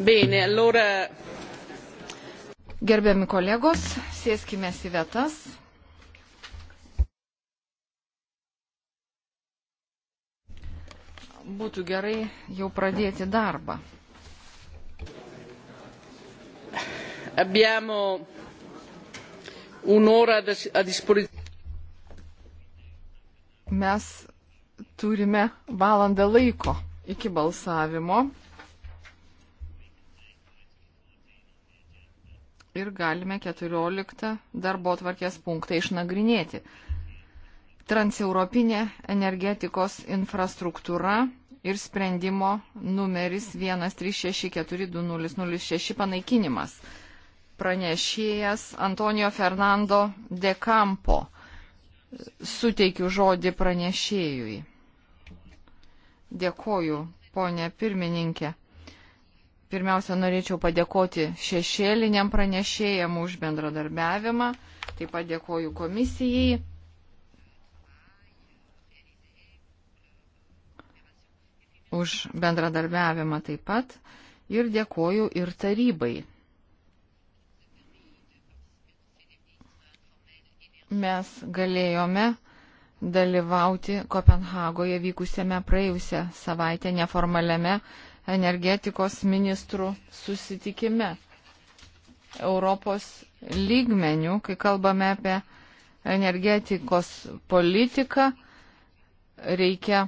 Bene, allora. Gerbiami kolegos, sėskime į vietas. Būtų gerai jau pradėti darbą. Abbiamo un'ora a disposizione. Mes turime valandą laiko iki balsavimo. ir galime 14 darbo tvarkės punktą išnagrinėti. Transeuropinė energetikos infrastruktūra ir sprendimo numeris 136420006 panaikinimas. Pranešėjas Antonio Fernando de Campo. Suteikiu žodį pranešėjui. Dėkoju, ponė pirmininkė. Pirmiausia, norėčiau padėkoti šešėliniam pranešėjam už bendradarbiavimą, taip pat dėkoju komisijai. Už bendradarbiavimą taip pat ir dėkoju ir tarybai. Mes galėjome dalyvauti Kopenhagoje vykusiame praėjusią savaitę neformaliame energetikos ministrų susitikime. Europos lygmenių, kai kalbame apie energetikos politiką, reikia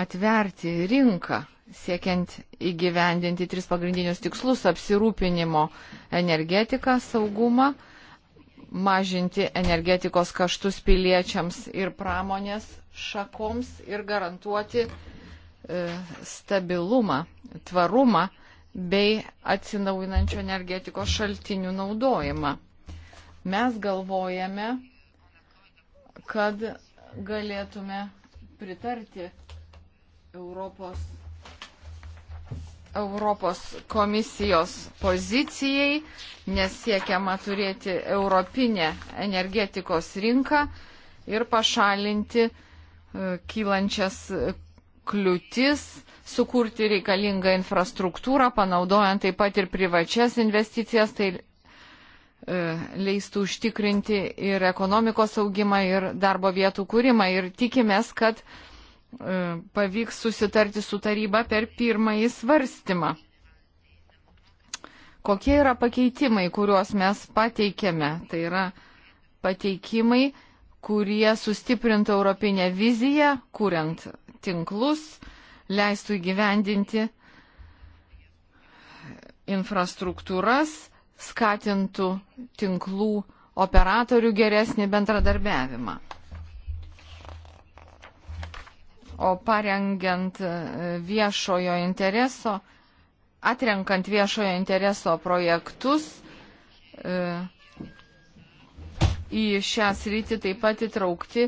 atverti rinką, siekiant įgyvendinti tris pagrindinius tikslus - apsirūpinimo energetiką, saugumą, mažinti energetikos kaštus piliečiams ir pramonės šakoms ir garantuoti e, stabilumą, tvarumą bei atsinaujinančio energetikos šaltinių naudojimą. Mes galvojame, kad galėtume pritarti Europos, Europos komisijos pozicijai, nes siekiama turėti europinę energetikos rinką ir pašalinti uh, E, kylančias kliūtis, sukurti reikalingą infrastruktūrą, panaudojant taip pat ir privačias investicijas, tai e, leistų užtikrinti ir ekonomikos augimą, ir darbo vietų kūrimą. Ir tikimės, kad e, pavyks susitarti su taryba per pirmąjį svarstymą. Kokie yra pakeitimai, kuriuos mes pateikėme? Tai yra pateikimai kurie sustiprintų europinę viziją, kuriant tinklus, leistų įgyvendinti infrastruktūras, skatintų tinklų operatorių geresnį bendradarbiavimą. O parengiant e, viešojo intereso, atrenkant viešojo intereso projektus, e, į šią sritį taip pat įtraukti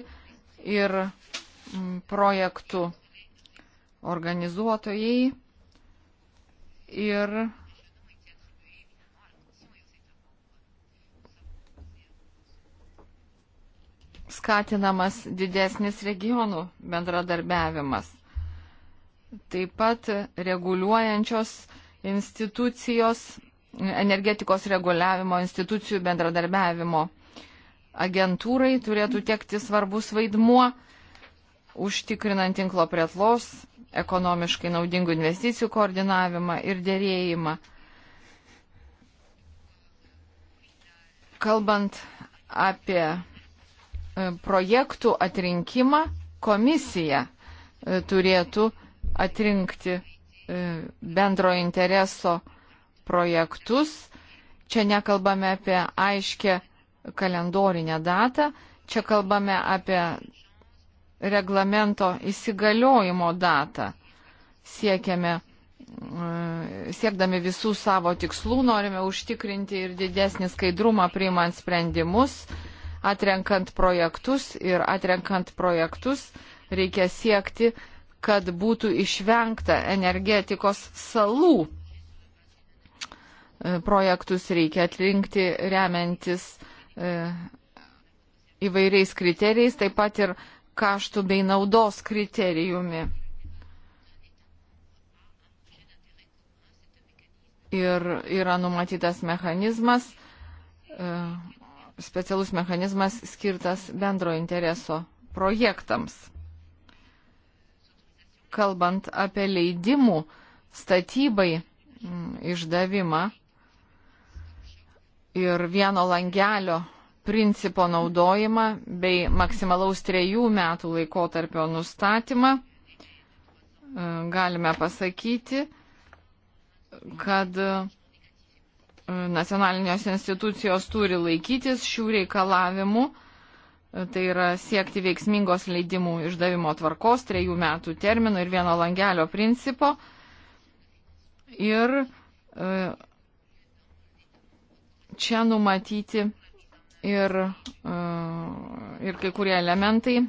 ir mm, projektų organizuotojai ir skatinamas didesnis regionų bendradarbiavimas. Taip pat reguliuojančios institucijos, energetikos reguliavimo institucijų bendradarbiavimo agentūrai turėtų tekti svarbus vaidmuo, užtikrinant tinklo prietlos, ekonomiškai naudingų investicijų koordinavimą ir dėrėjimą. Kalbant apie e, projektų atrinkimą, komisija e, turėtų atrinkti e, bendro intereso projektus. Čia nekalbame apie aiškę kalendorinę datą. Čia kalbame apie reglamento įsigaliojimo datą. Siekiame, mm, siekdami visų savo tikslų, norime užtikrinti ir didesnį skaidrumą priimant sprendimus, atrenkant projektus ir atrenkant projektus reikia siekti, kad būtų išvengta energetikos salų. E, projektus reikia atrinkti remiantis uh, E, įvairiais kriterijais, taip pat ir kaštų bei naudos kriterijumi. Ir yra numatytas mechanizmas, e, specialus mechanizmas skirtas bendro intereso projektams. Kalbant apie leidimų statybai išdavimą, ir vieno langelio principo naudojimą bei maksimalaus trejų metų laikotarpio nustatymą, e, galime pasakyti, kad e, nacionalinės institucijos turi laikytis šių reikalavimų, e, tai yra siekti veiksmingos leidimų išdavimo tvarkos, trejų metų terminų ir vieno langelio principo. Ir čia numatyti ir, e, ir kai kurie elementai,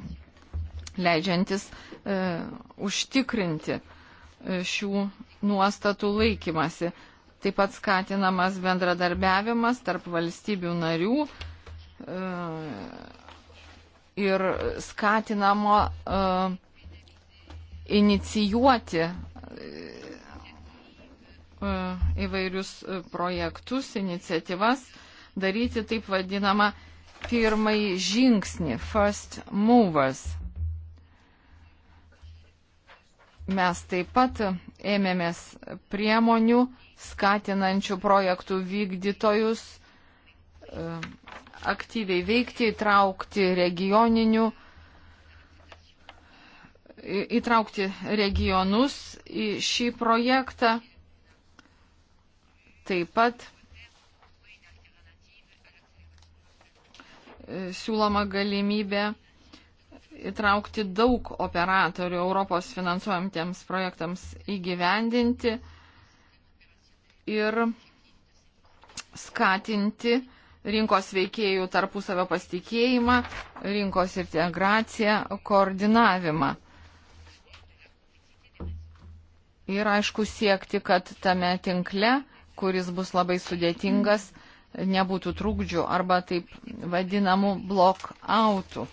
leidžiantis e, užtikrinti e, šių nuostatų laikymasi. Taip pat skatinamas bendradarbiavimas tarp valstybių narių ir skatinamo inicijuoti E, įvairius e, projektus, iniciatyvas, daryti taip vadinamą pirmąjį žingsnį, first movers. Mes taip pat ėmėmės priemonių skatinančių projektų vykdytojus e, aktyviai veikti, įtraukti regioninių, įtraukti regionus į šį projektą. Taip pat e, siūloma galimybė įtraukti daug operatorių Europos finansuojamtiems projektams įgyvendinti ir skatinti rinkos veikėjų tarpusavio pasitikėjimą, rinkos integraciją, koordinavimą. Ir aišku siekti, kad tame tinkle kuris bus labai sudėtingas, nebūtų trūkdžių arba taip vadinamų blokautų.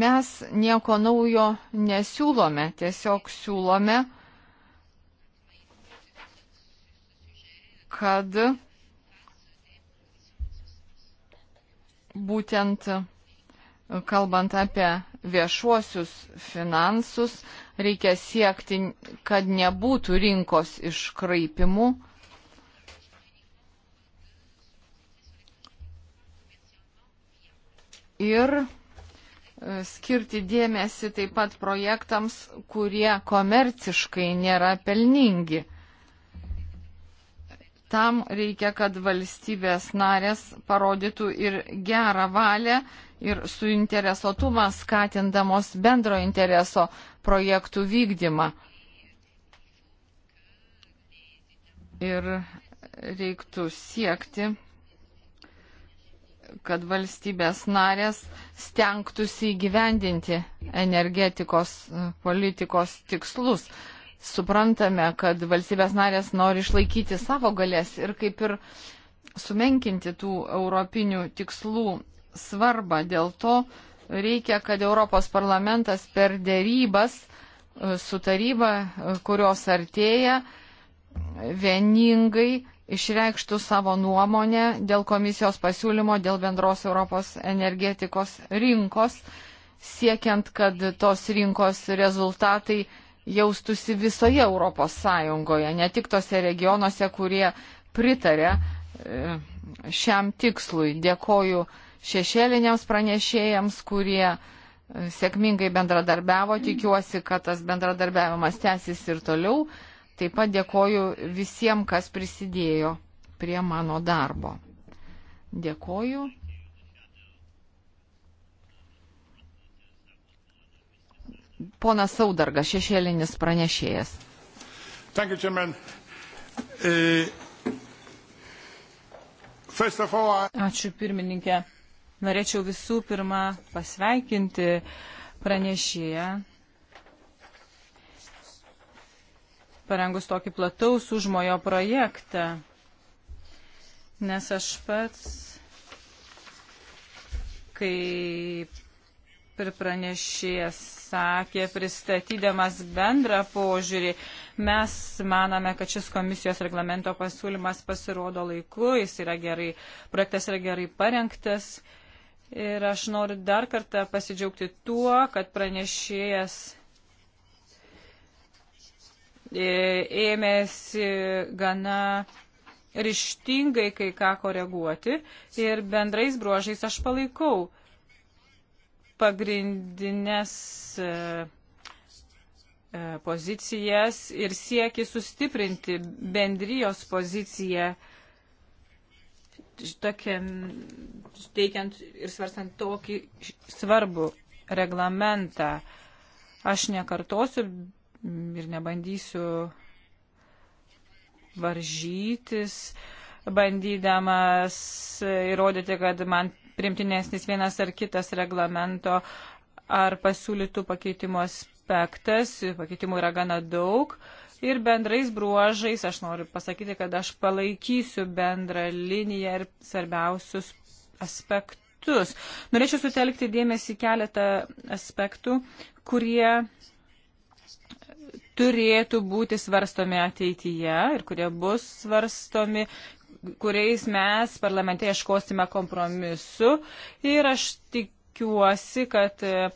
Mes nieko naujo nesiūlome, tiesiog siūlome, kad būtent kalbant apie viešuosius finansus, Reikia siekti, kad nebūtų rinkos iškraipimų. Ir e, skirti dėmesį taip pat projektams, kurie komerciškai nėra pelningi. Tam reikia, kad valstybės narės parodytų ir gerą valią, ir suinteresuotumą skatindamos bendro intereso projektų vykdymą. Ir reiktų siekti, kad valstybės narės stengtųsi įgyvendinti energetikos e, politikos tikslus suprantame, kad valstybės narės nori išlaikyti savo galės ir kaip ir sumenkinti tų europinių tikslų svarbą. Dėl to reikia, kad Europos parlamentas per dėrybas e, su taryba, e, kurios artėja, vieningai išreikštų savo nuomonę dėl komisijos pasiūlymo dėl bendros Europos energetikos rinkos, siekiant, kad tos rinkos rezultatai jaustusi visoje Europos Sąjungoje, ne tik tose regionuose, kurie pritarė e, šiam tikslui. Dėkoju šešėliniams pranešėjams, kurie e, sėkmingai bendradarbiavo. Tikiuosi, kad tas bendradarbiavimas tęsis ir toliau. Taip pat dėkoju visiems, kas prisidėjo prie mano darbo. Dėkoju. Ponas Saudargas, šešėlinis pranešėjas. Thank you, Chairman. Uh, first of all, I... Ačiū pirmininkė. Norėčiau visų pirma pasveikinti pranešėją, parengus tokį plataus užmojo projektą, nes aš pats kaip ir pranešėjas sakė, pristatydamas bendrą požiūrį, mes maname, kad šis komisijos reglamento pasiūlymas pasirodo laiku, jis yra gerai, projektas yra gerai parengtas. Ir aš noriu dar kartą pasidžiaugti tuo, kad pranešėjas e, ėmėsi gana ryštingai kai ką koreguoti ir bendrais bruožais aš palaikau pagrindinės e, e, pozicijas ir sieki sustiprinti bendrijos poziciją tokiam, teikiant ir svarstant tokį svarbų reglamentą. Aš nekartosiu ir nebandysiu varžytis, bandydamas įrodyti, kad man primtinesnis vienas ar kitas reglamento ar pasiūlytų pakeitimo aspektas, pakeitimų yra gana daug. Ir bendrais bruožais aš noriu pasakyti, kad aš palaikysiu bendrą liniją ir svarbiausius aspektus. Norėčiau sutelkti dėmesį keletą aspektų, kurie turėtų būti svarstomi ateityje ir kurie bus svarstomi kuriais mes parlamente ieškosime kompromisu ir aš tikiuosi, kad e,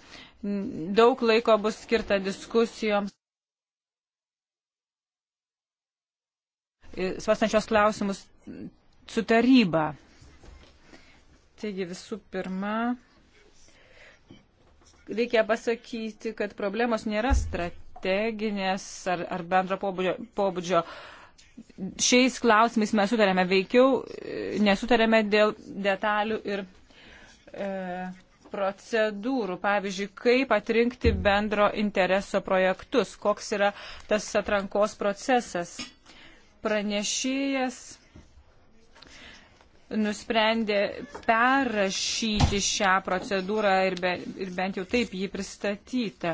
daug laiko bus skirta diskusijoms. svarstančios klausimus su taryba. Taigi visų pirma, reikia pasakyti, kad problemos nėra strateginės ar, ar bendro pobūdžio, pobūdžio šiais klausimais mes sutarėme veikiau, nesutarėme dėl detalių ir e, procedūrų. Pavyzdžiui, kaip atrinkti bendro intereso projektus, koks yra tas atrankos procesas. Pranešėjas nusprendė perrašyti šią procedūrą ir, be, ir bent jau taip jį pristatyti.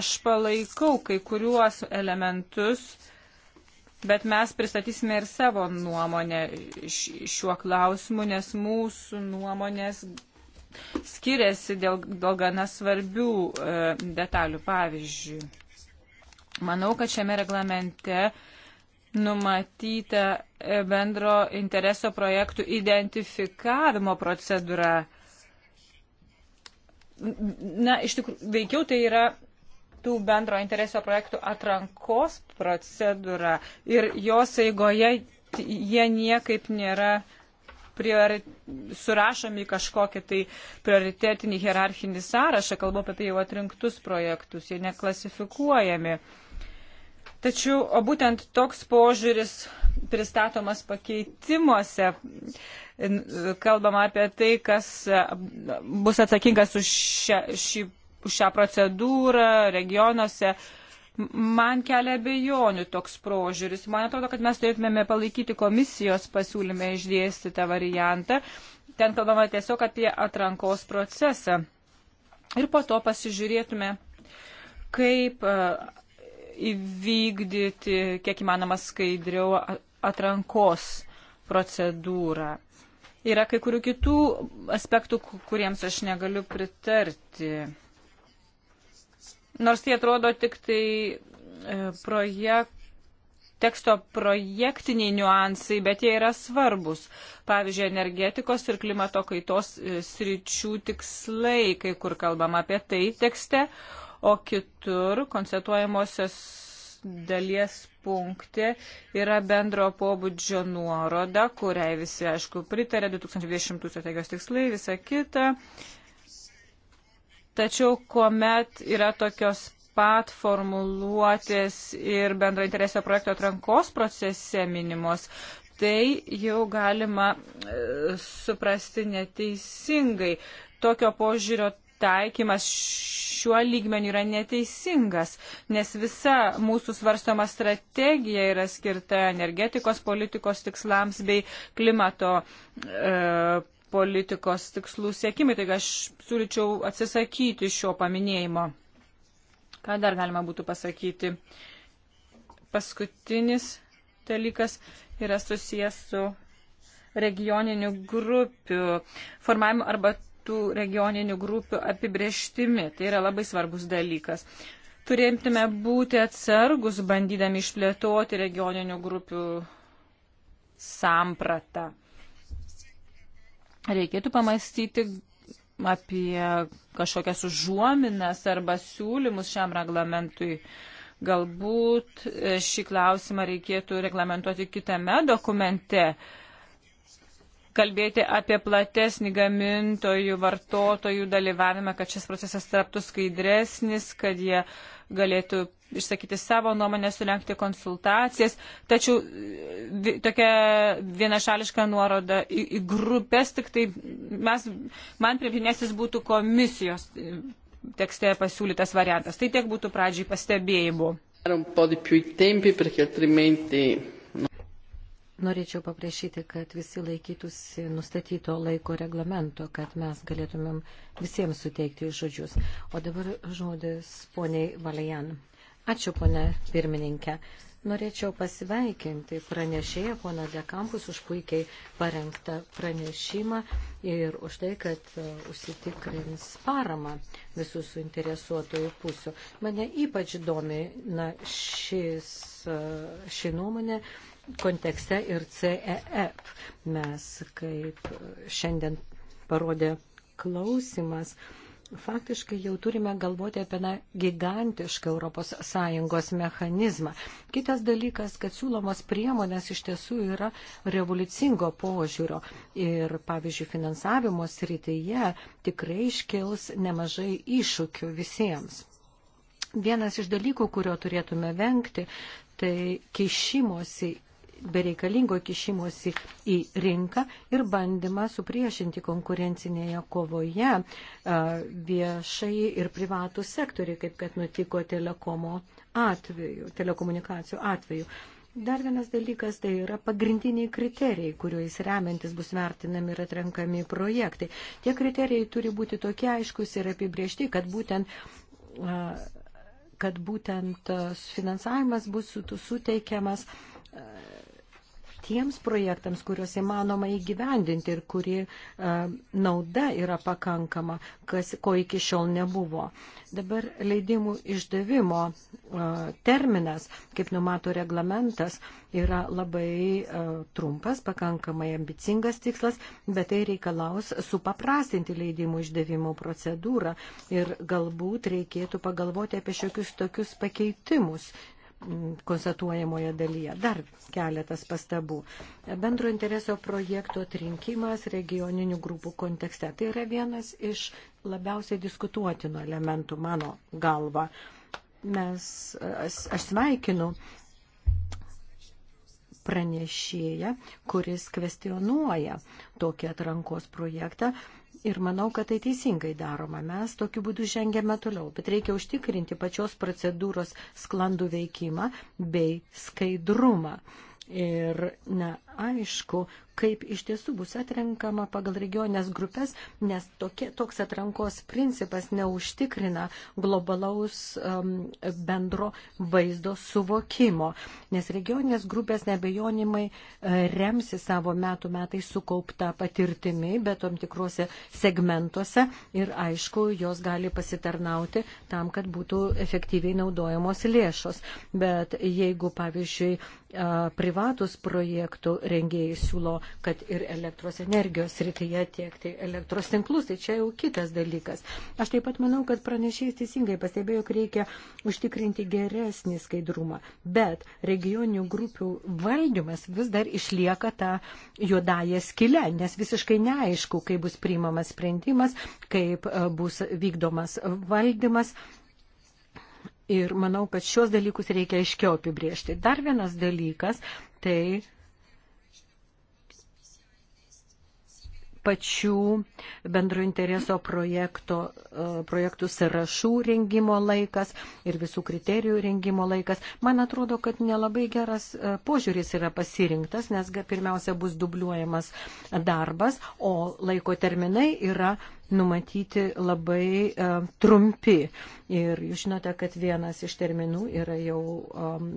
Aš palaikau kai kuriuos elementus, uh, bet mes pristatysime ir savo nuomonę šiuo klausimu, nes mūsų nuomonės skiriasi dėl, dėl gana svarbių e, detalių. Pavyzdžiui, manau, kad šiame reglamente numatyta e, bendro intereso projektų identifikavimo procedūra. Na, iš tikrųjų, veikiau tai yra kitų bendro intereso projektų atrankos procedūra ir jos eigoje jie niekaip nėra priori... surašomi kažkokį tai prioritetinį hierarchinį sąrašą, kalbu apie tai jau atrinktus projektus, jie neklasifikuojami. Tačiau, o būtent toks požiūris pristatomas pakeitimuose, kalbama apie tai, kas bus atsakingas už šią, šį už šią procedūrą regionuose. Man kelia abejonių toks prožiūris. Man atrodo, kad mes turėtumėme palaikyti komisijos pasiūlymę išdėstytą variantą. Ten kalbama tiesiog apie atrankos procesą. Ir po to pasižiūrėtume, kaip e, įvykdyti, kiek įmanoma skaidriau, atrankos procedūrą. Yra kai kurių kitų aspektų, kuriems aš negaliu pritarti. Nors jie tai atrodo tik tai e, projek, teksto projektiniai niuansai, bet jie yra svarbus. Pavyzdžiui, energetikos ir klimato kaitos e, sričių tikslai, kai kur kalbama apie tai tekste, o kitur konstatuojamosios dalies punkte yra bendro pobūdžio nuoroda, kuriai visi, aišku, pritarė 2020 strategijos tikslai, visa kita. Tačiau, kuomet yra tokios pat formuluotės ir bendro interesio projekto atrankos procese minimos, tai jau galima e, suprasti neteisingai. Tokio požiūrio taikymas šiuo lygmeniu yra neteisingas, nes visa mūsų svarstoma strategija yra skirta energetikos politikos tikslams bei klimato e, politikos tikslų siekimai, taigi aš siūlyčiau atsisakyti šio paminėjimo. Ką dar galima būtų pasakyti? Paskutinis dalykas yra susijęs su regioninių grupių formavimu arba tų regioninių grupių apibrieštimi. Tai yra labai svarbus dalykas. Turėtume būti atsargus, bandydami išplėtoti regioninių grupių sampratą reikėtų pamastyti apie kažkokias užuominas arba siūlymus šiam reglamentui. Galbūt e, šį klausimą reikėtų reglamentuoti kitame dokumente, kalbėti apie platesnį gamintojų, vartotojų dalyvavimą, kad šis procesas taptų skaidresnis, kad jie galėtų išsakyti savo nuomonę, sulenkti konsultacijas, tačiau e, tokia vienašališka nuoroda į, į grupės, tik tai mes, man priminėsis būtų komisijos e, tekste pasiūlytas variantas. Tai tiek būtų pradžiai pastebėjimų. Norėčiau paprašyti, kad visi laikytųsi nustatyto laiko reglamento, kad mes galėtumėm visiems suteikti žodžius. O dabar žodis poniai Valijan. Ačiū, ponė pirmininkė. Norėčiau pasveikinti pranešėją poną Dekampus už puikiai parengtą pranešimą ir už tai, kad e, užsitikrins paramą visų suinteresuotojų pusių. Mane ypač domina šis, e, ši nuomonė kontekste ir CEF. Mes, kaip šiandien parodė klausimas, uh, faktiškai jau turime galvoti apie na, gigantišką ES mechanizmą. Kitas dalykas, kad siūlomos priemonės iš tiesų yra revoliucingo požiūrio ir, pavyzdžiui, finansavimo srityje tikrai iškils nemažai iššūkių visiems. Vienas iš dalykų, kurio turėtume vengti, tai kišimosi bereikalingo kišimosi į rinką ir bandymą supriešinti konkurencinėje kovoje viešai ir privatų sektoriai, kaip kad nutiko telekomo atveju, telekomunikacijų atveju. Dar vienas dalykas tai yra pagrindiniai kriterijai, kuriuos remiantis bus vertinami ir atrenkami projektai. Tie kriterijai turi būti tokie aiškus ir apibriežti, kad būtent kad būtent finansavimas bus suteikiamas tiems projektams, kuriuos įmanoma įgyvendinti ir kuri e, nauda yra pakankama, kas, ko iki šiol nebuvo. Dabar leidimų išdavimo e, terminas, kaip numato reglamentas, yra labai e, trumpas, pakankamai ambicingas tikslas, bet tai reikalaus supaprastinti leidimų išdavimo procedūrą ir galbūt reikėtų pagalvoti apie šiokius tokius pakeitimus konstatuojamoje dalyje. Dar keletas pastabų. Bendro intereso projektų atrinkimas regioninių grupų kontekste. Tai yra vienas iš labiausiai diskutuotinų elementų mano galva. Mes, aš, aš sveikinu pranešėją, kuris kvestionuoja tokį atrankos projektą, Ir manau, kad tai teisingai daroma. Mes tokiu būdu žengėme toliau, bet reikia užtikrinti pačios procedūros sklandų veikimą bei skaidrumą. Ir na, aišku, kaip iš tiesų bus atrenkama pagal regionės grupės, nes tokie, toks atrankos principas neužtikrina globalaus um, bendro vaizdo suvokimo, nes regionės grupės nebejonimai uh, remsi savo metų metai sukauptą patirtimi, bet tom tikrose segmentuose ir aišku, jos gali pasitarnauti tam, kad būtų efektyviai naudojamos lėšos. Bet jeigu, pavyzdžiui, uh, privatus projektų rengėjai siūlo, kad ir elektros energijos srityje tiekti elektros tinklus, tai čia jau kitas dalykas. Aš taip pat manau, kad pranešėjas teisingai pastebėjo, kad reikia užtikrinti geresnį skaidrumą, bet regioninių grupių valdymas vis dar išlieka tą juodąją skilę, nes visiškai neaišku, kaip bus priimamas sprendimas, kaip e, bus vykdomas valdymas. Ir manau, kad šios dalykus reikia aiškiau apibriežti. Dar vienas dalykas, tai pačių bendro intereso projekto, e, projektų sąrašų rengimo laikas ir visų kriterijų rengimo laikas. Man atrodo, kad nelabai geras e, požiūris yra pasirinktas, nes pirmiausia bus dubliuojamas darbas, o laiko terminai yra numatyti labai uh, trumpi. Ir jūs žinote, kad vienas iš terminų yra jau um,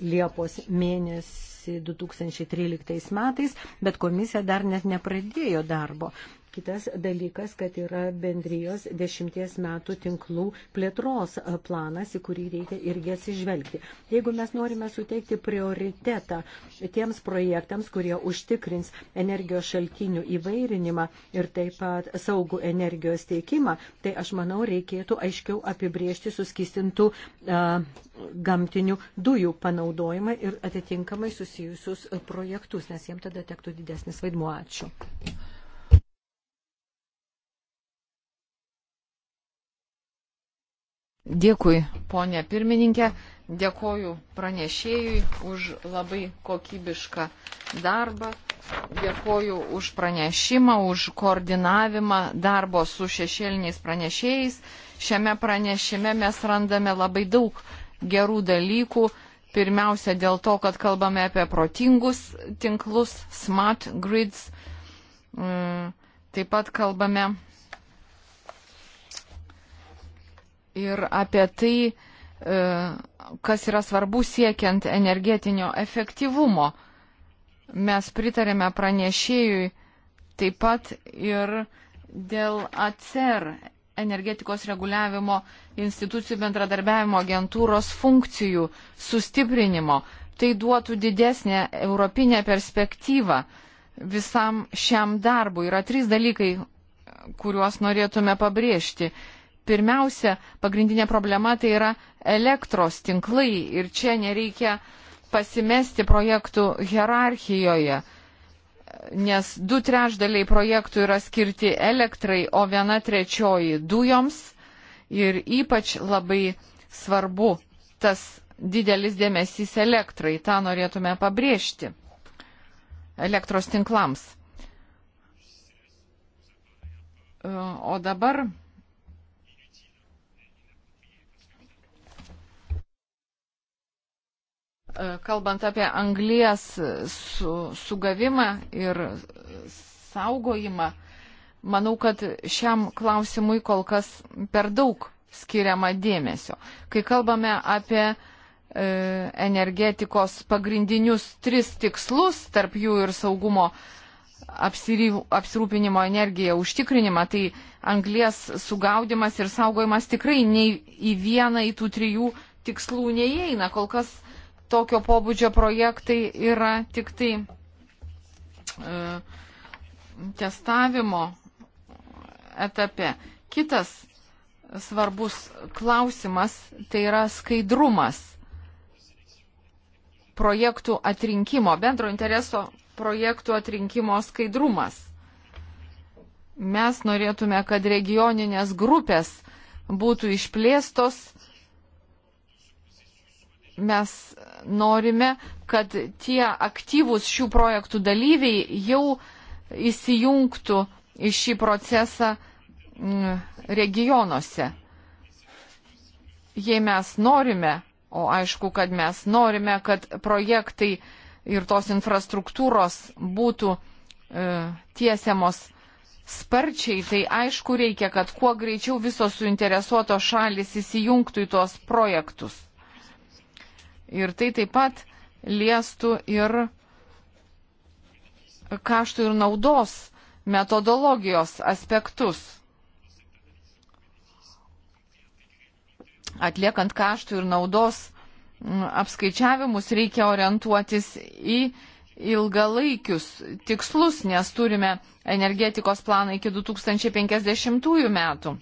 Liepos mėnesį baigėsi 2013 metais, bet komisija dar net nepradėjo darbo. Kitas dalykas, kad yra bendrijos dešimties metų tinklų plėtros e, planas, į kurį reikia irgi atsižvelgti. Jeigu mes norime suteikti prioritetą tiems projektams, kurie užtikrins energijos šaltinių įvairinimą ir taip pat saugų energijos teikimą, tai aš manau reikėtų aiškiau apibriežti suskistintų uh, gamtinių dujų panaudojimą ir atitinkamai susijusius e, projektus, nes jiem tada tektų didesnis vaidmuo. Ačiū. Dėkui, ponė pirmininkė. Dėkoju pranešėjui už labai kokybišką darbą. Dėkoju už pranešimą, už koordinavimą darbo su šešėliniais pranešėjais. Šiame pranešime mes randame labai daug gerų dalykų. Pirmiausia dėl to, kad kalbame apie protingus tinklus, smart grids. Mm, taip pat kalbame ir apie tai, e, kas yra svarbu siekiant energetinio efektyvumo. Mes pritarėme pranešėjui taip pat ir dėl ACER energetikos reguliavimo institucijų bendradarbiavimo agentūros funkcijų sustiprinimo. Tai duotų didesnę europinę perspektyvą visam šiam darbui. Yra trys dalykai, kuriuos norėtume pabrėžti pirmiausia, pagrindinė problema tai yra elektros tinklai ir čia nereikia pasimesti projektų hierarchijoje, nes du trešdaliai projektų yra skirti elektrai, o viena trečioji dujoms ir ypač labai svarbu tas didelis dėmesys elektrai, tą norėtume pabrėžti elektros tinklams. O dabar kalbant apie anglies su, sugavimą ir saugojimą, manau, kad šiam klausimui kol kas per daug skiriama dėmesio. Kai kalbame apie e, energetikos pagrindinius tris tikslus, tarp jų ir saugumo apsiryv, apsirūpinimo energiją užtikrinimą, tai anglės sugaudimas ir saugojimas tikrai nei į vieną į tų trijų tikslų neįeina. Kol kas tokio pobūdžio projektai yra tik tai e, testavimo etape. Kitas svarbus klausimas tai yra skaidrumas projektų atrinkimo, bendro intereso projektų atrinkimo skaidrumas. Mes norėtume, kad regioninės grupės būtų išplėstos Mes norime, kad tie aktyvūs šių projektų dalyviai jau įsijungtų į šį procesą mm, regionuose. Jei mes norime, o aišku, kad mes norime, kad projektai ir tos infrastruktūros būtų e, tiesiamos sparčiai, tai aišku reikia, kad kuo greičiau visos suinteresuotos šalis įsijungtų į tuos projektus. Ir tai taip pat liestų ir kaštų ir naudos metodologijos aspektus. Atliekant kaštų ir naudos mm, apskaičiavimus reikia orientuotis į ilgalaikius tikslus, nes turime energetikos planą iki 2050 metų.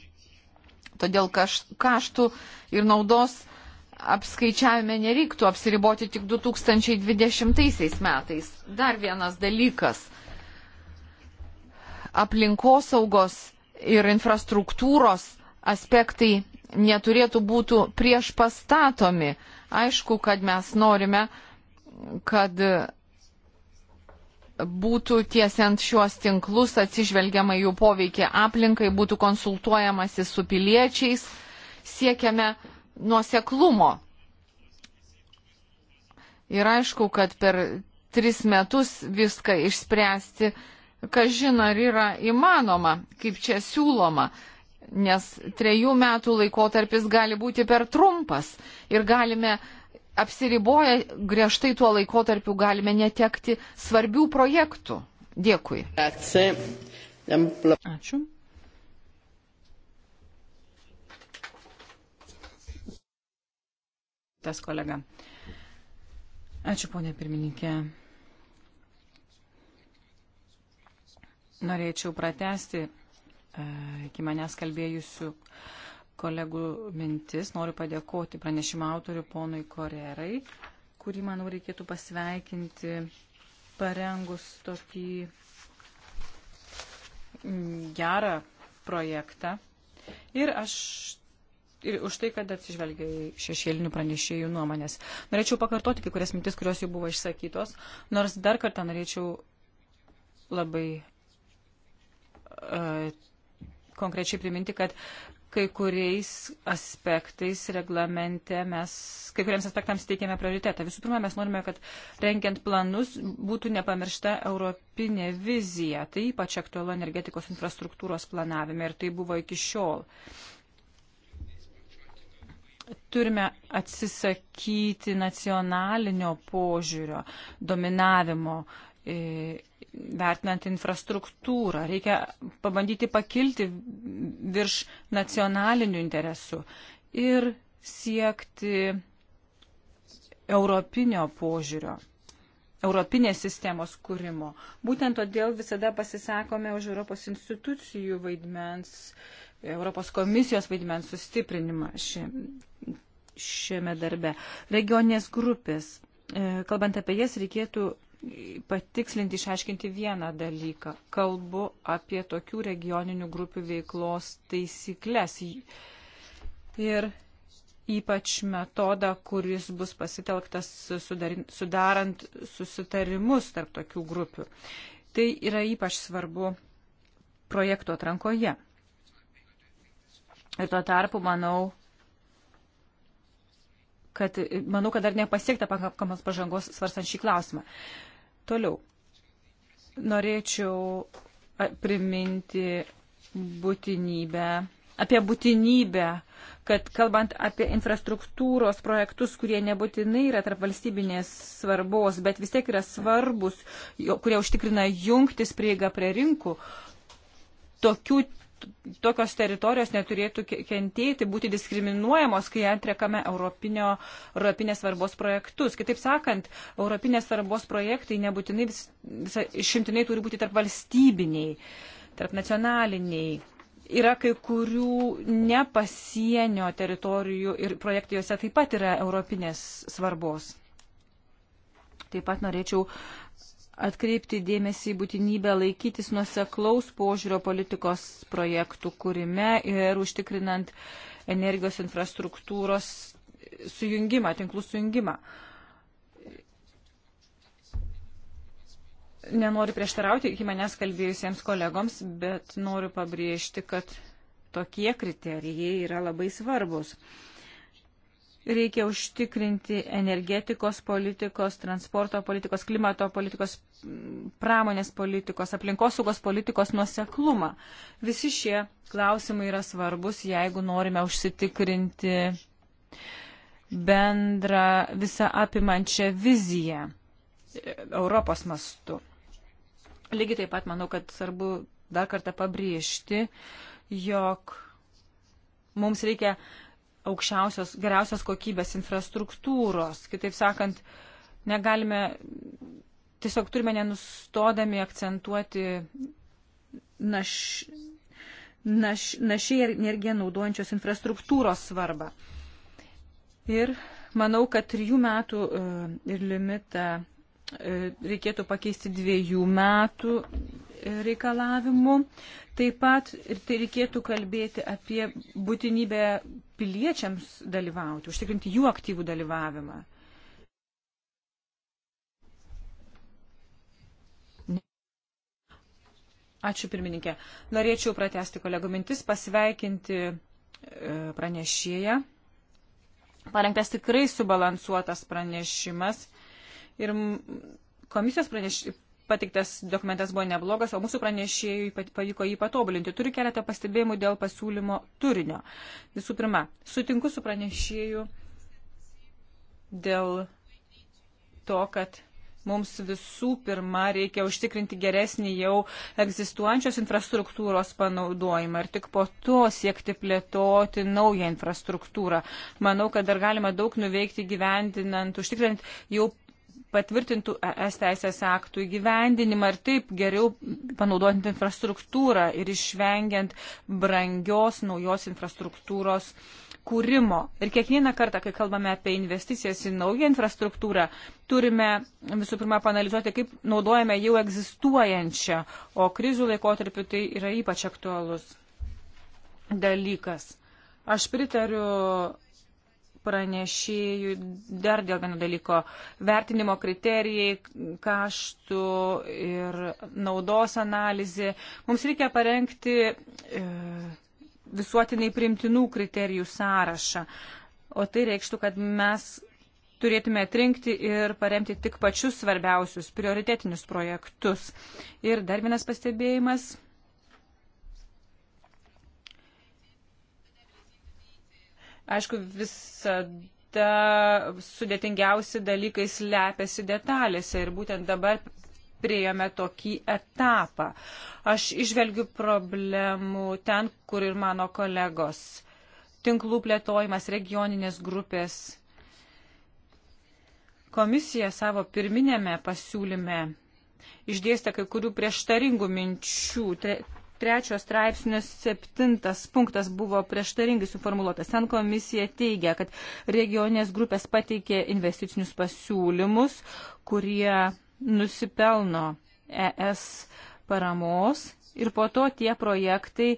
Todėl kaštų ir naudos apskaičiavimus apskaičiavime nereiktų apsiriboti tik 2020 metais. Dar vienas dalykas. Aplinkosaugos ir infrastruktūros aspektai neturėtų būti prieš pastatomi. Aišku, kad mes norime, kad būtų tiesiant šiuos tinklus atsižvelgiama jų poveikia aplinkai, būtų konsultuojamasi su piliečiais, siekiame uh, nuoseklumo. Ir aišku, kad per tris metus viską išspręsti, kažin ar yra įmanoma, kaip čia siūloma, nes trejų metų laikotarpis gali būti per trumpas ir galime apsiriboję griežtai tuo laikotarpiu galime netekti svarbių projektų. Dėkui. Ačiū. tas kolega. Ačiū, ponė pirmininkė. Norėčiau pratesti e, iki manęs kalbėjusių kolegų mintis. Noriu padėkoti pranešimo autoriu ponui Korerai, kurį, manau, reikėtų pasveikinti parengus tokį gerą projektą. Ir aš ir už tai, kad atsižvelgia į šešėlinių pranešėjų nuomonės. Norėčiau pakartoti kai kurias mintis, kurios jau buvo išsakytos, nors dar kartą norėčiau labai uh, konkrečiai priminti, kad kai kuriais aspektais reglamente mes, kai kuriems aspektams teikiame prioritetą. Visų pirma, mes norime, kad renkiant planus būtų nepamiršta europinė vizija. Tai ypač aktualu energetikos infrastruktūros planavime ir tai buvo iki šiol. Uh, Turime atsisakyti nacionalinio požiūrio, dominavimo, e, vertinant infrastruktūrą. Reikia pabandyti pakilti virš nacionalinių interesų ir siekti europinio požiūrio, europinės sistemos kūrimo. Būtent todėl visada pasisakome už Europos institucijų vaidmens Europos komisijos vaidmens sustiprinimą ši, šiame darbe. Regioninės grupės. E, kalbant apie jas, reikėtų patikslinti, išaiškinti vieną dalyką. Kalbu apie tokių regioninių grupių veiklos taisyklės ir ypač metodą, kuris bus pasitelktas sudarant susitarimus tarp tokių grupių. Tai yra ypač svarbu projektų atrankoje. Ir tuo tarpu manau, kad, manau, kad dar nepasiekta pakankamos pažangos svarstant šį klausimą. Toliau. Norėčiau priminti būtinybę, apie būtinybę, kad kalbant apie infrastruktūros projektus, kurie nebūtinai yra tarp valstybinės svarbos, bet vis tiek yra svarbus, kurie užtikrina jungtis prieiga prie rinkų, tokių tokios teritorijos neturėtų kentėti, būti diskriminuojamos, kai atrekame europinio, europinės svarbos projektus. Kitaip sakant, europinės svarbos projektai nebūtinai vis, vis, šimtinai turi būti tarp valstybiniai, tarp nacionaliniai. Yra kai kurių nepasienio teritorijų ir projektai juose taip pat yra europinės svarbos. Taip pat norėčiau uh, atkreipti dėmesį į būtinybę laikytis nuoseklaus požiūrio politikos projektų kūrime ir užtikrinant energijos infrastruktūros sujungimą, tinklų sujungimą. Nenoriu prieštarauti iki manęs kalbėjusiems kolegoms, bet noriu pabrėžti, kad tokie kriterijai yra labai svarbus reikia užtikrinti energetikos politikos, transporto politikos, klimato politikos, pramonės politikos, aplinkosaugos politikos nuoseklumą. Visi šie klausimai yra svarbus, jeigu norime užsitikrinti bendrą visą apimančią viziją Europos mastu. Lygiai taip pat manau, kad svarbu dar kartą pabrėžti, jog mums reikia aukščiausios, geriausios kokybės infrastruktūros. Kitaip sakant, negalime, tiesiog turime nenustodami akcentuoti naš, naš, našiai energiją naudojančios infrastruktūros svarbą. Ir manau, kad trijų metų e, ir limitą e, reikėtų pakeisti dviejų metų reikalavimu. Taip pat ir tai reikėtų kalbėti apie būtinybę piliečiams dalyvauti, užtikrinti jų aktyvų dalyvavimą. Ačiū pirmininkė. Norėčiau pratesti kolegų mintis, pasveikinti e, pranešėją. Parengtas tikrai subalansuotas pranešimas ir komisijos praneš patiktas dokumentas buvo neblogas, o mūsų pranešėjui pavyko jį patobulinti. Turiu keletą pastebėjimų dėl pasiūlymo turinio. Visų pirma, sutinku su pranešėju dėl to, kad mums visų pirma reikia užtikrinti geresnį jau egzistuojančios infrastruktūros panaudojimą ir tik po to siekti plėtoti naują infrastruktūrą. Manau, kad dar galima daug nuveikti gyvendinant, užtikrinant jau patvirtintų ES teisės aktų įgyvendinimą ir taip geriau panaudojant infrastruktūrą ir išvengiant brangios naujos infrastruktūros kūrimo. Ir kiekvieną kartą, kai kalbame apie investicijas į naują infrastruktūrą, turime visų pirma panalizuoti, kaip naudojame jau egzistuojančią, o krizių laikotarpiu tai yra ypač aktualus dalykas. Aš pritariu pranešėjų dar dėl vieno dalyko - vertinimo kriterijai, kaštų ir naudos analizė. Mums reikia parengti e, visuotinai primtinų kriterijų sąrašą, o tai reikštų, kad mes turėtume atrinkti ir paremti tik pačius svarbiausius prioritetinius projektus. Ir dar vienas pastebėjimas Aišku, visada sudėtingiausi dalykai slepiasi detalėse ir būtent dabar priėmė tokį etapą. Aš išvelgiu problemų ten, kur ir mano kolegos. Tinklų plėtojimas, regioninės grupės. Komisija savo pirminėme pasiūlyme išdėstė kai kurių prieštaringų minčių trečio straipsnio septintas punktas buvo prieštaringai suformuoluotas. Ten komisija teigia, kad regioninės grupės pateikė investicinius pasiūlymus, kurie nusipelno ES paramos ir po to tie projektai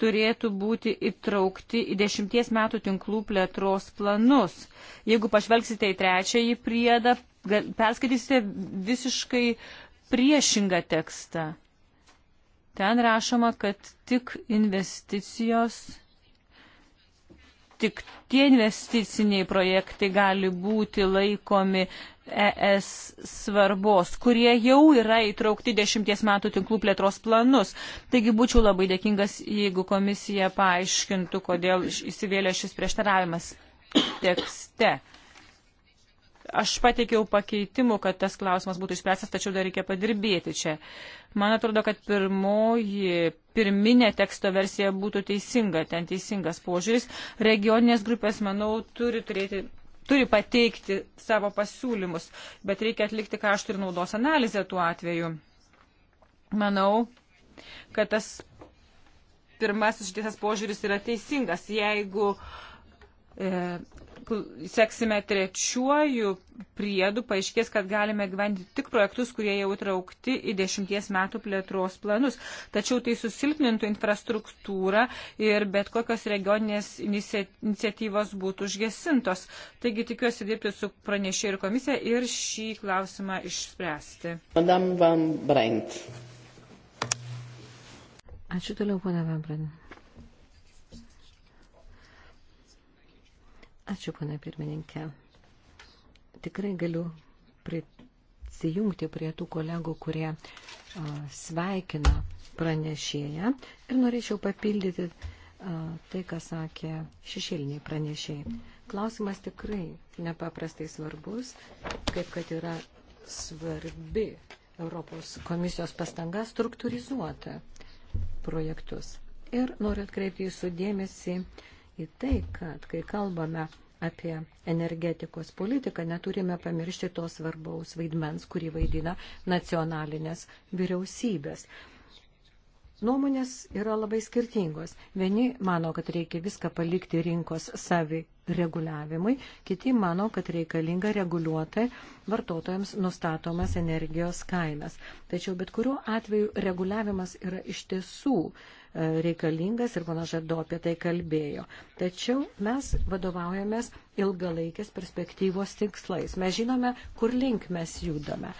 turėtų būti įtraukti į dešimties metų tinklų plėtros planus. Jeigu pažvelgsite į trečiąjį priedą, perskaitysite visiškai priešingą tekstą Ten rašoma, kad tik investicijos, tik tie investiciniai projektai gali būti laikomi ES svarbos, kurie jau yra įtraukti dešimties metų tinklų plėtros planus. Taigi būčiau labai dėkingas, jeigu komisija paaiškintų, kodėl įsivėlė šis prieštaravimas tekste. Aš pateikiau pakeitimų, kad tas klausimas būtų išspręstas, tačiau dar reikia padirbėti čia. Man atrodo, kad pirmoji, pirminė teksto versija būtų teisinga, ten teisingas požiūris. Regioninės grupės, manau, turi turėti turi pateikti savo pasiūlymus, bet reikia atlikti kaštų ir naudos analizę tuo atveju. Manau, kad tas pirmasis šitas požiūris yra teisingas. Jeigu e, seksime trečiuoju priedu, paaiškės, kad galime gyventi tik projektus, kurie jau traukti į dešimties metų plėtros planus. Tačiau tai susilpnintų infrastruktūrą ir bet kokios regioninės iniciatyvos būtų užgesintos. Taigi tikiuosi dirbti su pranešė ir komisija ir šį klausimą išspręsti. Ačiū toliau, ponia Vambrant. Ačiū, pana pirmininkė. Tikrai galiu prisijungti prie tų kolegų, kurie a, sveikina pranešėją ir norėčiau papildyti a, tai, ką sakė šešėliniai pranešėjai. Klausimas tikrai nepaprastai svarbus, kaip kad yra svarbi Europos komisijos pastanga struktūrizuoti projektus. Ir noriu atkreipti jūsų dėmesį į tai, kad kai kalbame apie energetikos politiką, neturime pamiršti to svarbaus vaidmens, kurį vaidina nacionalinės vyriausybės. Nuomonės yra labai skirtingos. Vieni mano, kad reikia viską palikti rinkos savi reguliavimui, kiti mano, kad reikalinga reguliuoti vartotojams nustatomas energijos kainas. Tačiau bet kuriuo atveju reguliavimas yra iš tiesų uh, E, reikalingas ir pana Žado apie tai kalbėjo. Tačiau mes vadovaujamės ilgalaikės perspektyvos tikslais. Mes žinome, kur link mes judame.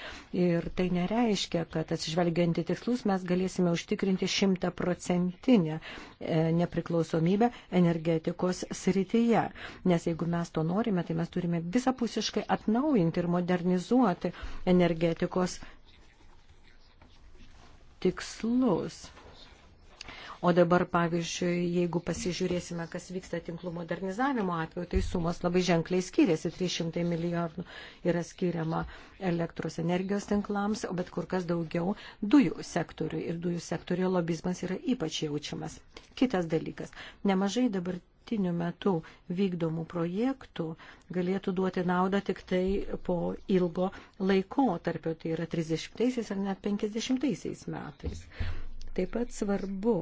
Ir tai nereiškia, kad atsižvelgiant į tikslus mes galėsime užtikrinti šimtaprocentinę e, nepriklausomybę energetikos srityje. Nes jeigu mes to norime, tai mes turime visapusiškai atnaujinti ir modernizuoti energetikos tikslus. O dabar, pavyzdžiui, jeigu pasižiūrėsime, kas vyksta tinklų modernizavimo atveju, tai sumos labai ženkliai skiriasi. 300 milijardų yra skiriama elektros energijos tinklams, bet kur kas daugiau dujų sektoriui. Ir dujų sektoriuje lobizmas yra ypač jaučiamas. Kitas dalykas. Nemažai dabar dabartiniu metu vykdomų projektų galėtų duoti naudą tik tai po ilgo laiko tarpio, tai yra 30-aisiais ar net 50-aisiais metais. Taip pat svarbu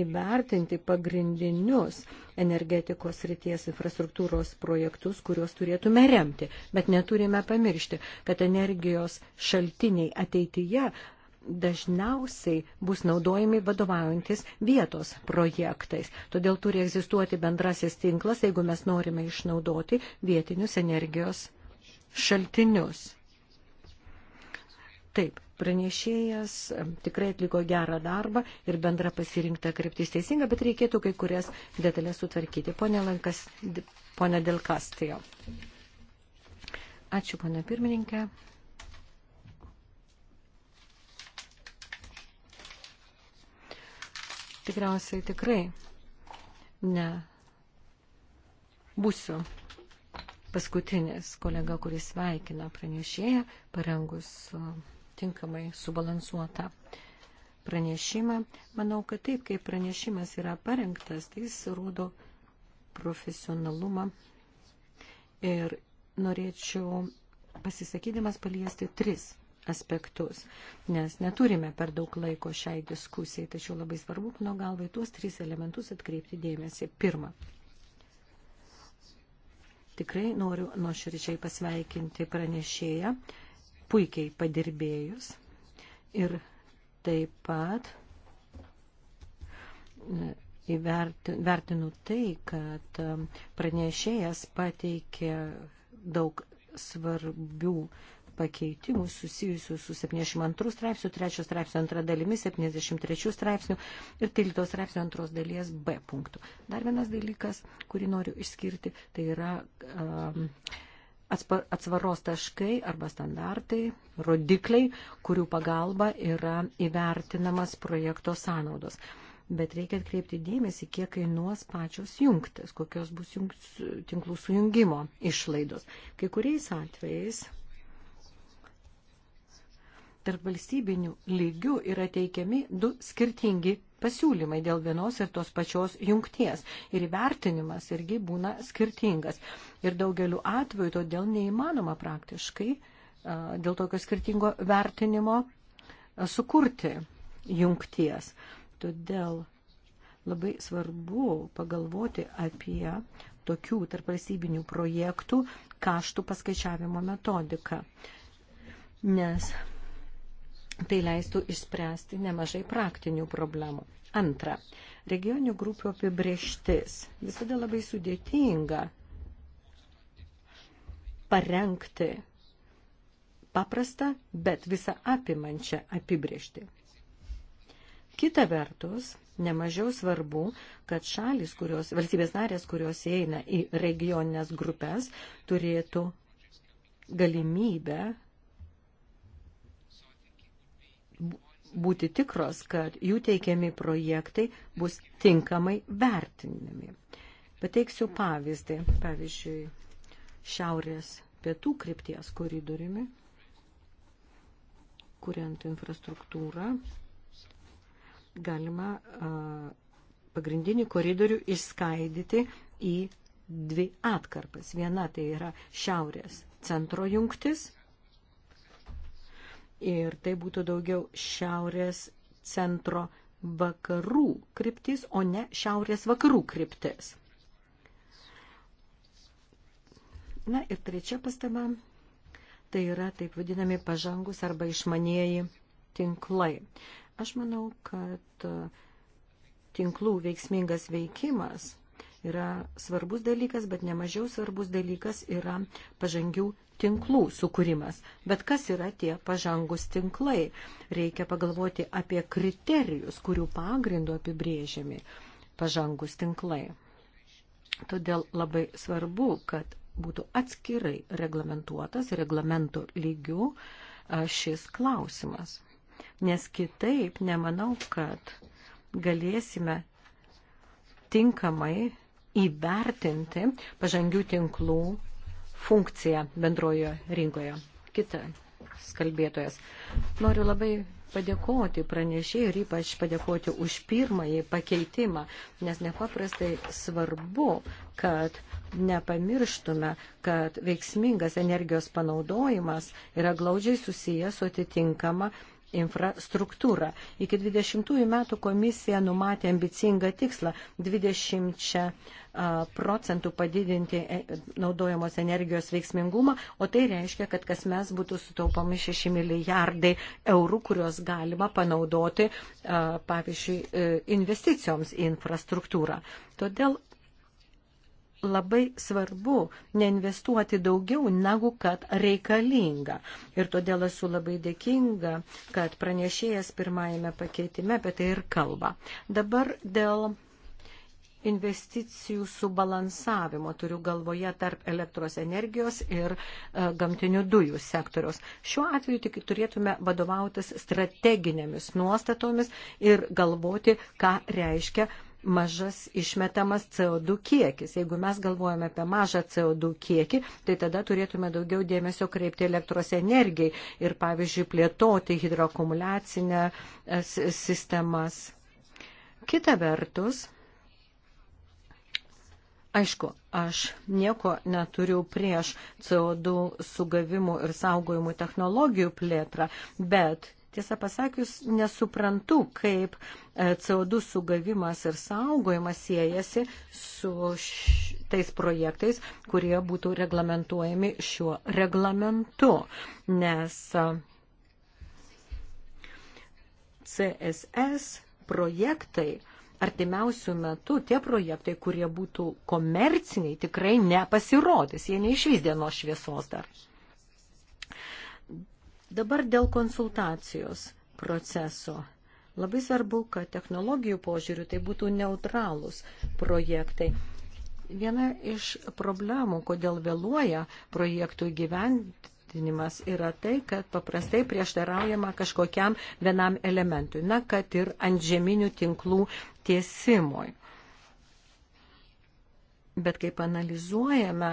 įvertinti pagrindinius energetikos ryties infrastruktūros projektus, kuriuos turėtume remti. Bet neturime pamiršti, kad energijos šaltiniai ateityje dažniausiai bus naudojami vadovaujantis vietos projektais. Todėl turi egzistuoti bendrasis tinklas, jeigu mes norime išnaudoti vietinius energijos šaltinius. Taip, Pranešėjas tikrai atliko gerą darbą ir bendra pasirinkta kryptis teisinga, bet reikėtų kai kurias detalės sutvarkyti. Pone, Lankas, pone Delkastijo. Ačiū, pone pirmininkė. Tikriausiai tikrai ne. Būsiu paskutinis kolega, kuris sveikina pranešėją parengus tinkamai subalansuotą pranešimą. Manau, kad taip, kaip pranešimas yra parengtas, tai jis rodo profesionalumą. Ir norėčiau pasisakydamas paliesti tris aspektus, nes neturime per daug laiko šiai diskusijai, tačiau labai svarbu, mano galva, į tuos tris elementus atkreipti dėmesį. Pirma, tikrai noriu nuoširdžiai pasveikinti pranešėją puikiai padirbėjus ir taip pat e, vertinu tai, kad e, pranešėjas pateikė daug svarbių pakeitimų susijusių su 72 straipsniu, 3 straipsnio antra dalimi, 73 straipsniu ir 13 straipsnio antros dalies B punktų. Dar vienas dalykas, kurį noriu išskirti, tai yra um, atsvaros taškai arba standartai, rodikliai, kurių pagalba yra įvertinamas projekto sąnaudos. Bet reikia atkreipti dėmesį, kiek kainuos pačios jungtis, kokios bus jungs, tinklų sujungimo išlaidos. Kai kuriais atvejais tarp valstybinių lygių yra teikiami du skirtingi pasiūlymai dėl vienos ir tos pačios jungties ir įvertinimas irgi būna skirtingas. Ir daugeliu atveju todėl neįmanoma praktiškai dėl tokio skirtingo vertinimo sukurti jungties. Todėl labai svarbu pagalvoti apie tokių tarpvalstybinių projektų kaštų paskaičiavimo metodiką. Nes Tai leistų išspręsti nemažai praktinių problemų. Antra, regioninių grupių apibrieštis. Visada labai sudėtinga parengti paprastą, bet visą apimančią apibriešti. Kita vertus, nemažiau svarbu, kad šalis, kurios, valstybės narės, kurios įeina į regioninės grupės, turėtų galimybę būti tikros, kad jų teikiami projektai bus tinkamai vertinami. Pateiksiu pavyzdį, pavyzdžiui, šiaurės pietų krypties koridoriumi, kuriant infrastruktūrą, galima a, pagrindinį koridorių išskaidyti į dvi atkarpas. Viena tai yra šiaurės centro jungtis, ir tai būtų daugiau šiaurės centro vakarų kryptis, o ne šiaurės vakarų kryptis. Na ir trečia pastaba, tai yra taip vadinami pažangus arba išmanieji tinklai. Aš manau, kad tinklų veiksmingas veikimas yra svarbus dalykas, bet nemažiau svarbus dalykas yra pažangių tinklų sukūrimas. Bet kas yra tie pažangus tinklai? Reikia pagalvoti apie kriterijus, kurių pagrindu apibrėžiami pažangus tinklai. Todėl labai svarbu, kad būtų atskirai reglamentuotas reglamento lygių šis klausimas. Nes kitaip nemanau, kad galėsime tinkamai įvertinti pažangių tinklų funkciją bendrojo rinkoje. Kitas kalbėtojas. Noriu labai padėkoti pranešėjai ir ypač padėkoti už pirmąjį pakeitimą, nes nepaprastai svarbu, kad nepamirštume, kad veiksmingas energijos panaudojimas yra glaudžiai susijęs su atitinkama infrastruktūrą. Iki 20 metų komisija numatė ambicingą tikslą 20 procentų padidinti e, naudojamos energijos veiksmingumą, o tai reiškia, kad kas mes būtų sutaupami 6 milijardai eurų, kuriuos galima panaudoti, pavyzdžiui, e, investicijoms į infrastruktūrą. Todėl labai svarbu neinvestuoti daugiau, negu kad reikalinga. Ir todėl esu labai dėkinga, kad pranešėjas pirmajame pakeitime apie tai ir kalba. Dabar dėl investicijų subalansavimo, turiu galvoje tarp elektros energijos ir e, gamtinių dujų sektoriaus. Šiuo atveju tik turėtume vadovautis strateginėmis nuostatomis ir galvoti, ką reiškia mažas išmetamas CO2 kiekis. Jeigu mes galvojame apie mažą CO2 kiekį, tai tada turėtume daugiau dėmesio kreipti elektros energijai ir, pavyzdžiui, plėtoti hidroakumuliacinę e, sistemas. Kita vertus, aišku, aš nieko neturiu prieš CO2 sugavimų ir saugojimų technologijų plėtrą, bet Tiesą pasakius, nesuprantu, kaip e, CO2 sugavimas ir saugojimas siejasi su tais projektais, kurie būtų reglamentuojami šiuo reglamentu, nes e, CSS projektai artimiausių metų tie projektai, kurie būtų komerciniai, tikrai nepasirodys, jie neišvys dienos šviesos dar. Dabar dėl konsultacijos proceso. Labai svarbu, kad technologijų požiūrių tai būtų neutralūs projektai. Viena iš problemų, kodėl vėluoja projektų gyventi vertinimas yra tai, kad paprastai prieštaraujama kažkokiam vienam elementui, na, kad ir ant žeminių tinklų tiesimui. Bet kaip analizuojame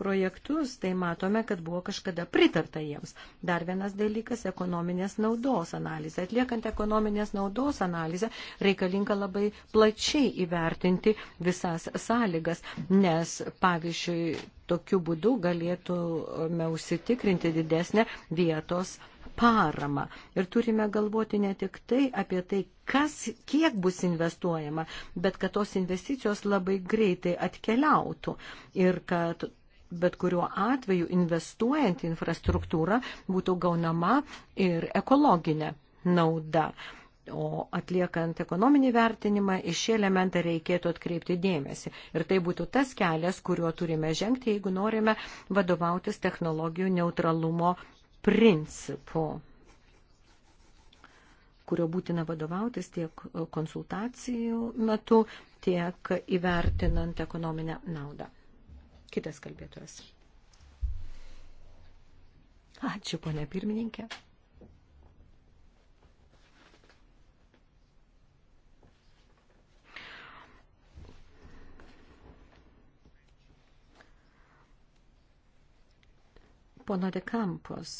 projektus, tai matome, kad buvo kažkada pritarta jiems. Dar vienas dalykas - ekonominės naudos analizė. Atliekant ekonominės naudos analizę, reikalinga labai plačiai įvertinti visas sąlygas, nes, pavyzdžiui, tokiu būdu galėtume užsitikrinti didesnę vietos paramą. Ir turime galvoti ne tik tai apie tai, kas, kiek bus investuojama, bet kad tos investicijos labai greitai atkeliautų ir kad bet kuriuo atveju investuojant į infrastruktūrą būtų gaunama ir ekologinė nauda. O atliekant ekonominį vertinimą, į šį elementą reikėtų atkreipti dėmesį. Ir tai būtų tas kelias, kuriuo turime žengti, jeigu norime vadovautis technologijų neutralumo principu, kurio būtina vadovautis tiek konsultacijų metu, tiek įvertinant ekonominę naudą. Kitas kalbėtojas. Ačiū, ponė pirmininkė. Pono de Campos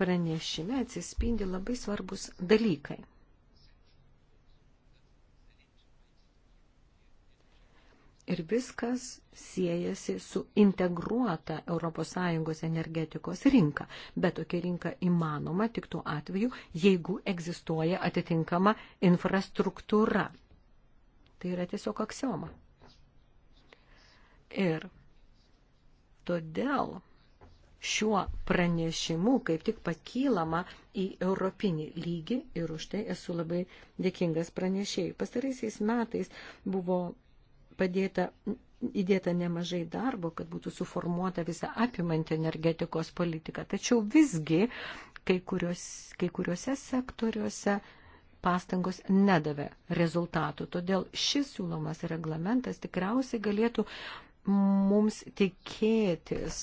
pranešime atsispindi labai svarbus dalykai – Ir viskas siejasi su integruota ES energetikos rinka. Bet tokia rinka įmanoma tik tuo atveju, jeigu egzistuoja atitinkama infrastruktūra. Tai yra tiesiog aksioma. Ir todėl šiuo pranešimu kaip tik pakylama į europinį lygį ir už tai esu labai dėkingas pranešėjai. Pastaraisiais metais buvo padėta, įdėta nemažai darbo, kad būtų suformuota visa apimanti energetikos politika. Tačiau visgi kai, kurios, kai kuriuose sektoriuose pastangos nedavė rezultatų. Todėl šis siūlomas reglamentas tikriausiai galėtų mums tikėtis,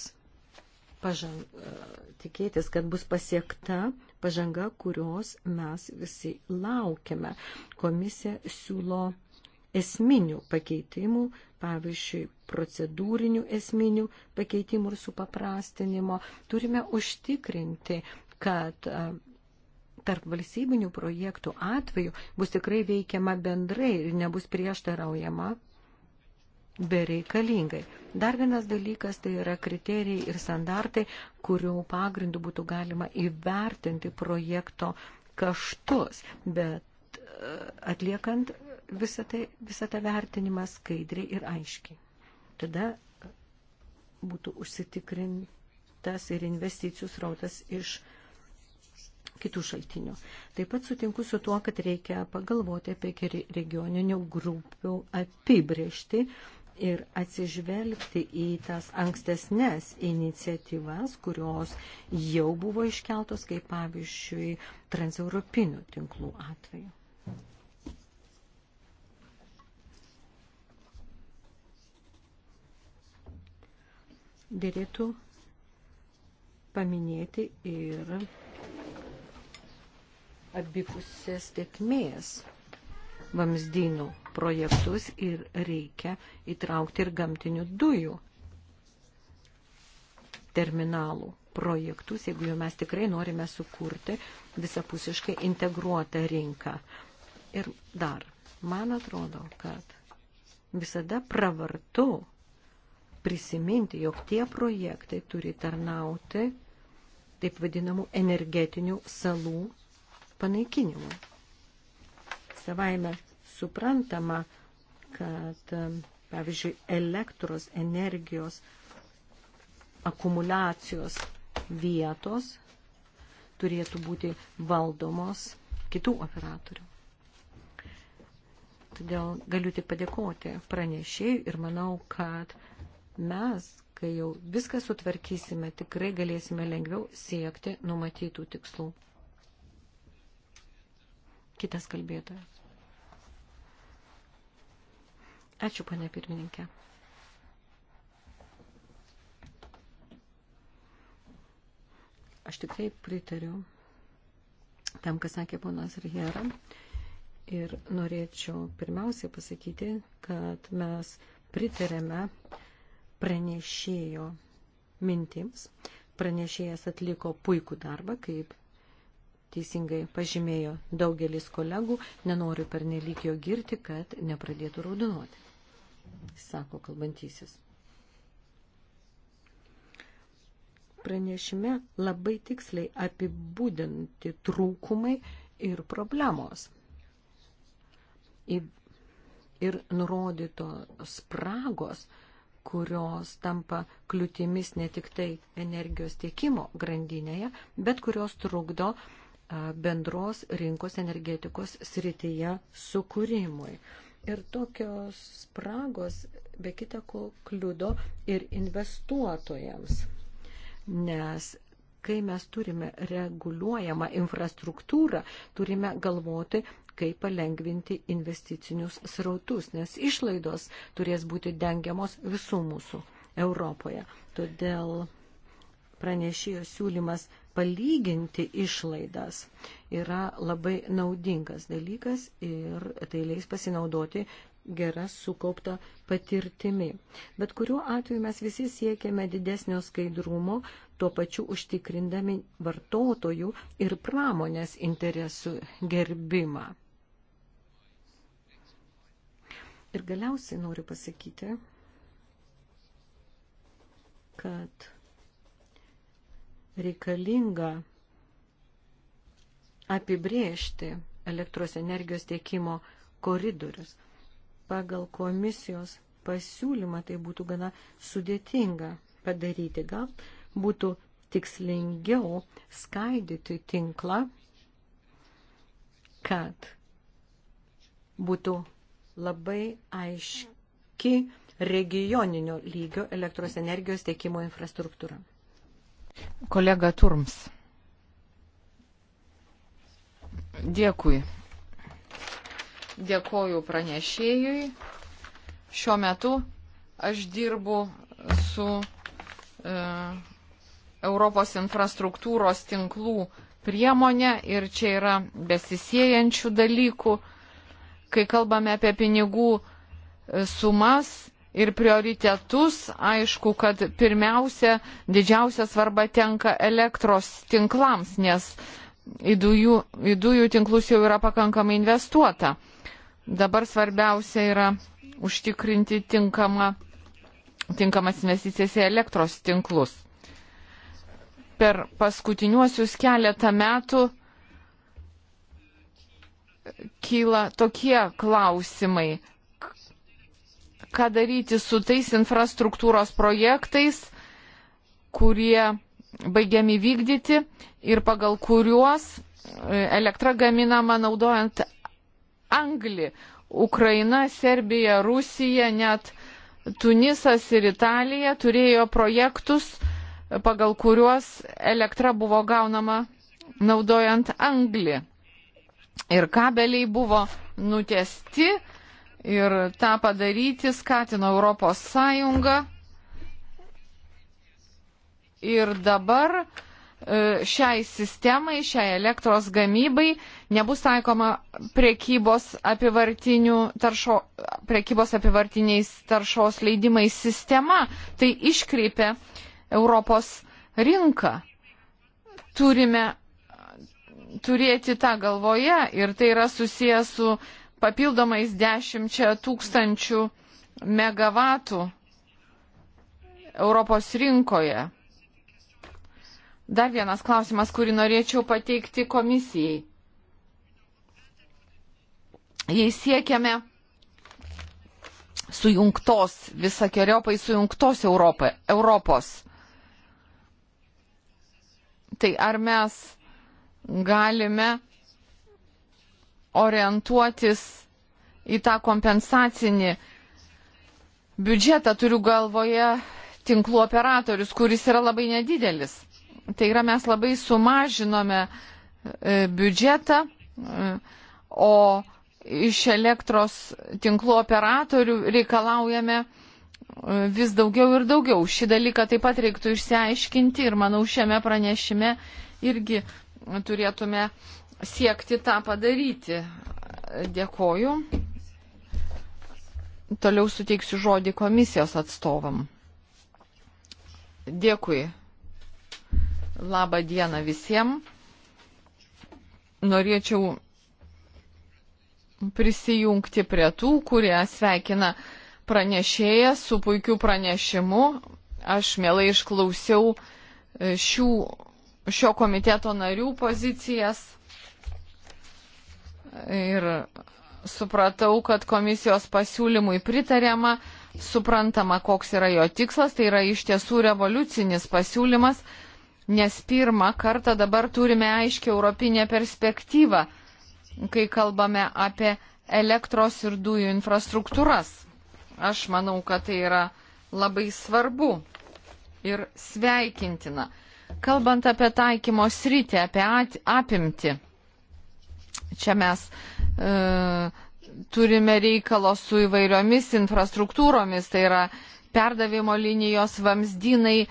pažang, tikėtis, kad bus pasiekta pažanga, kurios mes visi laukiame. Komisija siūlo esminių pakeitimų, pavyzdžiui, procedūrinių esminių pakeitimų ir supaprastinimo. Turime užtikrinti, kad tarp valstybinių projektų atveju bus tikrai veikiama bendrai ir nebus prieštaraujama bereikalingai. Dar vienas dalykas tai yra kriterijai ir standartai, kurių pagrindų būtų galima įvertinti projekto kaštus, bet atliekant visą tai, visą tą vertinimą skaidriai ir aiškiai. Tada būtų užsitikrintas ir investicijų srautas iš kitų šaltinių. Taip pat sutinku su tuo, kad reikia pagalvoti apie regioninių grupių apibriežti ir atsižvelgti į tas ankstesnės iniciatyvas, kurios jau buvo iškeltos, kaip pavyzdžiui, transeuropinių tinklų atveju. dėlėtų paminėti ir abipusės tiekmės vamzdynų projektus ir reikia įtraukti ir gamtinių dujų terminalų projektus, jeigu jau mes tikrai norime sukurti visapusiškai integruotą rinką. Ir dar, man atrodo, kad visada pravartu prisiminti, jog tie projektai turi tarnauti taip vadinamų energetinių salų panaikinimu. Savaime suprantama, kad, um, pavyzdžiui, elektros energijos akumulacijos vietos turėtų būti valdomos kitų operatorių. Todėl galiu tik padėkoti pranešėjai ir manau, kad mes, kai jau viską sutvarkysime, tikrai galėsime lengviau siekti numatytų tikslų. Kitas kalbėtojas. Ačiū, pane pirmininkė. Aš tikrai pritariu tam, ką sakė ponas Rihera. Ir norėčiau pirmiausiai pasakyti, kad mes pritarėme uh, pranešėjo mintims. Pranešėjas atliko puikų darbą, kaip teisingai pažymėjo daugelis kolegų, nenoriu per nelik jo girti, kad nepradėtų raudonuoti, sako kalbantysis. Pranešime labai tiksliai apibūdinti trūkumai ir problemos. Ir nurodytos spragos, kurios tampa kliūtimis ne tik tai energijos tiekimo grandinėje, bet kurios trukdo bendros rinkos energetikos srityje sukūrimui. Ir tokios spragos be kita ko kliudo ir investuotojams, nes kai mes turime reguliuojamą infrastruktūrą, turime galvoti kaip palengvinti investicinius srautus, nes išlaidos turės būti dengiamos visų mūsų Europoje. Todėl pranešėjo siūlymas palyginti išlaidas yra labai naudingas dalykas ir tai leis pasinaudoti gera sukaupta patirtimi. Bet kuriuo atveju mes visi siekiame didesnio skaidrumo, tuo pačiu užtikrindami vartotojų ir pramonės interesų gerbimą. Ir galiausiai noriu pasakyti, kad reikalinga apibriežti elektros energijos tiekimo koridorius. Pagal komisijos pasiūlymą tai būtų gana sudėtinga padaryti. Gal būtų tikslingiau skaidyti tinklą, kad būtų labai aiški regioninio lygio elektros energijos tiekimo infrastruktūra. Kolega Turms. Dėkui. Dėkoju pranešėjui. Šiuo metu aš dirbu su e, Europos infrastruktūros tinklų priemonė ir čia yra besisėjančių dalykų. E, kai kalbame apie pinigų e, sumas ir prioritetus, aišku, kad pirmiausia, didžiausia svarba tenka elektros tinklams, nes į dujų, į dujų tinklus jau yra pakankamai investuota. Dabar svarbiausia yra užtikrinti tinkamą, tinkamas investicijas į elektros tinklus. Per paskutiniuosius keletą metų kyla tokie klausimai. Ką daryti su tais infrastruktūros projektais, kurie baigiami vykdyti ir pagal kuriuos e, elektra gaminama naudojant anglį. Ukraina, Serbija, Rusija, net Tunisas ir Italija turėjo projektus, pagal kuriuos elektra buvo gaunama naudojant anglį ir kabeliai buvo nutiesti ir tą padaryti skatino Europos Sąjunga. Ir dabar e, šiai sistemai, šiai elektros gamybai nebus taikoma prekybos, taršo, prekybos apivartiniais taršos leidimais sistema. Tai iškreipia Europos rinką. Turime turėti tą galvoje ir tai yra susijęs su papildomais 10 tūkstančių megavatų Europos rinkoje. Dar vienas klausimas, kurį norėčiau pateikti komisijai. Jei siekiame sujungtos, visokiojopai sujungtos Europą, Europos, tai ar mes galime orientuotis į tą kompensacinį biudžetą, turiu galvoje tinklų operatorius, kuris yra labai nedidelis. Tai yra mes labai sumažinome e, biudžetą, e, o iš elektros tinklų operatorių reikalaujame e, vis daugiau ir daugiau. Šį dalyką taip pat reiktų išsiaiškinti ir manau šiame pranešime irgi turėtume siekti tą padaryti. Dėkoju. Toliau suteiksiu žodį komisijos atstovam. Dėkui. Labą dieną visiems. Norėčiau prisijungti prie tų, kurie sveikina pranešėją su puikiu pranešimu. Aš mielai išklausiau šių šio komiteto narių pozicijas ir supratau, kad komisijos pasiūlymui pritarėma, suprantama, koks yra jo tikslas, tai yra iš tiesų revoliucinis pasiūlymas, nes pirmą kartą dabar turime aiškę europinę perspektyvą, kai kalbame apie elektros ir dujų infrastruktūras. Aš manau, kad tai yra labai svarbu ir sveikintina. Kalbant apie taikymo sritį, apie at, apimti, čia mes e, turime reikalo su įvairiomis infrastruktūromis, tai yra perdavimo linijos vamzdynai,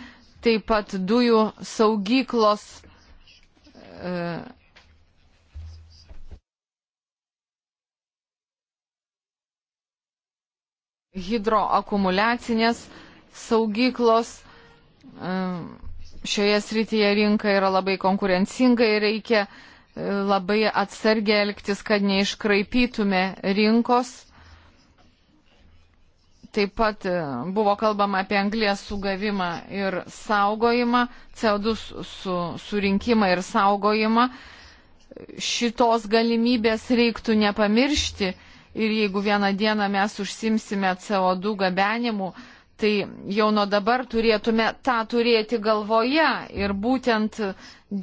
taip pat dujų saugyklos. E, hidroakumuliacinės saugyklos. E, šioje srityje rinka yra labai konkurencinga ir reikia e, labai atsargiai elgtis, kad neiškraipytume rinkos. Taip pat e, buvo kalbama apie anglės sugavimą ir saugojimą, CO2 su, surinkimą ir saugojimą. Šitos galimybės reiktų nepamiršti ir jeigu vieną dieną mes užsimsime CO2 gabenimu, Tai jau nuo dabar turėtume tą turėti galvoje ir būtent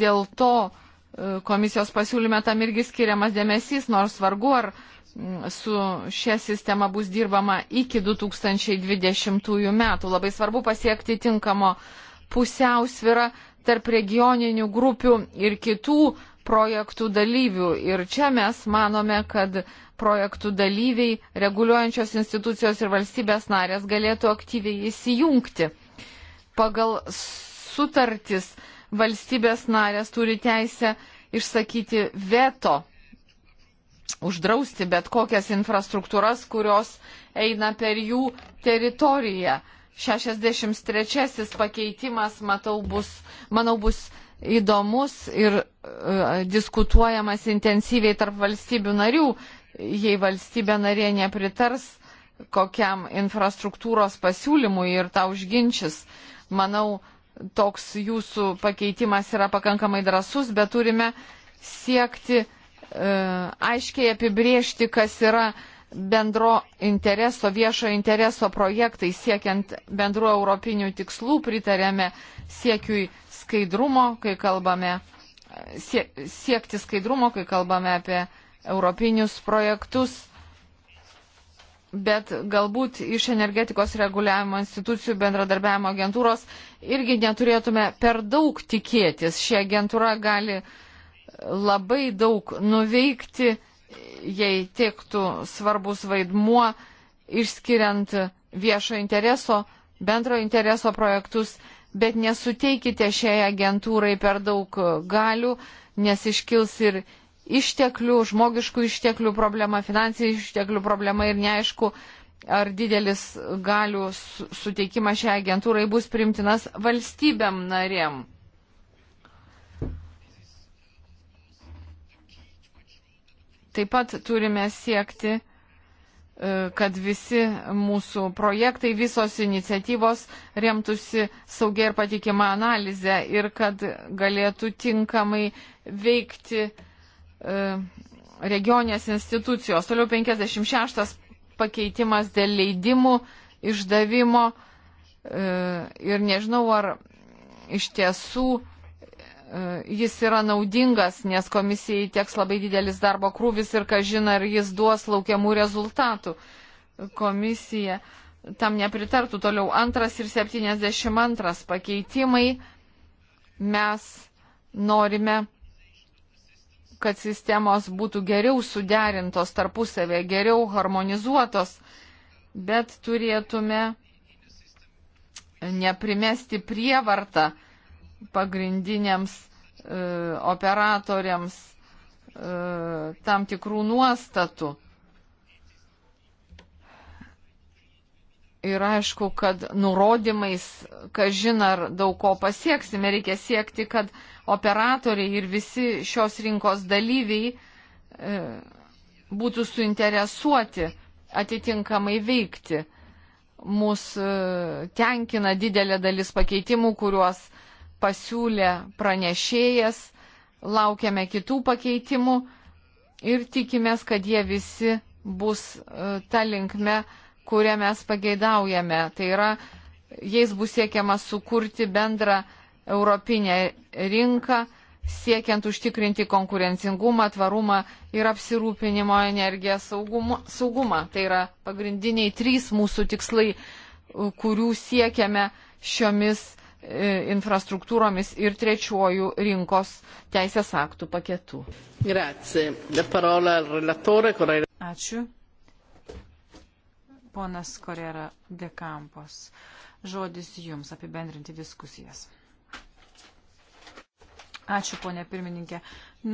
dėl to e, komisijos pasiūlyme tam irgi skiriamas dėmesys, nors vargu ar su šia sistema bus dirbama iki 2020 metų. Labai svarbu pasiekti tinkamo pusiausvirą tarp regioninių grupių ir kitų projektų dalyvių. Ir čia mes manome, kad projektų dalyviai, reguliuojančios institucijos ir valstybės narės galėtų aktyviai įsijungti. Pagal sutartis valstybės narės turi teisę išsakyti veto, uždrausti bet kokias infrastruktūras, kurios eina per jų teritoriją. 63 pakeitimas, matau, bus, manau, bus įdomus ir e, diskutuojamas intensyviai tarp valstybių narių. Jei valstybė narė nepritars kokiam infrastruktūros pasiūlymui ir tą užginčis, manau, toks jūsų pakeitimas yra pakankamai drasus, bet turime siekti e, aiškiai apibriežti, kas yra bendro intereso, viešo intereso projektai siekiant bendrų europinių tikslų, pritarėme siekiui skaidrumo, kai kalbame, siekti skaidrumo, kai kalbame apie europinius projektus, bet galbūt iš energetikos reguliavimo institucijų bendradarbiavimo agentūros irgi neturėtume per daug tikėtis. Ši agentūra gali labai daug nuveikti, jei tiektų svarbus vaidmuo, išskiriant viešo intereso, bendro intereso projektus bet nesuteikite šiai agentūrai per daug galių, nes iškils ir išteklių, žmogiškų išteklių problema, finansinių išteklių problema ir neaišku, ar didelis galių suteikimas šiai agentūrai bus primtinas valstybėm narėm. Taip pat turime siekti E, kad visi mūsų projektai, visos iniciatyvos remtųsi saugia ir patikima analizė ir kad galėtų tinkamai veikti e, regionės institucijos. Toliau 56 pakeitimas dėl leidimų, išdavimo e, ir nežinau, ar iš tiesų jis yra naudingas, nes komisijai tieks labai didelis darbo krūvis ir kažina, ar jis duos laukiamų rezultatų. Komisija tam nepritartų toliau antras ir 72 pakeitimai. Mes norime, kad sistemos būtų geriau suderintos tarpusavė, geriau harmonizuotos, bet turėtume neprimesti prievartą, pagrindiniams e, operatoriams e, tam tikrų nuostatų. Ir aišku, kad nurodymais, kažin ar daug ko pasieksime, reikia siekti, kad operatoriai ir visi šios rinkos dalyviai e, būtų suinteresuoti atitinkamai veikti. Mūsų e, tenkina didelė dalis pakeitimų, kuriuos e, pasiūlė pranešėjas, laukiame kitų pakeitimų ir tikimės, kad jie visi bus e, ta linkme, kurią mes pageidaujame. Tai yra, jais bus siekiama sukurti bendrą europinę rinką, siekiant užtikrinti konkurencingumą, tvarumą ir apsirūpinimo energiją saugumą. saugumą. Tai yra pagrindiniai trys mūsų tikslai, kurių siekiame šiomis E, infrastruktūromis ir trečiuoju rinkos teisės aktų paketu. Ačiū. Ponas Korera de Campos, žodis Jums apibendrinti diskusijas. Ačiū, ponė pirmininkė.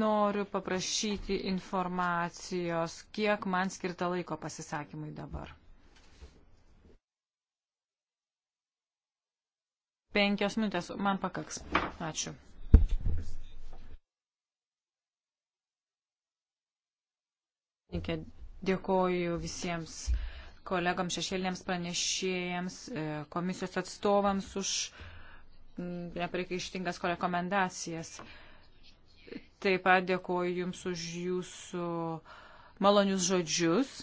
Noriu paprašyti informacijos, kiek man skirta laiko pasisakymui dabar. Penkios minutės, man pakaks. Ačiū. Dėkoju visiems kolegams šešėlėms pranešėjams, e, komisijos atstovams už neprikaištingas rekomendacijas. Taip pat dėkoju Jums už Jūsų malonius žodžius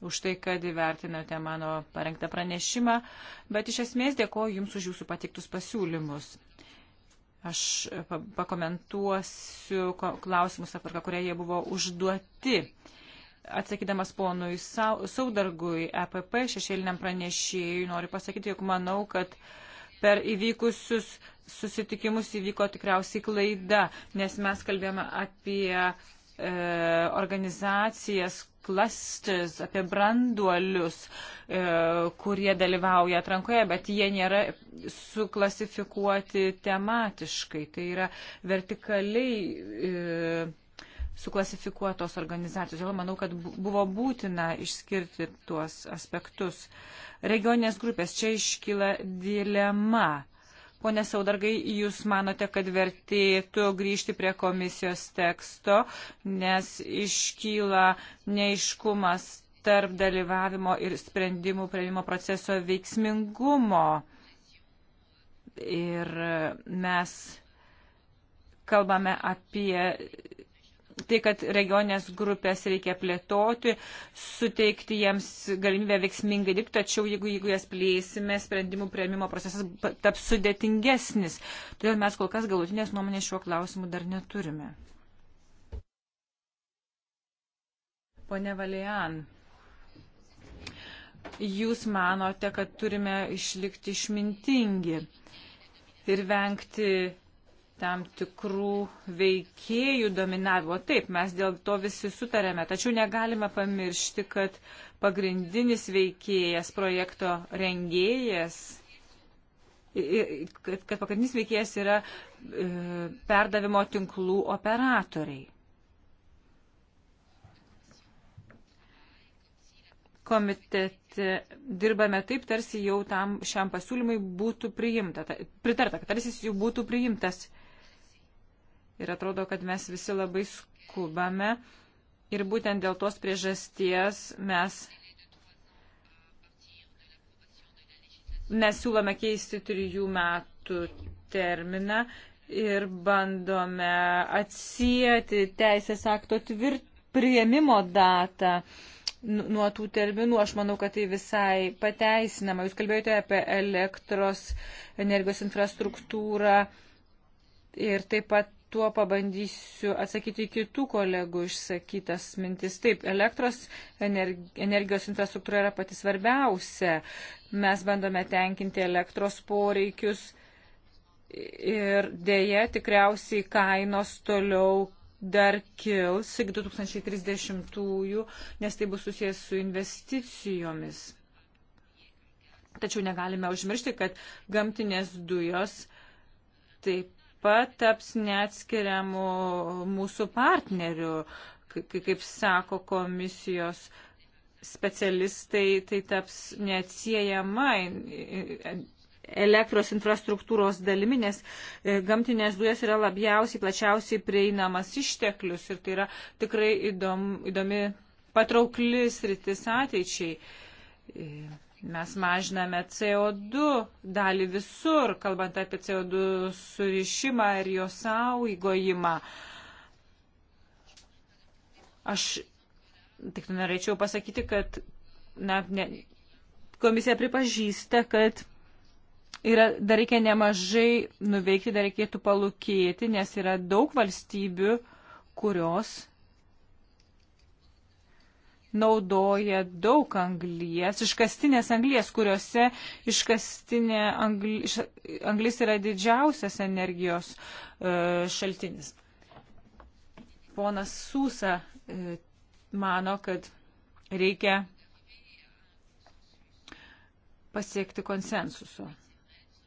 už tai, kad įvertinote mano parengtą pranešimą, bet iš esmės dėkoju Jums už Jūsų patiktus pasiūlymus. Aš e, pakomentuosiu klausimus atvarką, kurie jie buvo užduoti. Atsakydamas ponui Saudargui, EPP šešėliniam pranešėjui, noriu pasakyti, jog manau, kad per įvykusius susitikimus įvyko tikriausiai klaida, nes mes kalbėjome apie e, organizacijas, klastis, apie branduolius, e, kurie dalyvauja atrankoje, bet jie nėra suklasifikuoti tematiškai. Tai yra vertikaliai e, suklasifikuotos organizacijos. Jau manau, kad buvo būtina išskirti tuos aspektus. Regioninės grupės čia iškyla dilema Pone Saudargai, jūs manote, kad vertėtų grįžti prie komisijos teksto, nes iškyla neiškumas tarp dalyvavimo ir sprendimų prieimimo proceso veiksmingumo. Ir mes kalbame apie tai, kad regionės grupės reikia plėtoti, suteikti jiems galimybę veiksmingai dirbti, tačiau jeigu, jeigu jas plėsime, sprendimų prieimimo procesas taps sudėtingesnis. Todėl mes kol kas galutinės nuomonės šiuo klausimu dar neturime. Pone Valian, jūs manote, kad turime išlikti išmintingi ir vengti tam tikrų veikėjų dominavimo. Taip, mes dėl to visi sutarėme, tačiau negalime pamiršti, kad pagrindinis veikėjas, projekto rengėjas, kad, kad pagrindinis veikėjas yra e, perdavimo tinklų operatoriai. komitete dirbame taip, tarsi jau tam šiam pasiūlymui būtų priimta, pritarta, kad tarsi jis jau būtų priimtas ir atrodo, kad mes visi labai skubame ir būtent dėl tos priežasties mes. Mes siūlome keisti trijų metų terminą ir bandome atsijėti teisės akto tvirt prieimimo datą nuo tų terminų. Aš manau, kad tai visai pateisinama. Jūs kalbėjote apie elektros energijos infrastruktūrą ir taip pat tuo pabandysiu atsakyti kitų kolegų išsakytas mintis. Taip, elektros energijos infrastruktūra yra pati svarbiausia. Mes bandome tenkinti elektros poreikius ir dėje tikriausiai kainos toliau dar kils iki 2030-ųjų, nes tai bus susijęs su investicijomis. Tačiau negalime užmiršti, kad gamtinės dujos taip pat taps neatskiriamu mūsų partneriu, kaip sako komisijos specialistai, tai taps neatsiejama elektros infrastruktūros dalimi, nes e, gamtinės dujas yra labiausiai, plačiausiai prieinamas išteklius ir tai yra tikrai įdom, įdomi, patrauklis rytis ateičiai. E, Mes mažiname CO2 dalį visur, kalbant apie CO2 surišimą ir jo saugojimą. Aš tik norėčiau pasakyti, kad na, ne, komisija pripažįsta, kad yra, dar reikia nemažai nuveikti, dar reikėtų palūkėti, nes yra daug valstybių, kurios naudoja daug anglies, iškastinės anglies, kuriuose iškastinė angli, anglis yra didžiausias energijos e, šaltinis. Ponas Susa e, mano, kad reikia pasiekti konsensusu.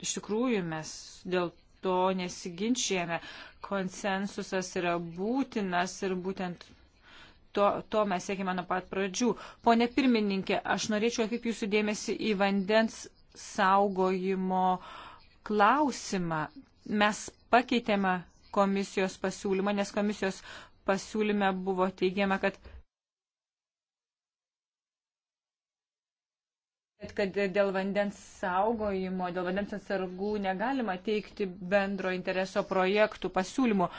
Iš tikrųjų, mes dėl to nesiginčijame. Konsensusas yra būtinas ir būtent to, to mes siekime nuo pat pradžių. Pone pirmininkė, aš norėčiau kaip jūsų dėmesį į vandens saugojimo klausimą. Mes pakeitėme komisijos pasiūlymą, nes komisijos pasiūlyme buvo teigiama, kad kad dėl vandens saugojimo, dėl vandens atsargų negalima teikti bendro intereso projektų, pasiūlymų,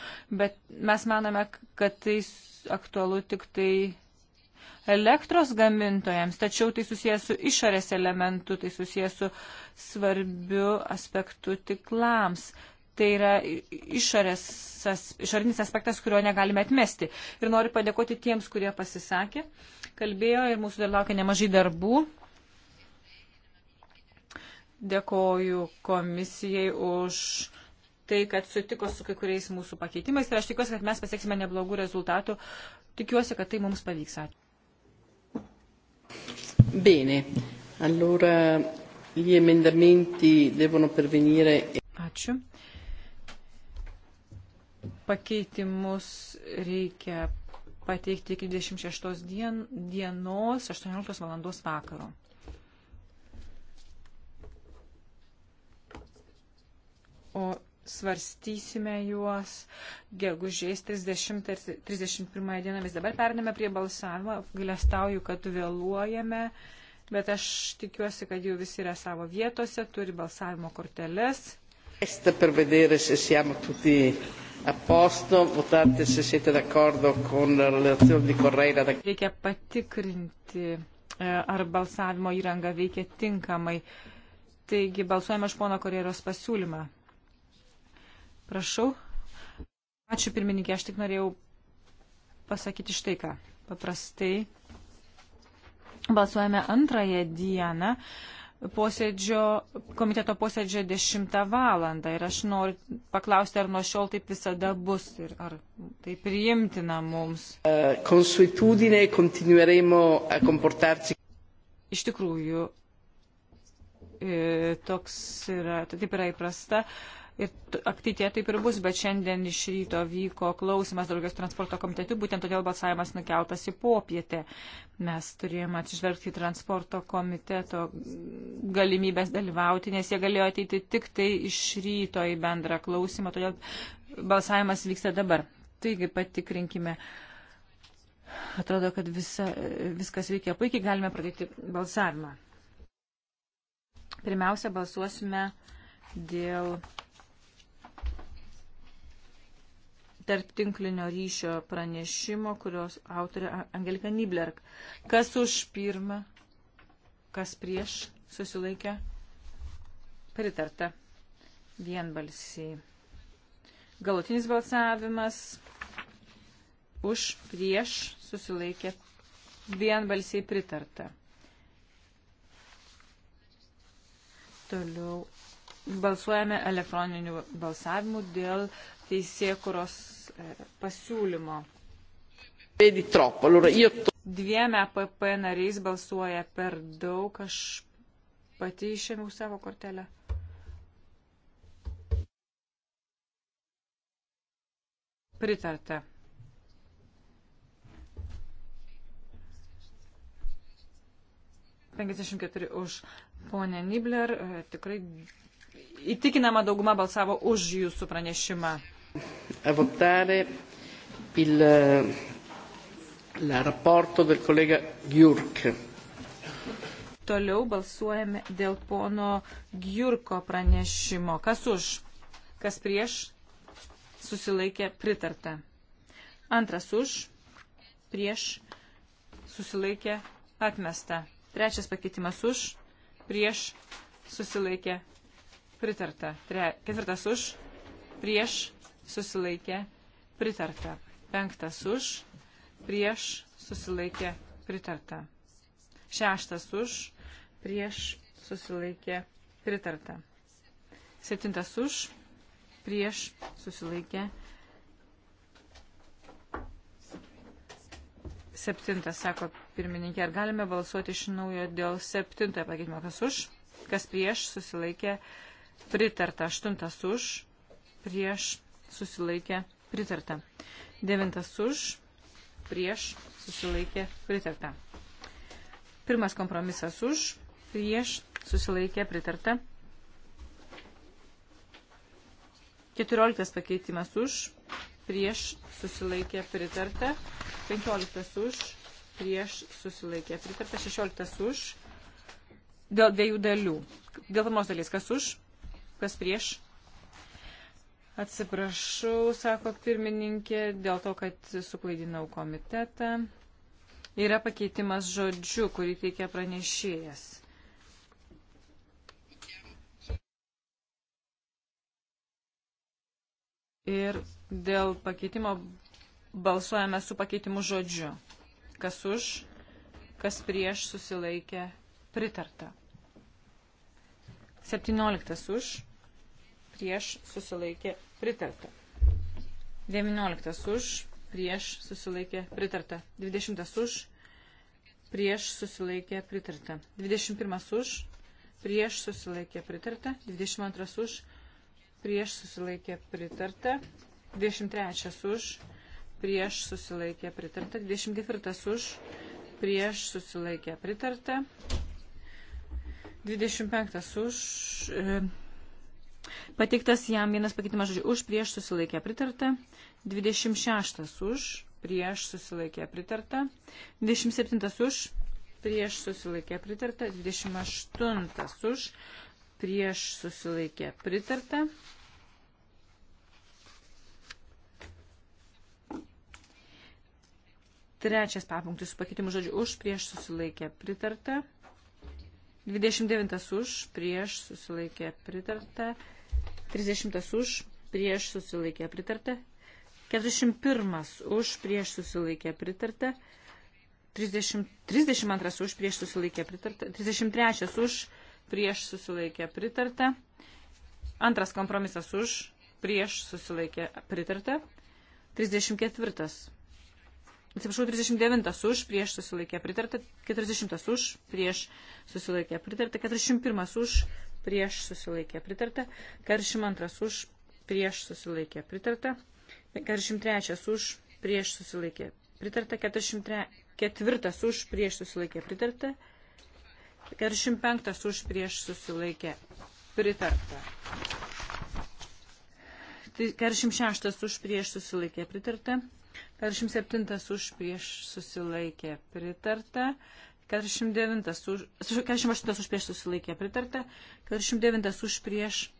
bet mes manome, kad tai aktualu tik tai elektros gamintojams, tačiau tai susijęs su išorės elementu, tai susijęs su svarbiu aspektu tiklams. Tai yra išorės, išorinis aspektas, kurio negalime atmesti. Ir noriu padėkoti tiems, kurie pasisakė, kalbėjo ir mūsų dar laukia nemažai darbų. Dėkoju komisijai už tai, kad sutiko su kai kuriais mūsų pakeitimais ir aš tikiuosi, kad mes pasieksime neblogų rezultatų. Tikiuosi, kad tai mums pavyks. Ačiū. Bene. Allora gli emendamenti devono pervenire. E- Ačiū. Pakeitimus reikia pateikti iki 26 dien, dienos 18 valandos vakaro. o svarstysime juos gegužės 30 ir 31 dienomis. Dabar periname prie balsavimo, galėstauju, kad vėluojame, bet aš tikiuosi, kad jau visi yra savo vietose, turi balsavimo korteles. Per vedere se siamo tutti a posto, votate se siete d'accordo con la relazione di Correira. Reikia patikrinti, e, ar balsavimo įranga veikia tinkamai. Taigi balsuojame už pono Korėros pasiūlymą. Prašau. Ačiū pirmininkė, aš tik norėjau pasakyti štai ką. Paprastai balsuojame antrąją dieną posėdžio, komiteto posėdžio 10 valandą ir aš noriu paklausti, ar nuo šiol taip visada bus ir ar tai priimtina mums. Konsuetudinė e, kontinueremo komportarsi. Iš tikrųjų, e, toks yra, taip yra įprasta. Uh, ir aktytie taip ir bus, bet šiandien iš ryto vyko klausimas draugės transporto komitetu, būtent todėl balsavimas nukeltas į popietę. Mes turėjome atsižvelgti į transporto komiteto galimybės dalyvauti, nes jie galėjo ateiti tik tai iš ryto į bendrą klausimą, todėl balsavimas vyksta dabar. Taigi patikrinkime. Atrodo, kad visa, viskas veikia puikiai, galime pradėti balsavimą. Pirmiausia, balsuosime dėl tarp tinklinio ryšio pranešimo, kurios autorė Angelika Niblerk. Kas už pirmą, kas prieš susilaikė? Pritarta. Vienbalsiai. Galutinis balsavimas už prieš susilaikė vienbalsiai pritarta. Toliau balsuojame elektroniniu balsavimu dėl teisėkuros E, pasiūlymo. Dviem EPP nariais balsuoja per daug, aš pati išėmiau savo kortelę. Pritarta. Penkiasdešimt keturi už ponę Nibler. E, tikrai įtikinama dauguma balsavo už jūsų pranešimą. A votare il eh, la rapporto del collega Gjurk. Toliau balsuojame dėl pono Gjurko pranešimo. Kas už? Kas prieš? Susilaikė pritarta. Antras už, prieš, susilaikė atmesta. Trečias pakeitimas už, prieš, susilaikė pritarta. Tre, ketvirtas už, prieš, susilaikė pritarta. Penktas už, prieš susilaikė pritarta. Šeštas už, prieš susilaikė pritarta. Septintas už, prieš susilaikė. Septintas, sako pirmininkė, ar galime balsuoti iš naujo dėl septintojo pakeitimo, kas už, kas prieš susilaikė pritarta. Aštuntas už, prieš susilaikė pritarta. Devintas už, prieš, susilaikė pritarta. Pirmas kompromisas už, prieš, susilaikė pritarta. Keturioliktas pakeitimas už, prieš, susilaikė pritarta. Penkioliktas už, prieš, susilaikė pritarta. Šešioliktas už, dėl dviejų dalių. Dėl pirmos dalies, kas už, kas prieš, Atsiprašau, sako pirmininkė, dėl to, kad suklaidinau komitetą. Yra pakeitimas žodžiu, kurį teikia pranešėjas. Ir dėl pakeitimo balsuojame su pakeitimu žodžiu. Kas už, kas prieš susilaikė pritarta. 17 už prieš susilaikė pritarta. 19 už, prieš susilaikė pritarta. 20 už, prieš susilaikė pritarta. 21 už, prieš susilaikė pritarta. 22 už, prieš susilaikė pritarta. 23 už, prieš susilaikė pritarta. 24 už, prieš susilaikė pritarta. 25 už. E, Pateiktas jam vienas pakeitimas žodžiu už, prieš susilaikė pritarta. 26 už, prieš susilaikė pritarta. 27 už, prieš susilaikė pritarta. 28 už, prieš susilaikė pritarta. Trečias papunktis su pakeitimu žodžiu už, prieš susilaikė pritarta. 29 už, prieš susilaikė pritarta. 30 už, prieš susilaikė pritarta. 41 už, prieš susilaikė pritarta. 30, 32 už, prieš susilaikė pritarta. 33 už, prieš susilaikė pritarta. Antras kompromisas už, prieš susilaikė pritarta. 34. Atsiprašau, 39 už, prieš susilaikė pritarta, 40 už, prieš susilaikė pritarta, 41 už, prieš susilaikė pritarta, 42 už, prieš susilaikė pritarta, 43 už, prieš susilaikė pritarta, 44 už, prieš susilaikė pritarta, 45 už, prieš susilaikė pritarta. 46 už prieš susilaikė pritarta, 47 už prieš susilaikė pritarta, 49 už, 48 už prieš susilaikė pritarta, 49 už prieš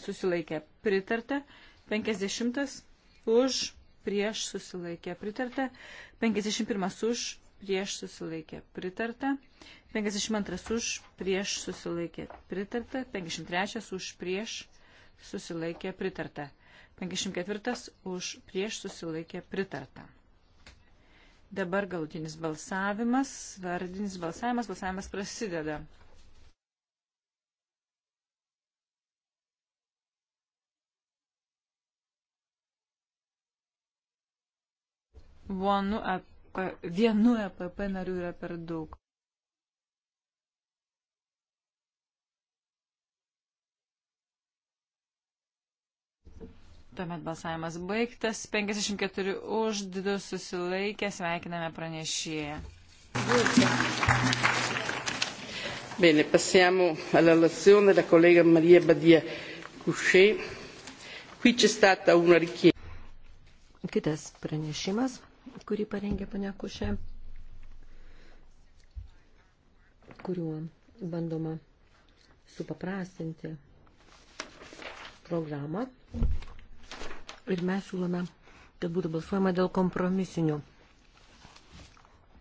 susilaikė pritarta, 50 už prieš susilaikė pritarta, 51 už prieš susilaikė pritarta, 52 už prieš susilaikė pritarta, 53 už prieš susilaikė pritarta, 54 už prieš susilaikė pritarta. Dabar galutinis balsavimas, vardinis balsavimas, balsavimas prasideda. Vienu EPP e nariu yra per daug. Tuomet balsavimas baigtas. 54 už, 2 susilaikė. Sveikiname pranešėją. Bene, passiamo alla relazione della collega Maria Badia Couchet. Qui c'è stata una richiesta. Kitas pranešimas, kurį parengė ponia Kušė, kuriuo bandoma supaprastinti programą Ir mes siūlome, kad būtų balsuojama dėl kompromisinių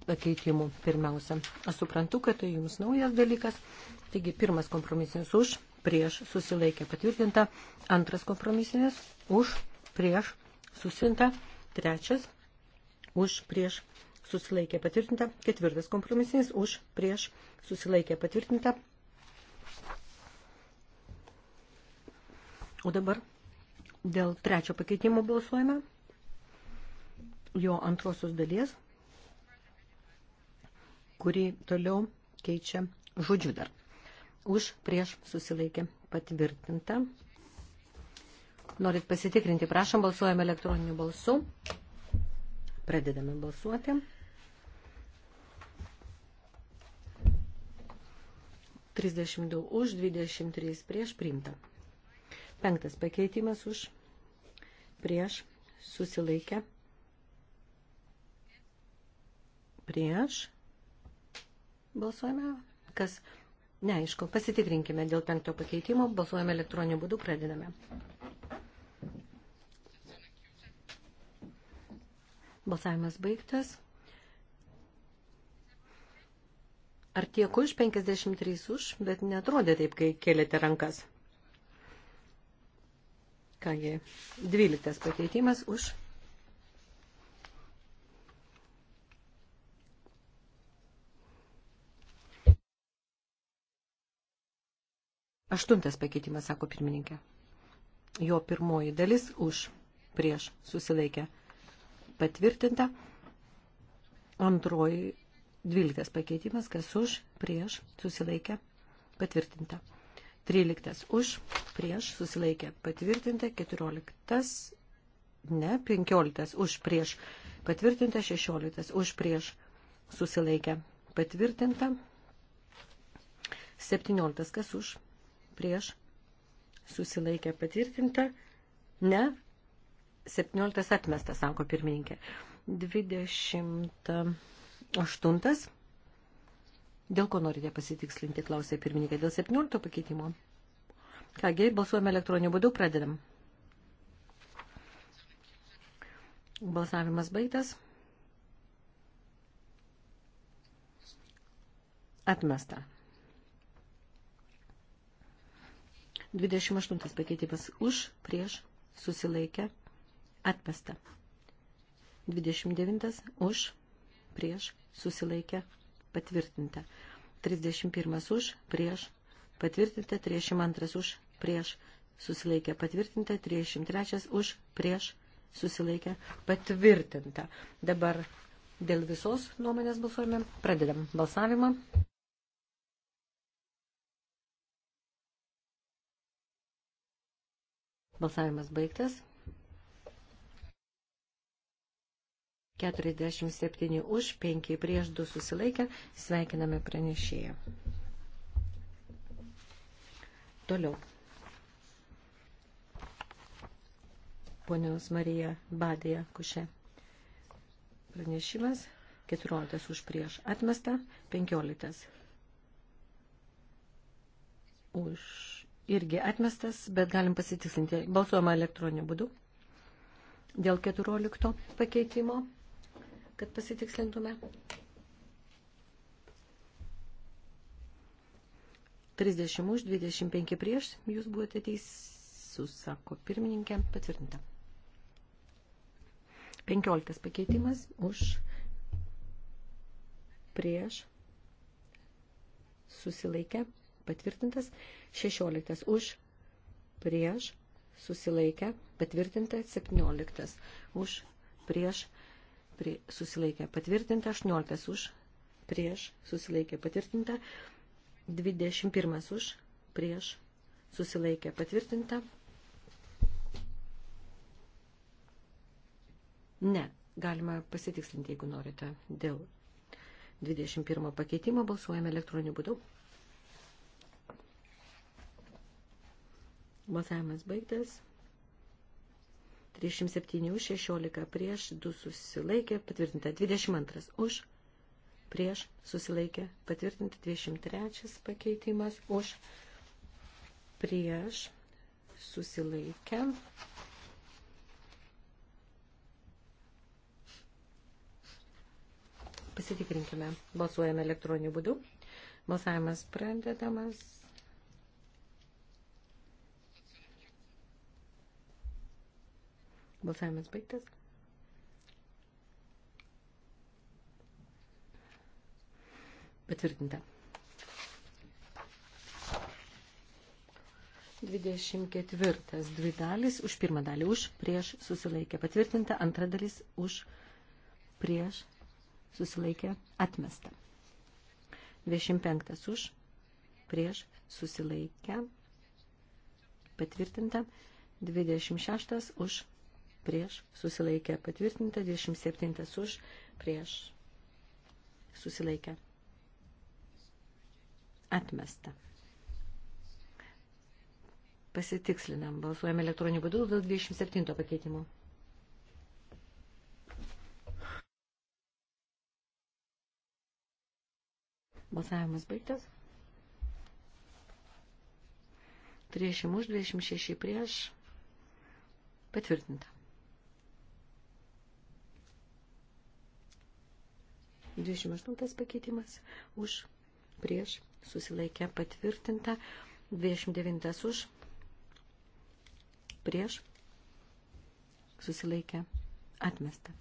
pakeitimų pirmiausia. Aš suprantu, kad tai jums naujas dalykas. Taigi, pirmas kompromisinis už, prieš, susilaikė patvirtinta. Antras kompromisinis už, prieš, susinta. Trečias už, prieš, susilaikė patvirtinta. Ketvirtas kompromisinis už, prieš, susilaikė patvirtinta. O dabar Dėl trečio pakeitimo balsuojame. Jo antrosios dalies, kuri toliau keičia žodžiu dar. Už prieš susilaikė patvirtinta. Norit pasitikrinti, prašom, balsuojame elektroniniu balsu. Pradedame balsuoti. 32 už, 23 prieš priimta. Penktas pakeitimas už prieš susilaikę. Prieš balsuojame. Kas neaišku, pasitikrinkime dėl penkto pakeitimo, balsuojame elektroniniu būdu, pradedame. Balsavimas baigtas. Ar tiek už 53 už, bet netrodė taip, kai kėlėte rankas. Kągi, 12 pakeitimas už. Aštuntas pakeitimas, sako pirmininkė. Jo pirmoji dalis už, prieš, susilaikė, patvirtinta. Antroji, dvyliktas pakeitimas, kas už, prieš, susilaikė, patvirtinta. 13 už, prieš, susilaikė, patvirtinta, 14, ne, 15 už, prieš, patvirtinta, 16 už, prieš, susilaikė, patvirtinta, 17 kas už, prieš, susilaikė, patvirtinta, ne, 17 atmestas, sako pirmininkė, 28 Dėl ko norite pasitikslinti, klausė pirmininkai. Dėl 17 pakeitimo. Kągi, balsuojame elektroniniu būdu, pradedam. Balsavimas baigtas. Atmesta. 28 pakeitimas už, prieš, susilaikę, atmesta. 29 už, prieš, susilaikę, patvirtinta. 31 už, prieš, patvirtinta. 32 už, prieš, susilaikė patvirtinta. 33 už, prieš, susilaikė patvirtinta. Dabar dėl visos nuomonės balsuojame. Pradedam balsavimą. Balsavimas baigtas. 47 už, 5 prieš 2 susilaikę. Sveikiname pranešėją. Toliau. Poniaus Marija Badėja Kušė. Pranešimas 14 už prieš atmestą, 15 už irgi atmestas, bet galim pasitikslinti. Balsuojama elektroniniu būdu dėl 14 pakeitimo kad pasitikslintume. 30 už, 25 prieš, jūs buvote teisus, sako pirmininkė, patvirtinta. 15 pakeitimas už, prieš, susilaikę, patvirtintas, 16 už, prieš, susilaikę, patvirtinta, 17 už, prieš, prie, susilaikė patvirtinta, 18 už, prieš, susilaikė patvirtinta, 21 už, prieš, susilaikė patvirtinta. Ne, galima pasitikslinti, jeigu norite, dėl 21 pakeitimo balsuojame elektroniniu būdu. Balsavimas baigtas. 37, 16 prieš, 2 susilaikė, patvirtinta 22 už, prieš susilaikė, patvirtinta 23 pakeitimas už, prieš susilaikė. Pasitikrinkime, balsuojame elektroniniu būdu. Balsavimas pradedamas. Balsavimas baigtas. Patvirtinta. 24. Dvi dalys už pirmą dalį už, prieš susilaikė. Patvirtinta. Antra dalis už, prieš susilaikė. Atmesta. 25. Už, prieš susilaikė. Patvirtinta. 26. Už, prieš, susilaikė patvirtinta, 27 už, prieš, susilaikė atmesta. Pasitikslinam, balsuojame elektroniniu būdu dėl 27 pakeitimo. Balsavimas baigtas. 30 už, 26 prieš. Patvirtinta. 28 pakeitimas už prieš susilaikę patvirtinta. 29 už prieš susilaikę atmesta.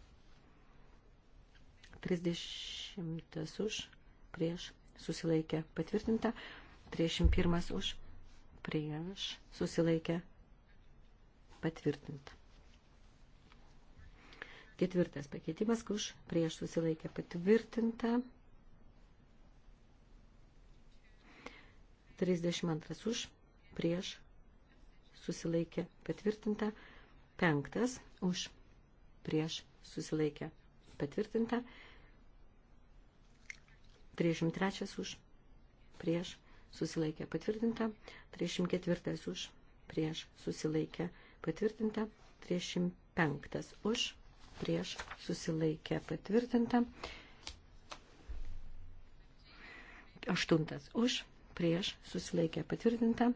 30 už prieš susilaikę patvirtinta. 31 už prieš susilaikę patvirtinta. Ketvirtas pakeitimas už prieš susilaikę patvirtinta. 32 už prieš susilaikė patvirtinta. Penktas už prieš susilaikė patvirtinta. 33 už prieš susilaikė patvirtinta. 34 už prieš susilaikė patvirtinta. 35 už prieš susilaikė patvirtinta. Aštuntas už, prieš susilaikė patvirtinta.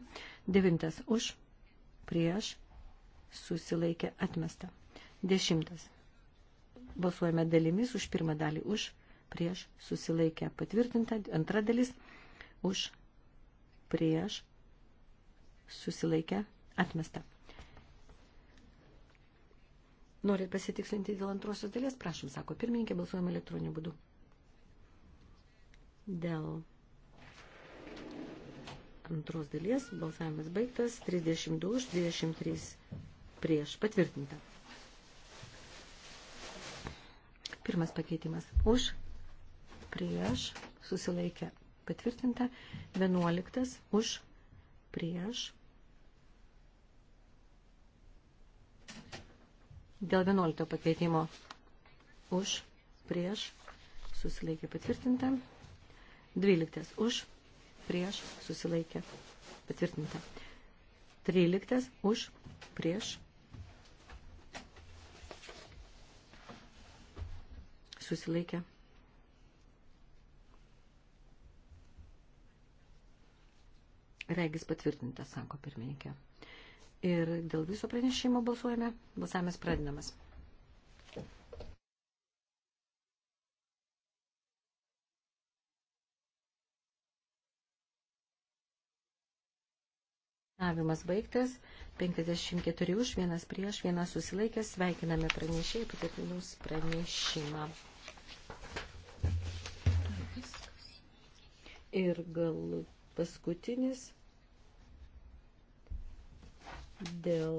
Devintas už, prieš susilaikė atmesta. Dešimtas. Balsuojame dalimis už pirmą dalį už, prieš susilaikė patvirtinta. Antra dalis už, prieš susilaikė atmesta. Norit pasitikslinti dėl antrosios dalies? Prašom, sako pirmininkė, balsuojame elektroniniu būdu. Dėl antros dalies balsavimas baigtas, 32 už 23 prieš patvirtinta. Pirmas pakeitimas už, prieš, susilaikė patvirtinta, 11 už, prieš, Dėl 11 pakeitimo už, prieš, susilaikė patvirtinta. 12 už, prieš, susilaikė patvirtinta. 13 už, prieš, susilaikė. Regis patvirtinta, sako pirmininkė. Ir dėl viso pranešimo balsuojame. Balsavimas pradedamas. Navimas baigtas, 54 už, vienas prieš, vienas susilaikęs, sveikiname pranešėjai, patvirtinus pranešimą. Ir gal paskutinis dėl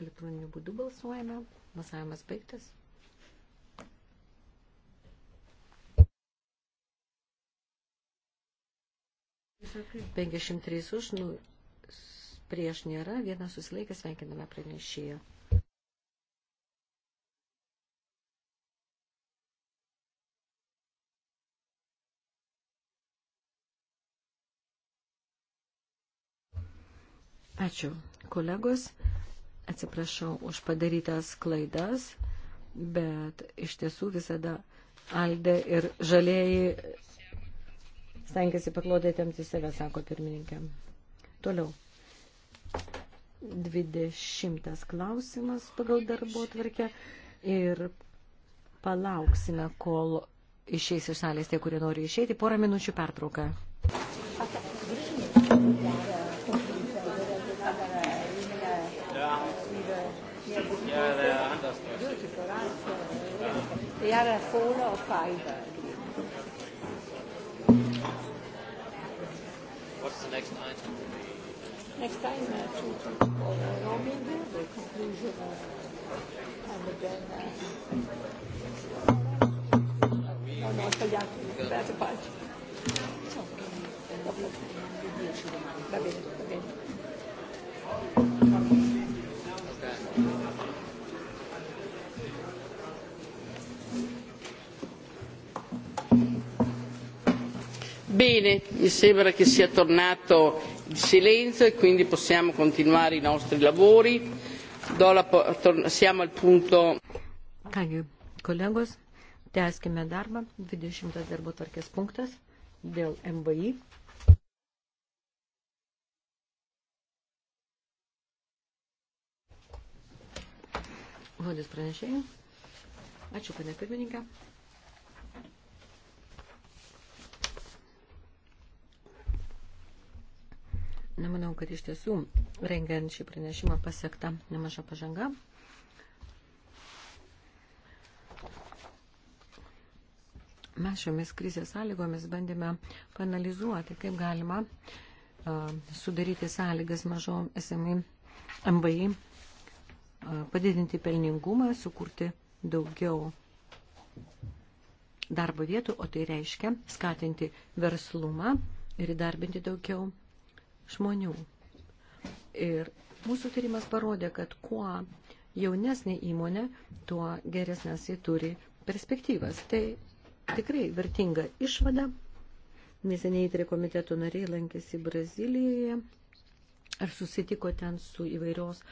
elektroninių būdų balsuojame. Balsavimas baigtas. Okay. 53 už, nu, prieš nėra, vienas susilaikęs, sveikiname pranešėją. Ačiū, kolegos. Atsiprašau už padarytas klaidas, bet iš tiesų visada Alde ir žalieji stengiasi paklodę temti save, sako pirmininkė. Toliau. 20 klausimas pagal darbo tvarkę ir palauksime, kol išeis iš salės tie, kurie nori išeiti. Porą minučių pertrauką. They are four or five. What's the next item? Next time, uh, to, or uh, roaming, the conclusion, uh, and then. Uh, no, no, sbagliato, sbagliato parte. No, dopo, va bene, va bene. Bene, mi sembra che sia tornato il silenzio e quindi possiamo continuare i nostri lavori. Do la, tor, siamo al punto. Kągi, kolegos, tęskime darbą. 20 darbo tvarkės punktas dėl MVI. Žodis pranešėjai. Ačiū, pane pirmininkė. Nemanau, kad iš tiesų rengiant šį pranešimą pasiekta nemaža pažanga. Mes šiomis krizės sąlygomis bandėme panalizuoti, kaip galima uh, sudaryti sąlygas mažom SMI MBI, uh, padidinti pelningumą, sukurti daugiau darbo vietų, o tai reiškia skatinti verslumą ir įdarbinti daugiau žmonių. Ir mūsų tyrimas parodė, kad kuo jaunesnė įmonė, tuo geresnės jį turi perspektyvas. Tai tikrai vertinga išvada. Neseniai įtrė komiteto nariai lankėsi Brazilijoje ar susitiko ten su įvairios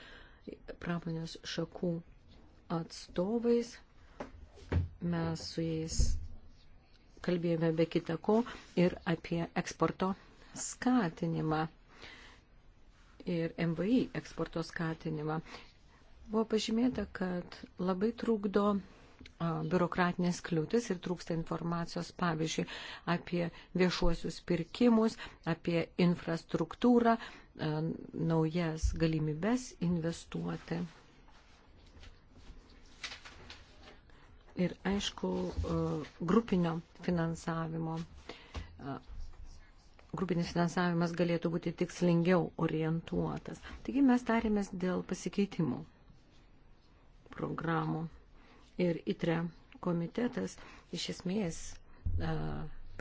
pramonės šakų atstovais. Mes su jais kalbėjome be kita ko ir apie eksporto skatinimą ir MVI eksporto skatinimą. Buvo pažymėta, kad labai trukdo biurokratinės kliūtis ir trūksta informacijos, pavyzdžiui, apie viešuosius pirkimus, apie infrastruktūrą, naujas galimybes investuoti. Ir aišku, grupinio finansavimo grupinis finansavimas galėtų būti tikslingiau orientuotas. Taigi mes tarėmės dėl pasikeitimų programų. Ir ITRE komitetas iš esmės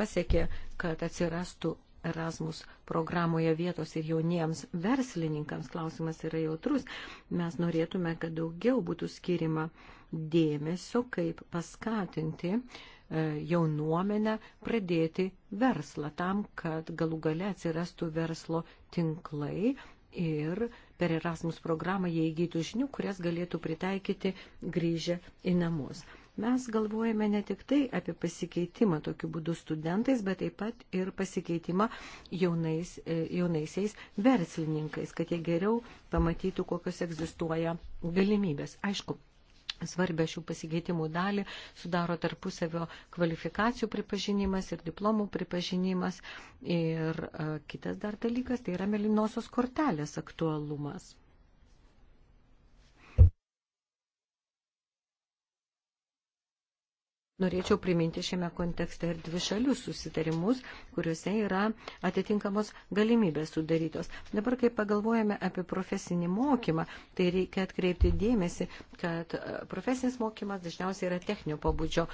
pasiekė, kad atsirastų Erasmus programoje vietos ir jauniems verslininkams. Klausimas yra jautrus. Mes norėtume, kad daugiau būtų skirima dėmesio, kaip paskatinti uh, E, jaunuomenę pradėti verslą tam, kad galų gale atsirastų verslo tinklai ir per Erasmus programą jie įgytų žinių, kurias galėtų pritaikyti grįžę į namus. Mes galvojame ne tik tai apie pasikeitimą tokiu būdu studentais, bet taip pat ir pasikeitimą jaunais, e, jaunaisiais verslininkais, kad jie geriau pamatytų, kokios egzistuoja galimybės. Aišku, Svarbę šių pasikeitimų dalį sudaro tarpusavio kvalifikacijų pripažinimas ir diplomų pripažinimas. Ir e, kitas dar dalykas tai yra melinosios kortelės aktualumas. Norėčiau priminti šiame kontekste ir dvi šalius susitarimus, kuriuose yra atitinkamos galimybės sudarytos. Dabar, kai pagalvojame apie profesinį mokymą, tai reikia atkreipti dėmesį, kad e, profesinis mokymas dažniausiai yra techninio pabudžio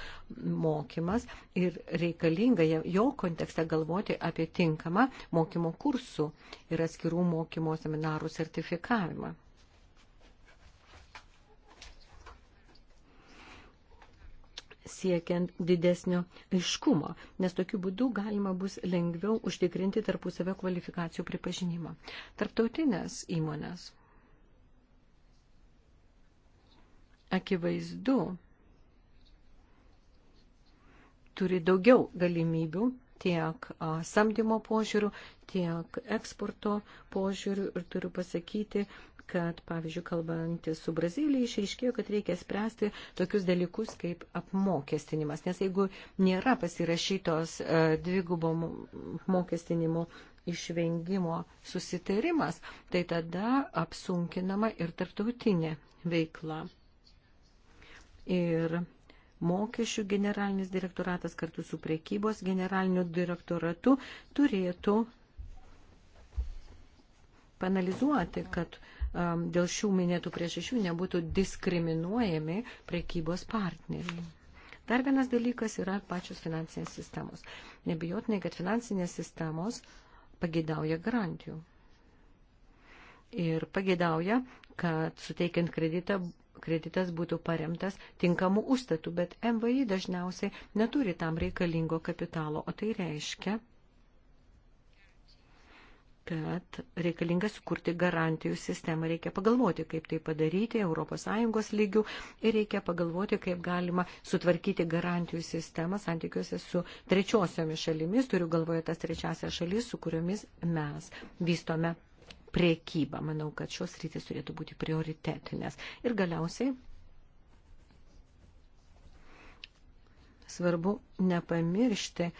mokymas ir reikalinga jo kontekste galvoti apie tinkamą mokymo kursų ir atskirų mokymo seminarų sertifikavimą. siekiant didesnio aiškumo, nes tokiu būdu galima bus lengviau užtikrinti tarpusavio kvalifikacijų pripažinimą. Tarptautinės įmonės. Akivaizdu, turi daugiau galimybių tiek samdymo požiūrių, tiek eksporto požiūrių ir turiu pasakyti, kad, pavyzdžiui, kalbantys su Brazilijai, išaiškėjo, kad reikia spręsti tokius dalykus kaip apmokestinimas. Nes jeigu nėra pasirašytos e, dvigubo apmokestinimo išvengimo susitarimas, tai tada apsunkinama ir tartautinė veikla. Ir mokesčių generalinis direktoratas kartu su priekybos generaliniu direktoratu turėtų panalizuoti, kad uh, dėl šių minėtų priežasčių nebūtų diskriminuojami prekybos partneriai. Dar vienas dalykas yra pačios finansinės sistemos. Nebijotinai, kad finansinės sistemos pagėdauja garantijų. Ir pagėdauja, kad suteikiant kreditą, kreditas būtų paremtas tinkamų užstatų, bet MVI dažniausiai neturi tam reikalingo kapitalo, o tai reiškia, kad reikalinga sukurti garantijų sistemą. Reikia pagalvoti, kaip tai padaryti ES lygių ir reikia pagalvoti, kaip galima sutvarkyti garantijų sistemą santykiuose su trečiosiomis šalimis, turiu galvoje tas trečiasias šalis, su kuriomis mes vystome priekybą. Manau, kad šios rytis turėtų būti prioritetinės. Ir galiausiai svarbu nepamiršti,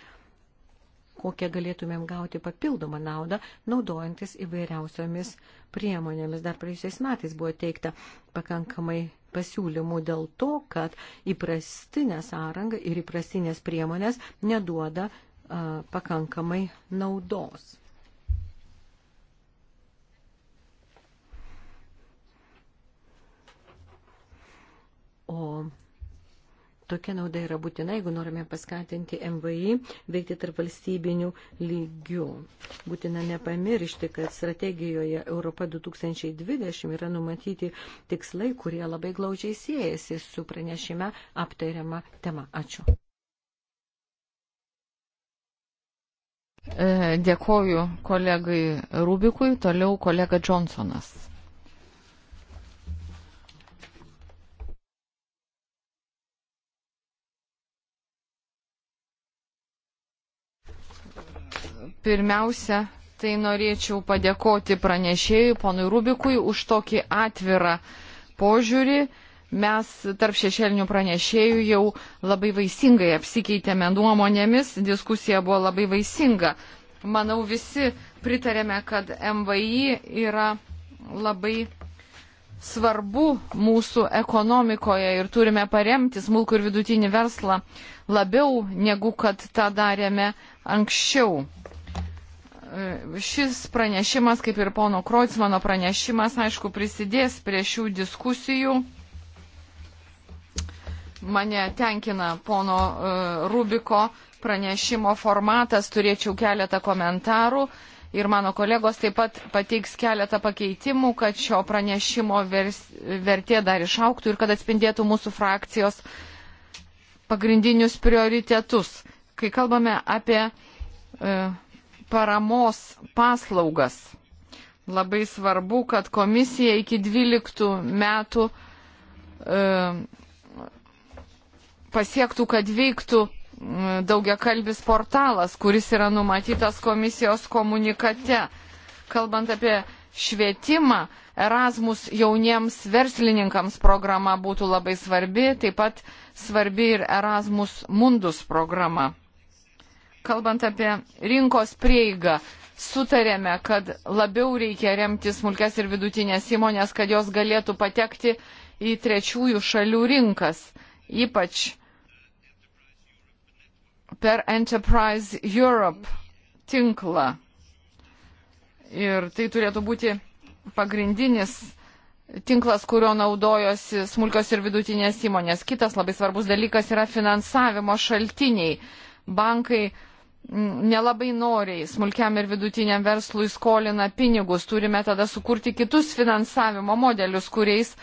kokią galėtumėm gauti papildomą naudą, naudojantis įvairiausiomis priemonėmis. Dar praėjusiais metais buvo teikta pakankamai pasiūlymų dėl to, kad įprastinė sąranga ir įprastinės priemonės neduoda a, pakankamai naudos. O Tokia nauda yra būtina, jeigu norime paskatinti MVI veikti tarp valstybinių lygių. Būtina nepamiršti, kad strategijoje Europa 2020 yra numatyti tikslai, kurie labai glaudžiai siejasi su pranešime aptariama tema. Ačiū. E, dėkoju kolegai Rubikui, toliau kolega Johnsonas. Pirmiausia, tai norėčiau padėkoti pranešėjui, ponui Rubikui, už tokį atvirą požiūrį. Mes tarp šešėlinių pranešėjų jau labai vaisingai apsikeitėme nuomonėmis, diskusija buvo labai vaisinga. Manau, visi pritarėme, kad MVI yra labai svarbu mūsų ekonomikoje ir turime paremti smulkų ir vidutinį verslą labiau negu kad tą darėme anksčiau. Šis pranešimas, kaip ir pono Kroicmano pranešimas, aišku, prisidės prie šių diskusijų. Mane tenkina pono e, Rubiko pranešimo formatas, turėčiau keletą komentarų ir mano kolegos taip pat pateiks keletą pakeitimų, kad šio pranešimo vers, vertė dar išauktų ir kad atspindėtų mūsų frakcijos pagrindinius prioritetus. Kai kalbame apie e, paramos paslaugas. Labai svarbu, kad komisija iki 12 metų e, pasiektų, kad veiktų e, daugiakalbis portalas, kuris yra numatytas komisijos komunikate. Kalbant apie švietimą, Erasmus jauniems verslininkams programa būtų labai svarbi, taip pat svarbi ir Erasmus Mundus programa kalbant apie rinkos prieigą, sutarėme, kad labiau reikia remti smulkes ir vidutinės įmonės, kad jos galėtų patekti į trečiųjų šalių rinkas, ypač per Enterprise Europe tinklą. Ir tai turėtų būti pagrindinis tinklas, kurio naudojosi smulkios ir vidutinės įmonės. Kitas labai svarbus dalykas yra finansavimo šaltiniai. Bankai nelabai noriai smulkiam ir vidutiniam verslui skolina pinigus, turime tada sukurti kitus finansavimo modelius, kuriais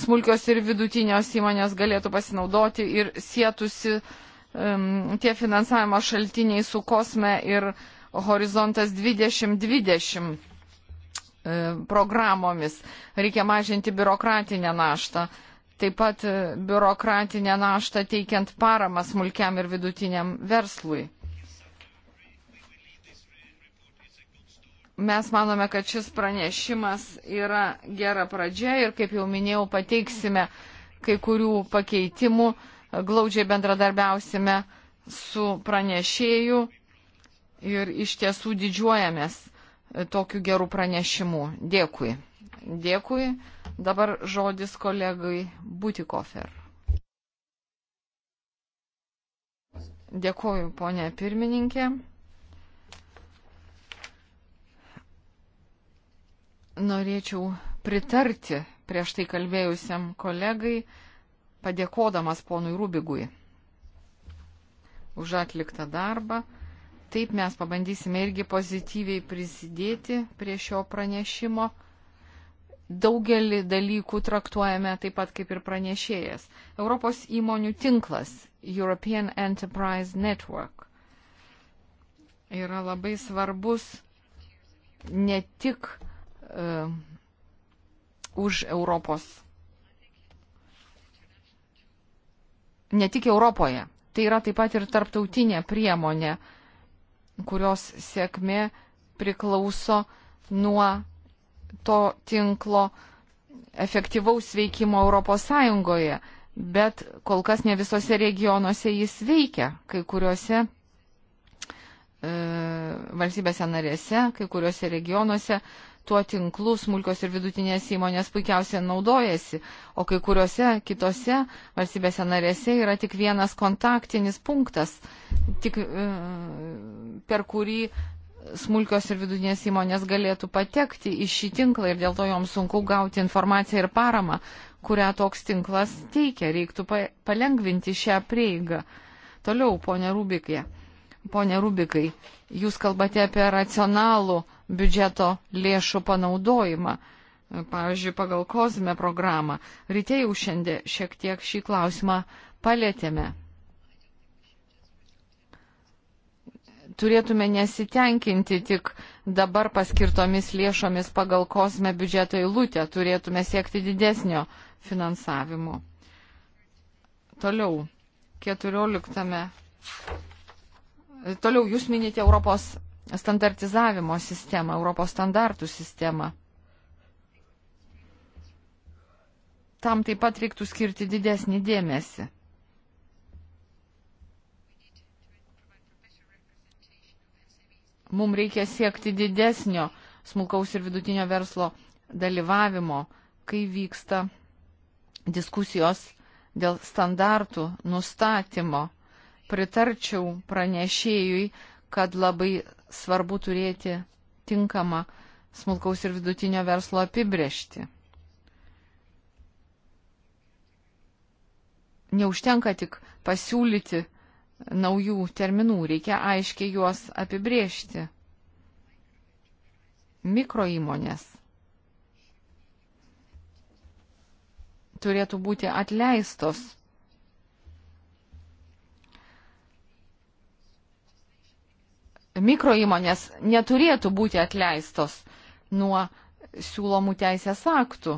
smulkios ir vidutinios įmonės galėtų pasinaudoti ir sėtusi um, tie finansavimo šaltiniai su kosme ir horizontas 2020 e, programomis. Reikia mažinti biurokratinę naštą. Taip pat e, biurokratinę naštą teikiant paramą smulkiam ir vidutiniam verslui. Mes manome, kad šis pranešimas yra gera pradžia ir, kaip jau minėjau, pateiksime kai kurių pakeitimų, glaudžiai bendradarbiausime su pranešėju ir iš tiesų didžiuojamės tokiu geru pranešimu. Dėkui. Dėkui. Dabar žodis kolegai Butikofer. Dėkuoju, ponė pirmininkė. norėčiau pritarti prieš tai kalbėjusiam kolegai, padėkodamas ponui Rubigui už atliktą darbą. Taip mes pabandysime irgi pozityviai prisidėti prie šio pranešimo. Daugelį dalykų traktuojame taip pat kaip ir pranešėjas. Europos įmonių tinklas European Enterprise Network yra labai svarbus ne tik uh, už Europos. Ne tik Europoje. Tai yra taip pat ir tarptautinė priemonė, kurios sėkmė priklauso nuo to tinklo efektyvaus veikimo Europos Sąjungoje, bet kol kas ne visose regionuose jis veikia, kai kuriuose e, valstybėse narėse, kai kuriuose regionuose tuo tinklu smulkios ir vidutinės įmonės puikiausiai naudojasi, o kai kuriuose kitose valstybėse narėse yra tik vienas kontaktinis punktas, tik, e, per kurį smulkios ir vidutinės įmonės galėtų patekti į šį tinklą ir dėl to joms sunku gauti informaciją ir paramą, kurią toks tinklas teikia. Reiktų pa palengvinti šią prieigą. Toliau, ponė Rubikė. Pone Rubikai, jūs kalbate apie racionalų biudžeto lėšų panaudojimą, pavyzdžiui, pagal kozme programą. Ryte jau šiandien šiek tiek šį klausimą palėtėme. Turėtume nesitenkinti tik dabar paskirtomis lėšomis pagal kosme biudžeto eilutę, turėtume siekti didesnio finansavimo. Toliau, 14. Toliau jūs minite Europos standartizavimo sistemą, Europos standartų sistemą. Tam taip pat reiktų skirti didesnį dėmesį. Mums reikia siekti didesnio smulkaus ir vidutinio verslo dalyvavimo, kai vyksta diskusijos dėl standartų nustatymo. Pritarčiau pranešėjui, kad labai svarbu turėti tinkamą smulkaus ir vidutinio verslo apibriešti. Neužtenka tik pasiūlyti naujų terminų, reikia aiškiai juos apibriežti. Mikroįmonės turėtų būti atleistos mikroįmonės neturėtų būti atleistos nuo siūlomų teisės aktų,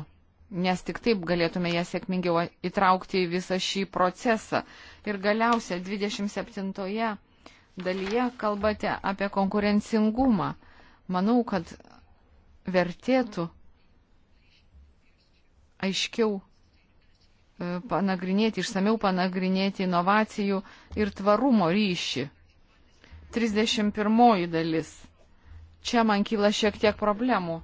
nes tik taip galėtume ją sėkmingiau įtraukti į visą šį procesą. Ir galiausia 27 dalyje kalbate apie konkurencingumą. Manau, kad vertėtų aiškiau e, panagrinėti, išsameu panagrinėti inovacijų ir tvarumo ryšį. 31 dalis. Čia man kyla šiek tiek problemų.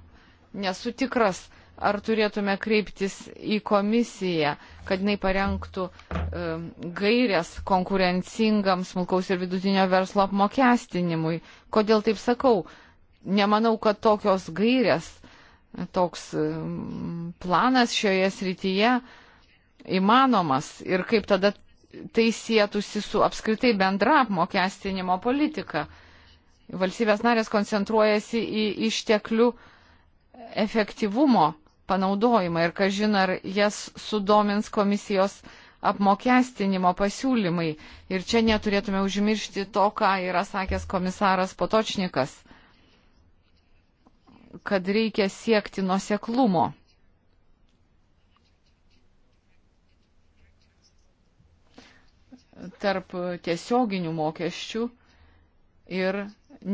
Nesu tikras, ar turėtume kreiptis į komisiją, kad jinai parengtų e, um, gairias konkurencingam smulkaus ir vidutinio verslo apmokestinimui. Kodėl taip sakau? Nemanau, kad tokios gairias, toks e, planas šioje srityje įmanomas ir kaip tada tai sėtųsi su apskritai bendra apmokestinimo politika. Valstybės narės koncentruojasi į išteklių efektyvumo panaudojimą ir kažin ar jas sudomins komisijos apmokestinimo pasiūlymai. Ir čia neturėtume užmiršti to, ką yra sakęs komisaras Potočnikas, kad reikia siekti nuseklumo. tarp tiesioginių mokesčių ir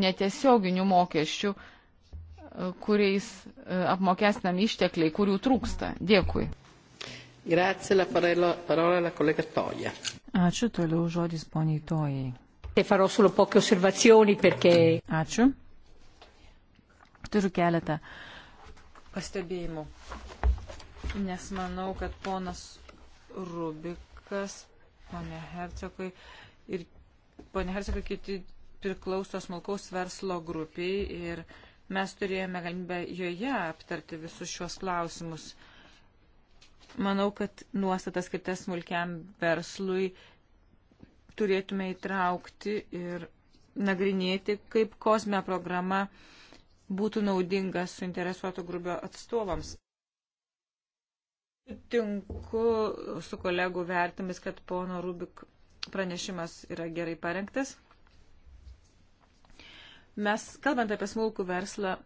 netiesioginių mokesčių, kuriais e, apmokestinami ištekliai, kurių trūksta. Dėkui. Grazie, la parola, parola la collega Toja. Ačiū, toliau žodis poniai Tojai. Ačiū. Turiu keletą pastebėjimų, nes manau, kad ponas Rubikas ponė Hercogui. Ir ponė Hercogui kiti priklauso smulkaus verslo grupiai ir mes turėjome galimybę joje aptarti visus šios klausimus. Manau, kad nuostatas skirtas smulkiam verslui turėtume įtraukti ir nagrinėti, kaip kosme programa būtų naudinga suinteresuotų grubio atstovams. Tinku su kolegų vertimis, kad pono Rubik pranešimas yra gerai parengtas. Mes, kalbant apie smulkų verslą,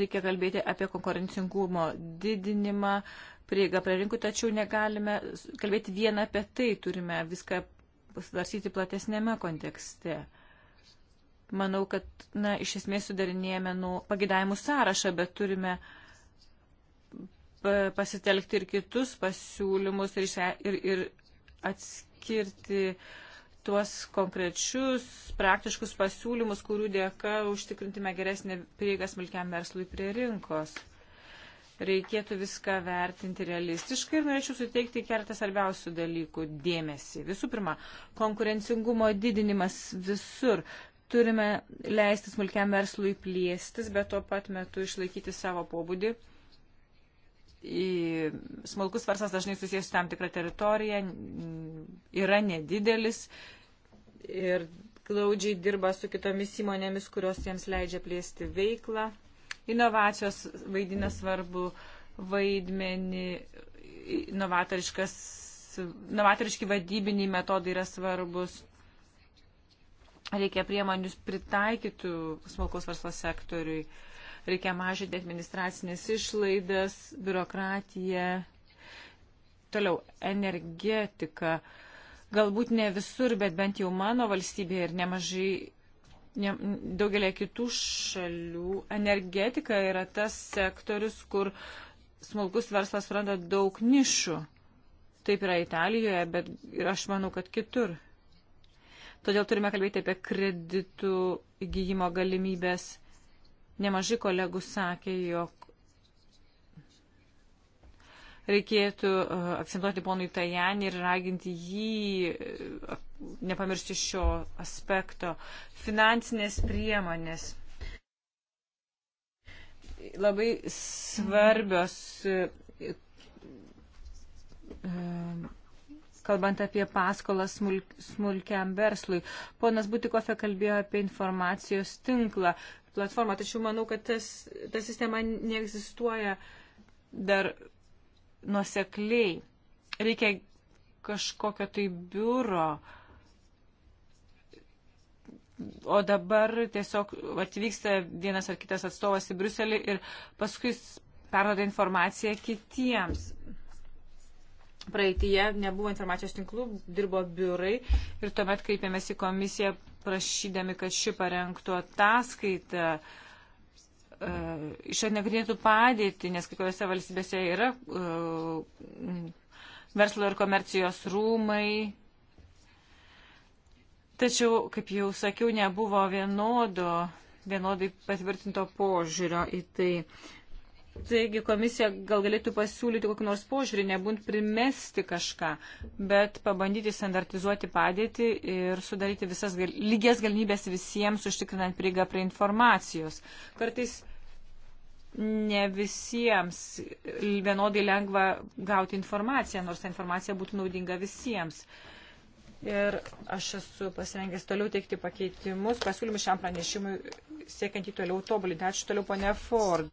reikia kalbėti apie konkurencingumo didinimą, prieigą prie rinkų, tačiau negalime kalbėti vieną apie tai, turime viską svarstyti platesnėme kontekste. Manau, kad na, iš esmės sudarinėjame nu, pagidavimų sąrašą, bet turime uh, pasitelkti ir kitus pasiūlymus ir, ir, ir atskirti tuos konkrečius praktiškus pasiūlymus, kurių dėka užtikrintume geresnį prieigą smulkiam verslui prie rinkos. Reikėtų viską vertinti realistiškai ir norėčiau suteikti keletą svarbiausių dalykų dėmesį. Visų pirma, konkurencingumo didinimas visur. Turime leisti smulkiam verslui plėstis, bet tuo pat metu išlaikyti savo pobūdį smulkus verslas dažnai susijęs su tam tikra teritorija, yra nedidelis ir glaudžiai dirba su kitomis įmonėmis, kurios jiems leidžia plėsti veiklą. Inovacijos vaidina svarbu vaidmenį, inovatoriški vadybiniai metodai yra svarbus. Reikia priemonius pritaikytų smulkaus verslo sektoriui. Uh, Reikia mažinti administracinės išlaidas, biurokratiją. Toliau, energetika. Galbūt ne visur, bet bent jau mano valstybėje ir nemažai ne, daugelė kitų šalių energetika yra tas sektorius, kur smulkus verslas randa daug nišų. Taip yra Italijoje, bet ir aš manau, kad kitur. Todėl turime kalbėti apie kreditų įgyjimo galimybės Nemažai kolegų sakė, jog reikėtų e, akcentuoti ponui Tajanį ir raginti jį e, nepamiršti šio aspekto. Finansinės priemonės labai svarbios, e, kalbant apie paskolą smulkiam verslui. Ponas Butikofe kalbėjo apie informacijos tinklą platformą, tačiau manau, kad tas, ta sistema neegzistuoja dar nuosekliai. Reikia kažkokio tai biuro. O dabar tiesiog atvyksta vienas ar kitas atstovas į Bruselį ir paskui perroda informaciją kitiems praeitie nebuvo informacijos tinklų, dirbo biurai ir tuomet kreipėmės į komisiją prašydami, kad ši parengtų ataskaitą, e, išnagrinėtų padėtį, nes kai kuriuose valstybėse yra e, verslo ir komercijos rūmai. Tačiau, kaip jau sakiau, nebuvo vienodo, vienodai patvirtinto požiūrio į tai. Taigi komisija gal galėtų pasiūlyti kokį nors požiūrį, nebūnt primesti kažką, bet pabandyti standartizuoti padėtį ir sudaryti visas gal, lygias galimybės visiems užtikrinant prieigą prie informacijos. Kartais ne visiems vienodai lengva gauti informaciją, nors ta informacija būtų naudinga visiems. Ir aš esu pasirengęs toliau teikti pakeitimus, pasiūlymus šiam pranešimui, siekiant jį toliau tobulinti. Ačiū toliau, ponė Ford.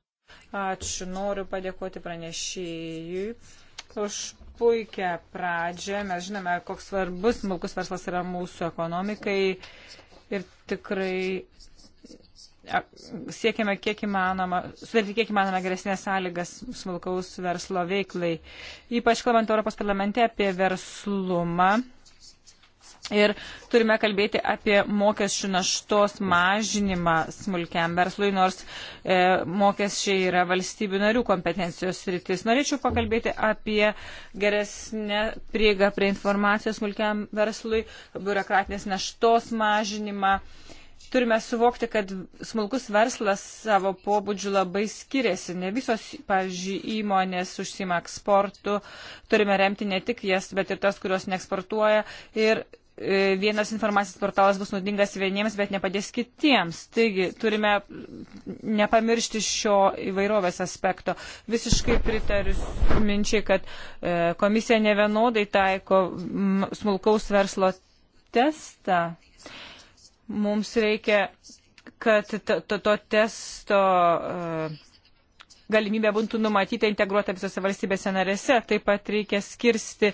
Ačiū, noriu padėkoti pranešėjui už puikią pradžią. Mes žinome, koks svarbus smulkus verslas yra mūsų ekonomikai ir tikrai siekiame kiek įmanoma, sudaryti kiek įmanoma geresnės sąlygas smulkaus verslo veiklai. Ypač kalbant Europos parlamente apie verslumą, Ir turime kalbėti apie mokesčių naštos mažinimą smulkiam verslui, nors e, mokesčiai yra valstybių narių kompetencijos rytis. Norėčiau pakalbėti apie geresnę prieigą prie informacijos smulkiam verslui, biurokratinės naštos mažinimą. Turime suvokti, kad smulkus verslas savo pobūdžiu labai skiriasi. Ne visos, pavyzdžiui, įmonės užsima eksportu. Turime remti ne tik jas, bet ir tas, kurios neeksportuoja. Ir E, vienas informacijos portalas bus naudingas vieniems, bet nepadės kitiems. Taigi turime nepamiršti šio įvairovės aspekto. Visiškai pritariu minčiai, kad e, komisija nevienodai taiko smulkaus verslo testą. Mums reikia, kad to, to, to testo. Uh, galimybė būtų numatyta integruota visose valstybėse narėse. Taip pat reikia skirsti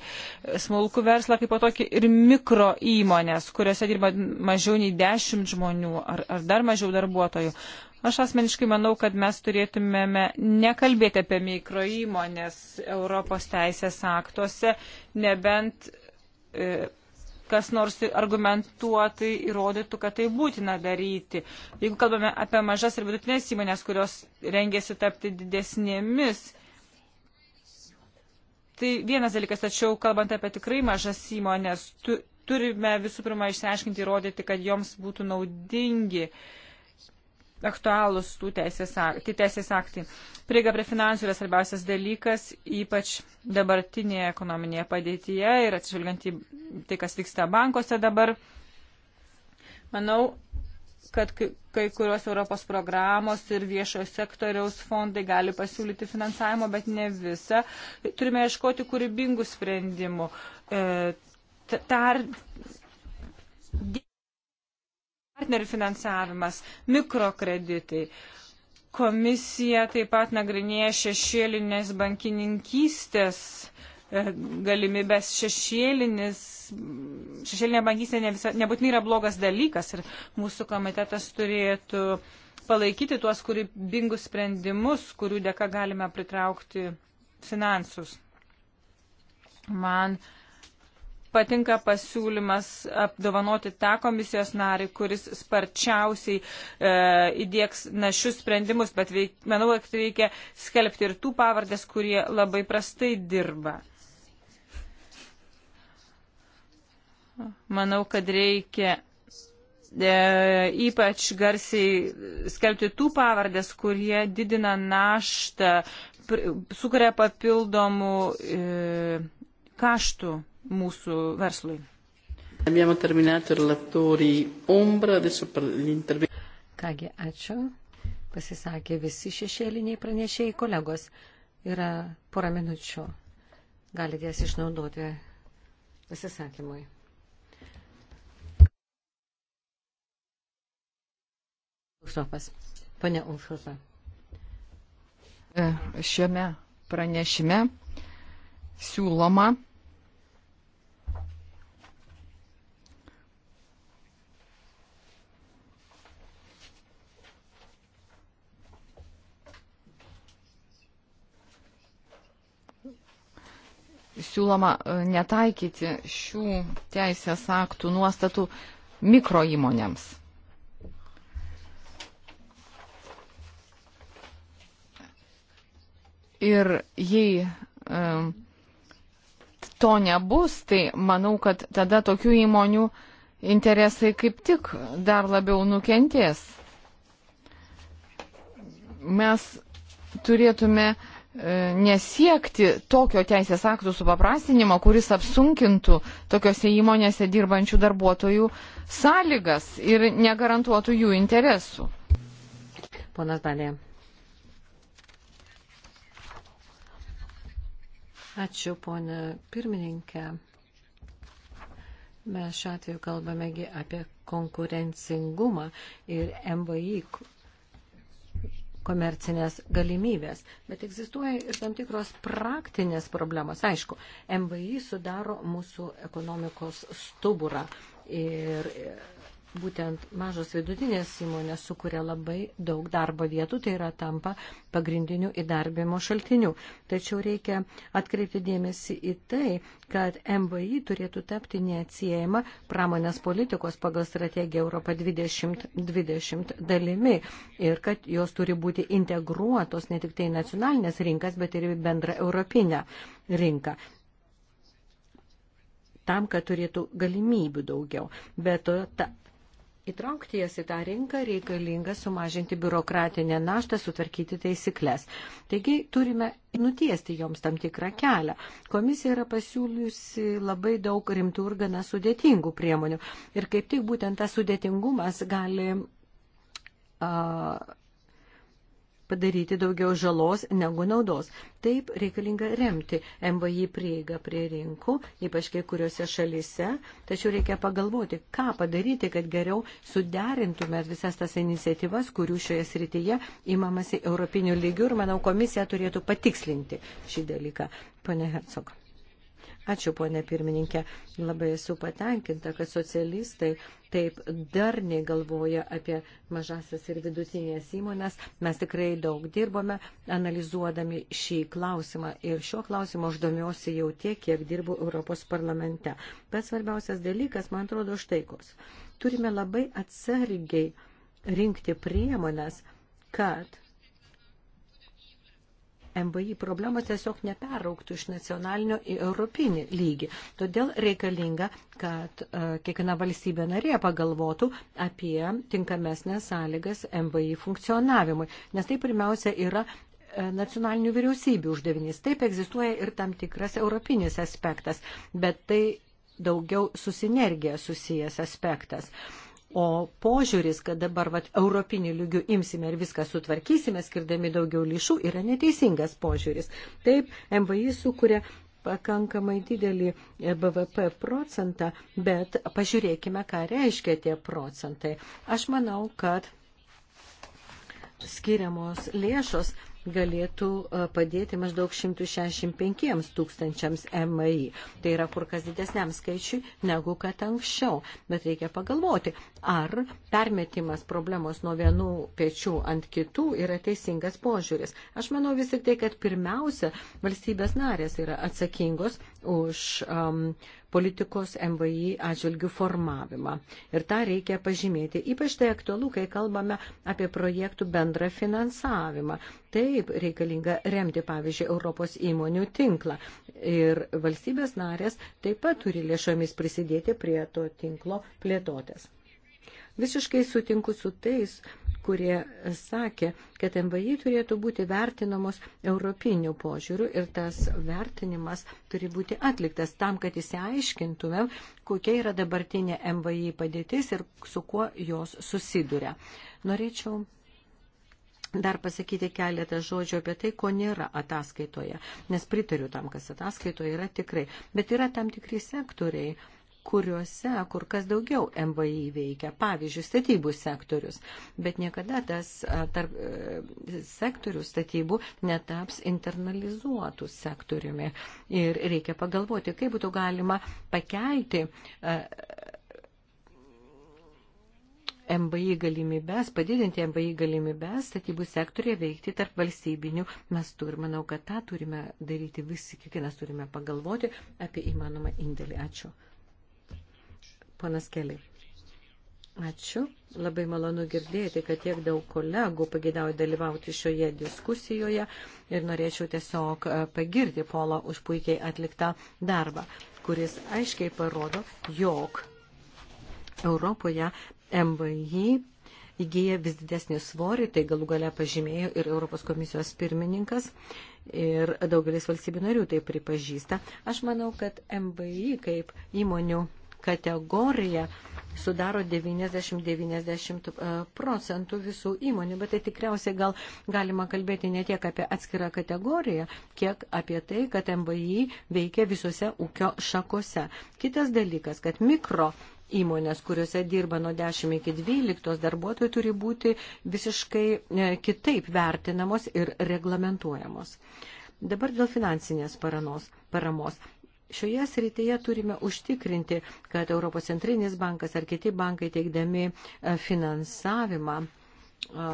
smulkų verslą kaip po tokį ir mikro įmonės, kuriuose dirba mažiau nei dešimt žmonių ar, ar dar mažiau darbuotojų. Aš asmeniškai manau, kad mes turėtumėme nekalbėti apie mikro įmonės Europos teisės aktuose, nebent. E, kas nors argumentuotai įrodytų, kad tai būtina daryti. Jeigu kalbame apie mažas ir vidutinės įmonės, kurios rengėsi tapti didesnėmis, tai vienas dalykas, tačiau kalbant apie tikrai mažas įmonės, tu, turime visų pirma išsiaiškinti įrodyti, kad joms būtų naudingi uh, aktualūs tų teisės, ak, tai teisės aktai. Prieiga prie finansų yra svarbiausias dalykas, ypač dabartinėje ekonominėje padėtyje ir atsižvelgiant į tai, kas vyksta bankuose dabar. Manau, kad kai, kai kurios Europos programos ir viešojo sektoriaus fondai gali pasiūlyti finansavimo, bet ne visą. Turime ieškoti kūrybingų sprendimų. E, tar, partnerių finansavimas, mikrokreditai. Komisija taip pat nagrinėja šešėlinės bankininkystės e, galimybės šešėlinis, šešėlinė bankystė ne visa, nebūtinai yra blogas dalykas ir mūsų komitetas turėtų palaikyti tuos kūrybingus sprendimus, kurių dėka galime pritraukti finansus. Man uh, patinka pasiūlymas apdovanoti tą komisijos narį, kuris sparčiausiai e, įdėks našius sprendimus, bet veik, manau, kad reikia skelbti ir tų pavardės, kurie labai prastai dirba. Manau, kad reikia e, ypač garsiai skelbti tų pavardės, kurie didina naštą, sukuria papildomų e, kaštų mūsų verslui. Kągi, ačiū. Pasisakė visi šešėliniai pranešėjai kolegos. Yra pora minučių. Galite jas išnaudoti pasisakymui. Ulfropas. Pane Ulfropa. E, šiame pranešime siūloma siūloma e, netaikyti šių teisės aktų nuostatų mikro įmonėms. Ir jei um, to nebus, tai manau, kad tada tokių įmonių interesai kaip tik dar labiau nukentės. Mes turėtume uh, E, nesiekti tokio teisės aktų supaprastinimo, kuris apsunkintų tokiuose įmonėse dirbančių darbuotojų sąlygas ir negarantuotų jų interesų. Ponas Balė. Ačiū, ponė pirmininkė. Mes šiuo atveju kalbamegi apie konkurencingumą ir MVI komercinės galimybės. Bet egzistuoja ir tam tikros praktinės problemos. Aišku, MVI sudaro mūsų ekonomikos stuburą ir būtent mažos vidutinės įmonės sukuria labai daug darbo vietų, tai yra tampa pagrindiniu įdarbimo šaltiniu. Tačiau reikia atkreipti dėmesį į tai, kad MVI turėtų tapti neatsiejama pramonės politikos pagal strategiją Europą 2020 dalimi ir kad jos turi būti integruotos ne tik tai nacionalinės rinkas, bet ir bendrą europinę rinką tam, kad turėtų galimybių daugiau. Bet to ta Įtraukti jas į tą rinką reikalinga sumažinti biurokratinę naštą, sutvarkyti taisyklės. Taigi turime nutiesti joms tam tikrą kelią. Komisija yra pasiūliusi labai daug rimtų ir gana sudėtingų priemonių. Ir kaip tik būtent tas sudėtingumas gali. Uh, padaryti daugiau žalos negu naudos. Taip reikalinga remti MVI prieigą prie rinkų, ypač kai kuriuose šalise, tačiau reikia pagalvoti, ką padaryti, kad geriau suderintume visas tas iniciatyvas, kurių šioje srityje imamasi europinių lygių ir manau komisija turėtų patikslinti šį dalyką. Pane Hercog. Ačiū, ponė pirmininkė. Labai esu patenkinta, kad socialistai taip darniai galvoja apie mažasias ir vidutinės įmonės. Mes tikrai daug dirbome analizuodami šį klausimą ir šio klausimo aš domiuosi jau tiek, kiek dirbu Europos parlamente. Pats svarbiausias dalykas, man atrodo, štai koks. Turime labai atsargiai rinkti priemonės, kad MVI problemos tiesiog neperauktų iš nacionalinio į europinį lygį. Todėl reikalinga, kad e, kiekviena valstybė narė pagalvotų apie tinkamesnės sąlygas MVI funkcionavimui, nes tai pirmiausia yra e, nacionalinių vyriausybių uždavinys. Taip egzistuoja ir tam tikras europinis aspektas, bet tai daugiau su sinergija susijęs aspektas. Uh, O požiūris, kad dabar vat, europinių lygių imsime ir viską sutvarkysime, skirdami daugiau lyšų, yra neteisingas požiūris. Taip, MVI sukuria pakankamai didelį e, BVP procentą, bet pažiūrėkime, ką reiškia tie procentai. Aš manau, kad skiriamos lėšos galėtų e, padėti maždaug 165 tūkstančiams MI. Tai yra kur kas didesniam skaičiui negu kad anksčiau. Bet reikia pagalvoti, ar permetimas problemos nuo vienų pečių ant kitų yra teisingas požiūris. Aš manau vis tik tai, kad pirmiausia, valstybės narės yra atsakingos už um, politikos MVI atžvilgių formavimą. Ir tą reikia pažymėti. Ypač tai aktualu, kai kalbame apie projektų bendrą finansavimą. Taip reikalinga remti, pavyzdžiui, Europos įmonių tinklą. Ir valstybės narės taip pat turi lėšomis prisidėti prie to tinklo plėtotės. Visiškai sutinku su tais, kurie sakė, kad MVI turėtų būti vertinamos europinių požiūrių ir tas vertinimas turi būti atliktas tam, kad įsiaiškintumėm, kokia yra dabartinė MVI padėtis ir su kuo jos susiduria. Norėčiau dar pasakyti keletą žodžių apie tai, ko nėra ataskaitoje, nes pritariu tam, kas ataskaitoje yra tikrai, bet yra tam tikri sektoriai, kuriuose kur kas daugiau MVI veikia, pavyzdžiui, statybų sektorius, bet niekada tas tarp, e, sektorių statybų netaps internalizuotų sektoriumi. Ir reikia pagalvoti, kaip būtų galima pakelti MBI galimybės, padidinti MBI galimybės statybų sektorėje veikti tarp valstybinių mestų. Ir manau, kad tą turime daryti visi, kiekvienas turime pagalvoti apie įmanomą indėlį. Ačiū. Panas Keli. Ačiū. Labai malonu girdėti, kad tiek daug kolegų pagėdavo dalyvauti šioje diskusijoje ir norėčiau tiesiog e, pagirti Polą už puikiai atliktą darbą, kuris aiškiai parodo, jog Europoje MVI įgyja vis didesnį svorį, tai galų gale pažymėjo ir Europos komisijos pirmininkas ir daugelis valstybių narių tai pripažįsta. Aš manau, kad MVI kaip įmonių kategoriją sudaro 90-90 e, procentų visų įmonių, bet tai tikriausiai gal galima kalbėti ne tiek apie atskirą kategoriją, kiek apie tai, kad MVI veikia visose ūkio šakose. Kitas dalykas, kad mikro įmonės, kuriuose dirba nuo 10 iki 12 darbuotojų, turi būti visiškai e, kitaip vertinamos ir reglamentuojamos. Dabar dėl finansinės paranos, paramos. Šioje srityje turime užtikrinti, kad Europos centrinis bankas ar kiti bankai teikdami e, finansavimą, e,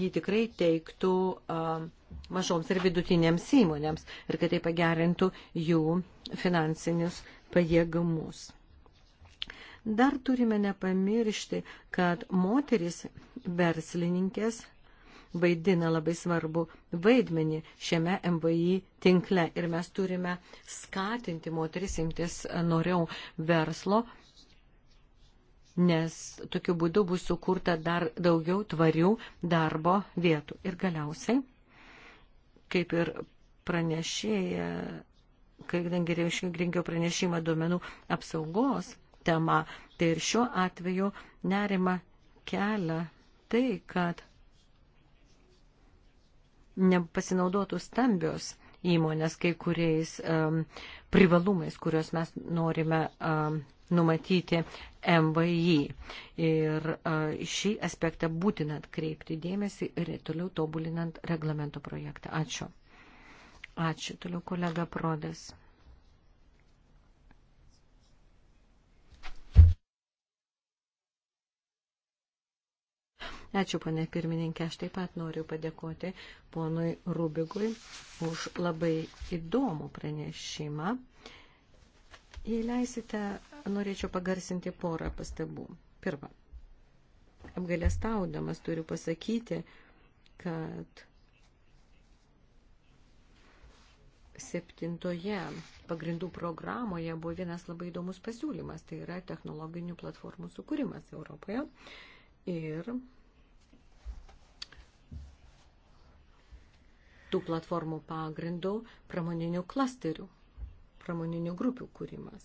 jį tikrai teiktų e, mažoms ir vidutinėms įmonėms ir kad tai pagerintų jų finansinius pajėgumus. Dar turime nepamiršti, kad moteris verslininkės vaidina labai svarbu vaidmenį šiame MVI tinkle ir mes turime skatinti moteris imtis noriau verslo, nes tokiu būdu bus sukurta dar daugiau tvarių darbo vietų. Ir galiausiai, kaip ir pranešėja, kadangi reiškia gringio pranešimą duomenų apsaugos tema, tai ir šiuo atveju nerima kelia tai, kad nepasinaudotų stambios įmonės kai kuriais um, privalumais, kuriuos mes norime um, numatyti MVI. Ir uh, šį aspektą būtina atkreipti dėmesį ir toliau tobulinant reglamento projektą. Ačiū. Ačiū. Toliau kolega Prodas. Ačiū, ponė pirmininkė. Aš taip pat noriu padėkoti ponui Rubigui už labai įdomų pranešimą. Jei leisite, norėčiau pagarsinti porą pastabų. Pirma, apgalėstaudamas turiu pasakyti, kad septintoje pagrindų programoje buvo vienas labai įdomus pasiūlymas, tai yra technologinių platformų sukūrimas Europoje. Ir tų platformų pagrindų pramoninių klasterių, pramoninių grupių kūrimas.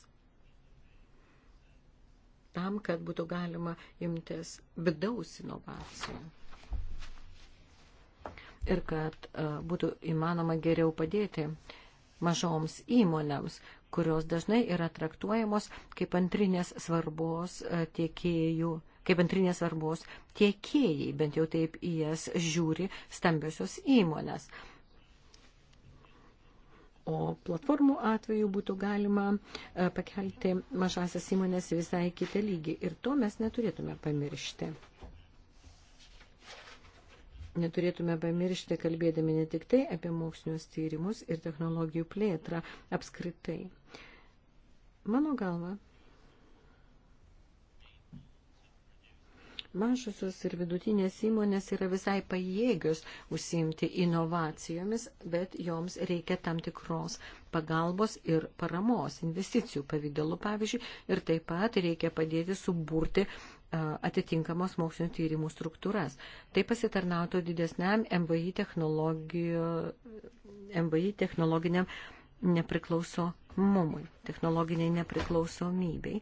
Tam, kad būtų galima imtis vidaus inovacijų. Ir kad e, būtų įmanoma geriau padėti mažoms įmonėms, kurios dažnai yra traktuojamos kaip antrinės svarbos e, tiekėjų kaip antrinės svarbos tiekėjai, bent jau taip į jas žiūri stambiosios įmonės. O platformų atveju būtų galima e, pakelti mažasias įmonės visai kitą lygį. Ir to mes neturėtume pamiršti. Neturėtume pamiršti, kalbėdami ne tik tai apie mokslinius tyrimus ir technologijų plėtrą apskritai. Mano galva, Mažusios ir vidutinės įmonės yra visai pajėgios užsiimti inovacijomis, bet joms reikia tam tikros pagalbos ir paramos, investicijų pavydalu, pavyzdžiui, ir taip pat reikia padėti suburti atitinkamos mokslinio tyrimų struktūras. Tai pasitarnautų didesniam MVI, MVI technologiniam nepriklausomumui, technologiniai nepriklausomybei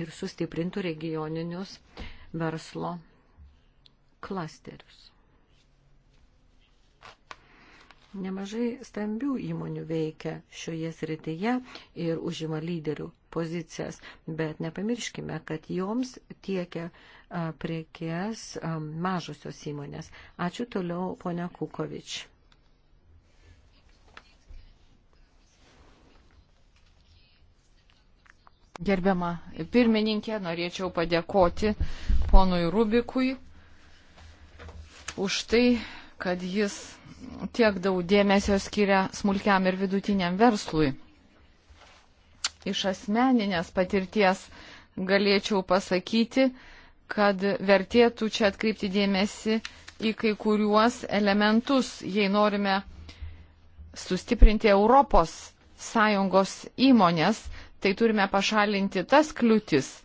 ir sustiprintų regioninius uh, verslo klasterius. Nemažai stambių įmonių veikia šioje srityje ir užima lyderių pozicijas, bet nepamirškime, kad joms tiekia priekės mažosios įmonės. Ačiū toliau, ponia Kukovič. Gerbiama pirmininkė, norėčiau padėkoti uh, ponui Rubikui už tai, kad jis tiek daug dėmesio skiria smulkiam ir vidutiniam verslui. Iš asmeninės patirties galėčiau pasakyti, kad vertėtų čia atkreipti dėmesį į kai kuriuos elementus, jei norime sustiprinti Europos Sąjungos įmonės, tai turime pašalinti tas kliūtis,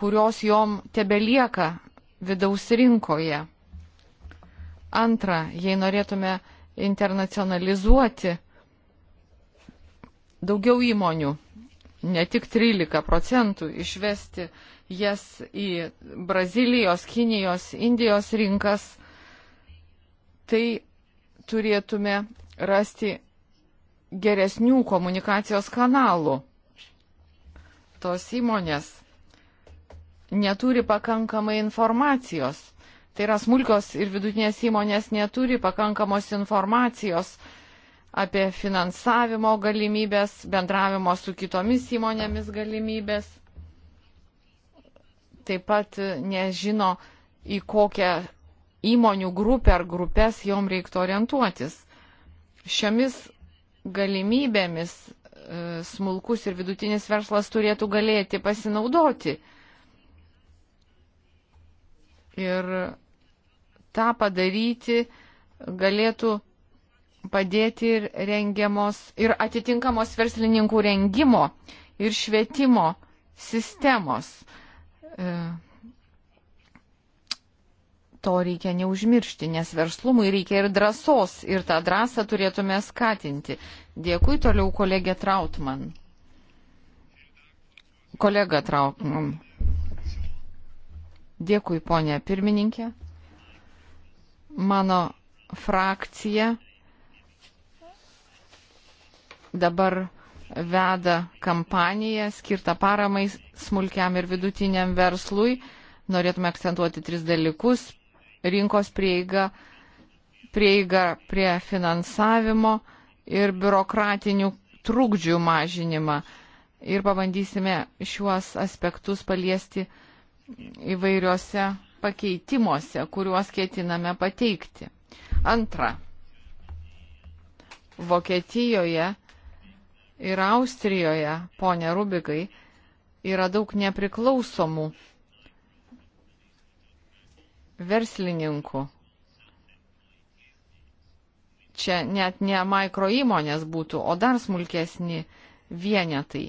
kurios jom tebelieka vidaus rinkoje. Antra, jei norėtume internacionalizuoti daugiau įmonių, ne tik 13 procentų, išvesti jas į Brazilijos, Kinijos, Indijos rinkas, tai turėtume rasti geresnių komunikacijos kanalų. Tos įmonės neturi pakankamai informacijos. Tai yra smulkios ir vidutinės įmonės neturi pakankamos informacijos apie finansavimo galimybės, bendravimo su kitomis įmonėmis galimybės. Taip pat nežino, į kokią įmonių grupę ar grupės jom reiktų orientuotis. Šiomis galimybėmis e, smulkus ir vidutinis verslas turėtų galėti pasinaudoti. Ir tą padaryti galėtų padėti ir rengiamos, ir atitinkamos verslininkų rengimo ir švietimo sistemos. E, to reikia neužmiršti, nes verslumui reikia ir drąsos, ir tą drąsą turėtume skatinti. Dėkui toliau kolegė Trautman. Kolega Trautman. Dėkui, ponė pirmininkė. Mano frakcija dabar veda kampaniją skirtą paramai smulkiam ir vidutiniam verslui. Norėtume akcentuoti tris dalykus - rinkos prieiga, prieiga prie finansavimo ir biurokratinių trukdžių mažinimą. Ir pabandysime šiuos aspektus paliesti įvairiuose pakeitimuose, kuriuos ketiname pateikti. Antra. Vokietijoje ir Austrijoje, ponė Rubikai, yra daug nepriklausomų verslininkų. Čia net ne mikro įmonės būtų, o dar smulkesni vienetai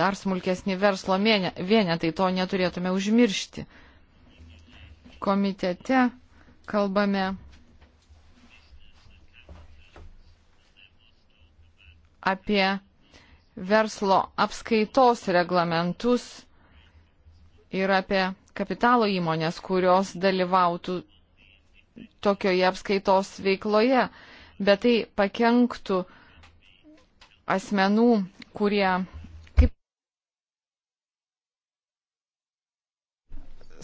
dar smulkesni verslo vienetai, to neturėtume užmiršti. Komitete kalbame apie verslo apskaitos reglamentus ir apie kapitalo įmonės, kurios dalyvautų tokioje apskaitos veikloje, bet tai pakenktų asmenų, kurie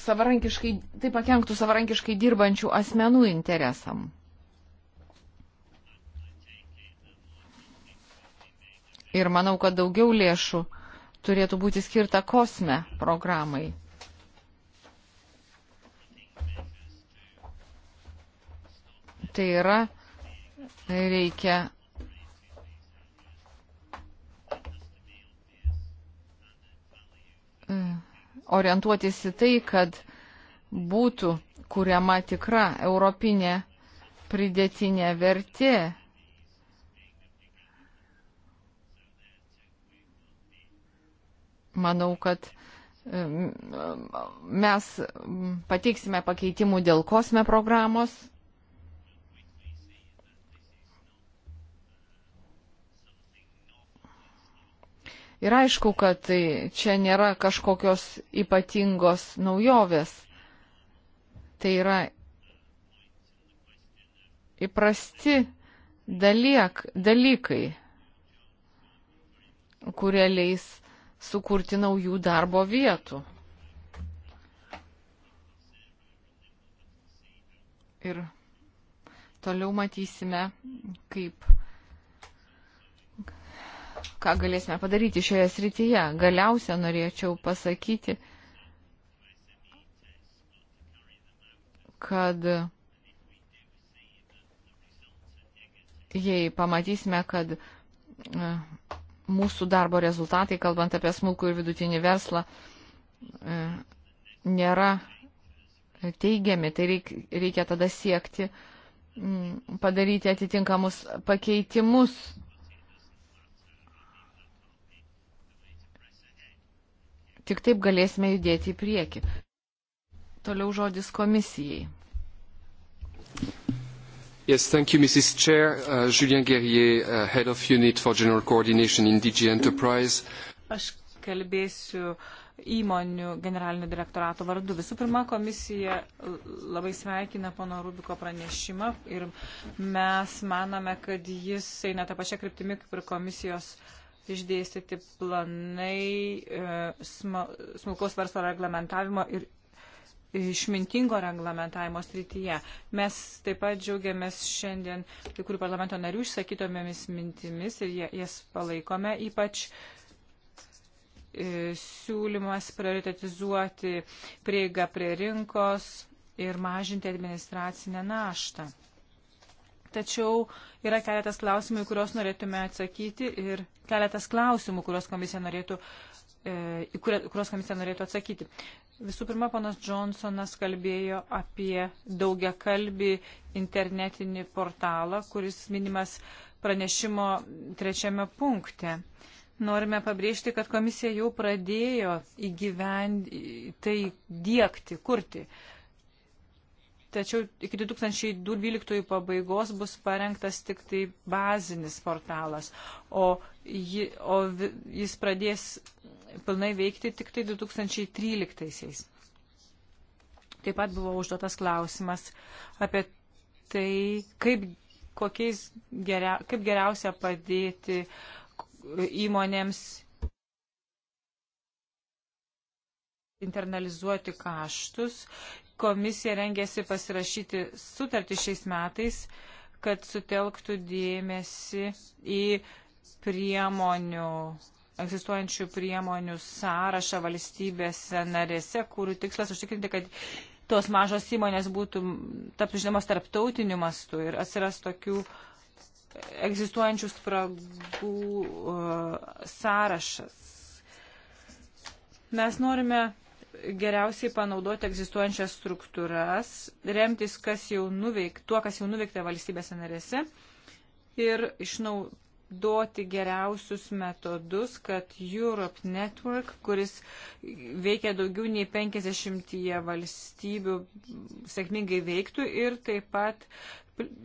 savarankiškai, tai pakenktų savarankiškai dirbančių asmenų interesam. Ir manau, kad daugiau lėšų turėtų būti skirta kosme programai. Tai yra, reikia uh, orientuotis į tai, kad būtų kuriama tikra europinė pridėtinė vertė. Manau, kad mes pateiksime pakeitimų dėl kosme programos Ir aišku, kad tai čia nėra kažkokios ypatingos naujovės. Tai yra įprasti dalyk, dalykai, kurie leis sukurti naujų darbo vietų. Ir toliau matysime, kaip ką galėsime padaryti šioje srityje. Galiausia norėčiau pasakyti, kad jei pamatysime, kad e, mūsų darbo rezultatai, kalbant apie smulkų ir vidutinį verslą, e, nėra teigiami, tai reikia tada siekti padaryti atitinkamus pakeitimus Tik taip galėsime judėti į priekį. Toliau žodis komisijai. Yes, thank you, Mrs. Chair. Uh, Julien Guerrier, uh, Head of Unit for General Coordination in DG Enterprise. Aš kalbėsiu įmonių generalinio direktorato vardu. Visų pirma, komisija labai sveikina pono Rubiko pranešimą ir mes manome, kad jis eina tą pačią kryptimį kaip ir komisijos uh, išdėstyti planai e, smulkaus verslo reglamentavimo ir išmintingo reglamentavimo srityje. Mes taip pat džiaugiamės šiandien kai kurių parlamento narių išsakytomėmis mintimis ir jas palaikome, ypač e, siūlymas prioritetizuoti prieigą prie rinkos ir mažinti administracinę naštą tačiau yra keletas klausimų, kuriuos norėtume atsakyti ir keletas klausimų, kuriuos komisija norėtų, e, į kuriuos komisija norėtų atsakyti. Visų pirma, ponas Johnsonas kalbėjo apie daugia kalbį internetinį portalą, kuris minimas pranešimo trečiame punkte. Norime pabrėžti, kad komisija jau pradėjo įgyvend... tai diegti, kurti. Uh, Tačiau iki 2012 pabaigos bus parengtas tik tai bazinis portalas, o, ji, o jis pradės pilnai veikti tik tai 2013-aisiais. Taip pat buvo užduotas klausimas apie tai, kaip, geria, kaip geriausia padėti įmonėms internalizuoti kaštus komisija rengėsi pasirašyti sutartį šiais metais, kad sutelktų dėmesį į priemonių, egzistuojančių priemonių sąrašą valstybėse narėse, kurių tikslas užtikrinti, kad tos mažos įmonės būtų, taptų žinomos tarptautiniu mastu ir atsiras tokių egzistuojančių spragų uh, sąrašas. Mes norime geriausiai panaudoti egzistuojančias struktūras, remtis kas jau nuveik, tuo, kas jau nuveikta valstybėse narėse ir išnaudoti geriausius metodus, kad Europe Network, kuris veikia daugiau nei 50 valstybių, sėkmingai veiktų ir taip pat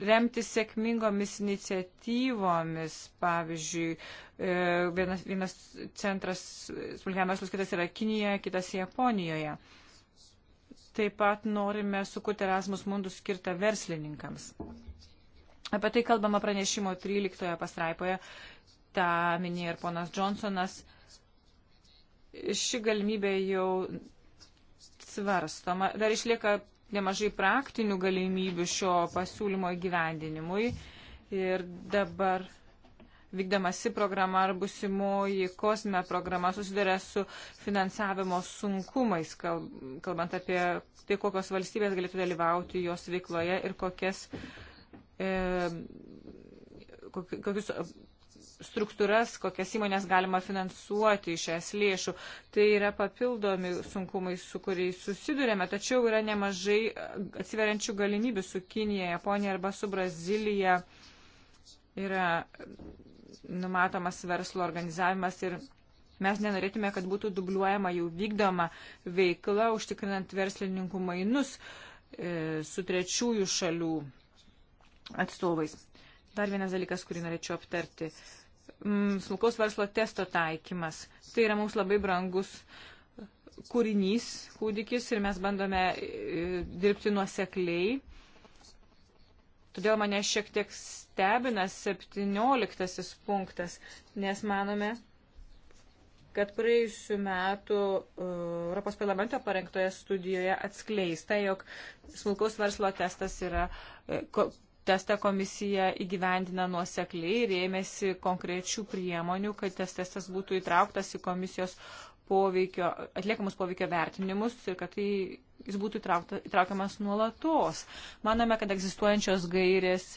remti sėkmingomis iniciatyvomis. Pavyzdžiui, e, vienas, vienas centras smulkiam verslus, kitas yra Kinijoje, kitas Japonijoje. Taip pat norime sukurti Erasmus Mundus skirtą verslininkams. Apie tai kalbama pranešimo 13 pastraipoje, tą minėjo ir ponas Johnsonas. Ši galimybė jau svarstoma. Dar išlieka nemažai praktinių galimybių šio pasiūlymo įgyvendinimui. Ir dabar vykdamasi programa ar busimoji kosme programa susiduria su finansavimo sunkumais, kalbant apie tai, kokios valstybės galėtų dalyvauti jos veikloje ir kokias, e, kokius struktūras, kokias įmonės galima finansuoti iš es lėšų. Tai yra papildomi sunkumai, su kuriais susidurėme, tačiau yra nemažai e, atsiveriančių galimybių su Kinija, Japonija arba su Brazilija. Yra numatomas verslo organizavimas ir mes nenorėtume, kad būtų dubliuojama jau vykdoma veikla, užtikrinant verslininkų mainus e, su trečiųjų šalių atstovais. Dar vienas dalykas, kurį norėčiau aptarti. E, mm, smulkaus verslo testo taikymas. Tai yra mums labai brangus kūrinys, kūdikis ir mes bandome e, dirbti nuosekliai. Todėl mane šiek tiek stebina 17 punktas, nes manome, kad praėjusiu metu e, Europos parlamento parengtoje studijoje atskleista, jog smulkaus verslo testas yra e, testą komisija įgyvendina nuosekliai ir ėmėsi konkrečių priemonių, kad tas testas būtų įtrauktas į komisijos poveikio, atliekamus poveikio vertinimus ir kad tai, jis būtų įtraukta, įtraukiamas nuolatos. Manome, kad egzistuojančios gairės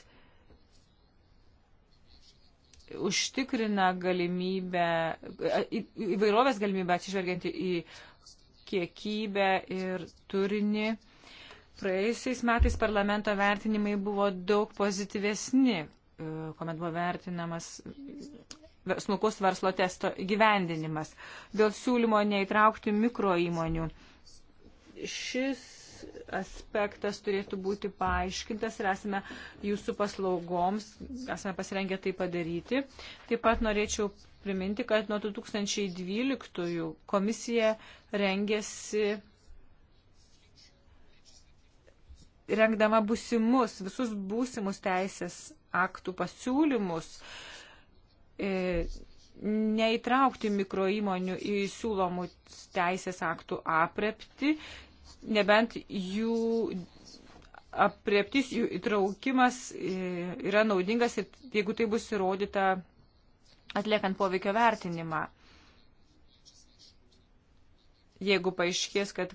užtikrina galimybę, įvairovės galimybę atsižvelgianti į kiekybę ir turinį Praėjusiais metais parlamento vertinimai buvo daug pozityvesni, e, kuomet buvo vertinamas smulkus verslo testo gyvendinimas. Dėl siūlymo neįtraukti mikro įmonių. Šis aspektas turėtų būti paaiškintas ir esame jūsų paslaugoms, esame pasirengę tai padaryti. Taip pat norėčiau priminti, kad nuo 2012 komisija rengėsi rengdama busimus, visus būsimus teisės aktų pasiūlymus, e, neįtraukti mikroįmonių į siūlomų teisės aktų aprepti, nebent jų apreptis, jų įtraukimas e, yra naudingas, jeigu tai bus įrodyta atliekant poveikio vertinimą. Jeigu paaiškės, kad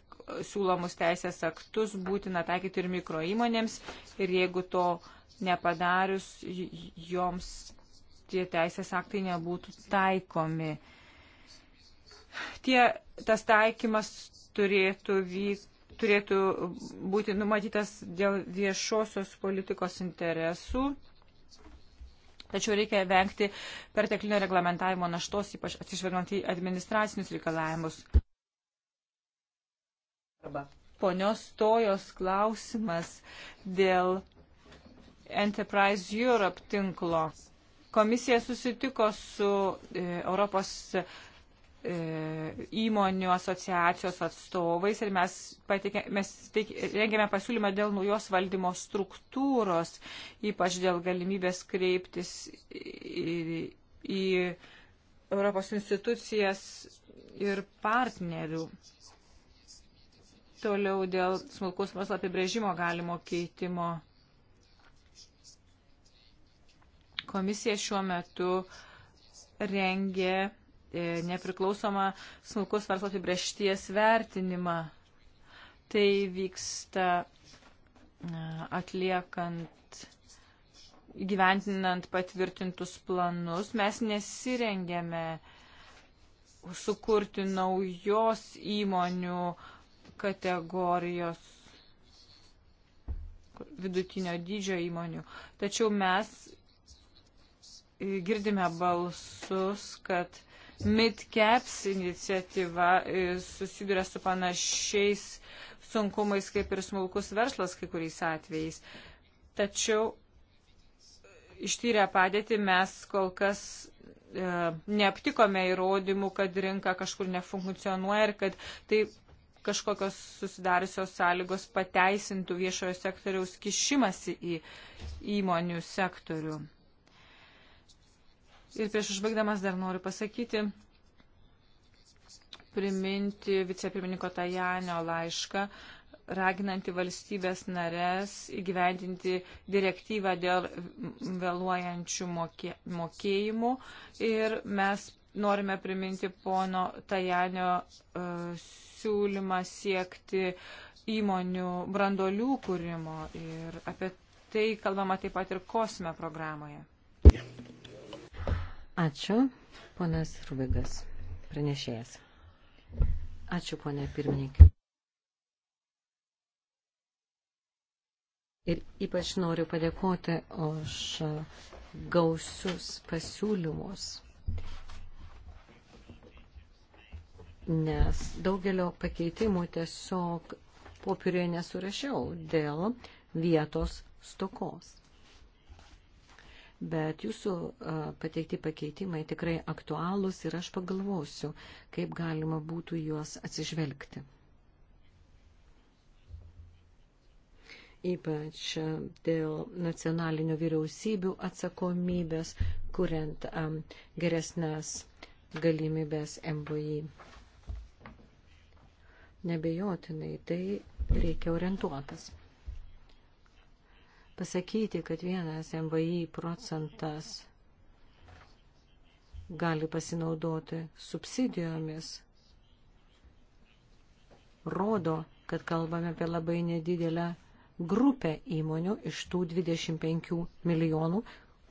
siūlomus teisės aktus būtina taikyti ir mikro įmonėms ir jeigu to nepadarius, joms tie teisės aktai nebūtų taikomi. Tie, tas taikymas turėtų, vyk, turėtų būti numatytas dėl viešosios politikos interesų. Tačiau reikia vengti perteklinio reglamentavimo naštos, ypač atsižvelgiant į administracinius reikalavimus darbą. Ponios Tojos klausimas dėl Enterprise Europe tinklo. Komisija susitiko su e, Europos e, įmonių asociacijos atstovais ir mes, patikė, mes teik, rengėme pasiūlymą dėl naujos valdymo struktūros, ypač dėl galimybės kreiptis į, į Europos institucijas ir partnerių. Toliau dėl smulkus verslo apibrėžimo galimo keitimo. Komisija šiuo metu rengė e, nepriklausomą smulkus verslo apibrėžties vertinimą. Tai vyksta e, atliekant, gyventinant patvirtintus planus. Mes nesirengėme sukurti naujos įmonių uh, kategorijos vidutinio dydžio įmonių. Tačiau mes e, girdime balsus, kad MidCaps iniciatyva e, susiduria su panašiais sunkumais kaip ir smulkus verslas kai kuriais atvejais. Tačiau e, ištyrę padėtį mes kol kas e, neaptikome įrodymų, kad rinka kažkur nefunkcionuoja ir kad tai kažkokios susidariusios sąlygos pateisintų viešojo sektoriaus kišimasi į įmonių sektorių. Ir prieš užbaigdamas dar noriu pasakyti, priminti vicepirmininko Tajanio laišką, raginanti valstybės narės įgyvendinti direktyvą dėl vėluojančių mokė, mokėjimų. Ir mes norime priminti pono Tajanio uh, siūlymą siekti įmonių brandolių kūrimo ir apie tai kalbama taip pat ir kosme programoje. Ačiū, ponas Rubigas, pranešėjas. Ačiū, ponė pirmininkė. Ir ypač noriu padėkoti už gausius pasiūlymus nes daugelio pakeitimų tiesiog popieriuje nesurašiau dėl vietos stokos. Bet jūsų pateikti pakeitimai tikrai aktualūs ir aš pagalvosiu, kaip galima būtų juos atsižvelgti. Ypač dėl nacionalinių vyriausybių atsakomybės, kuriant um, geresnės galimybės MVI nebejotinai tai reikia orientuotas. Pasakyti, kad vienas MVI procentas gali pasinaudoti subsidijomis, rodo, kad kalbame apie labai nedidelę grupę įmonių iš tų 25 milijonų,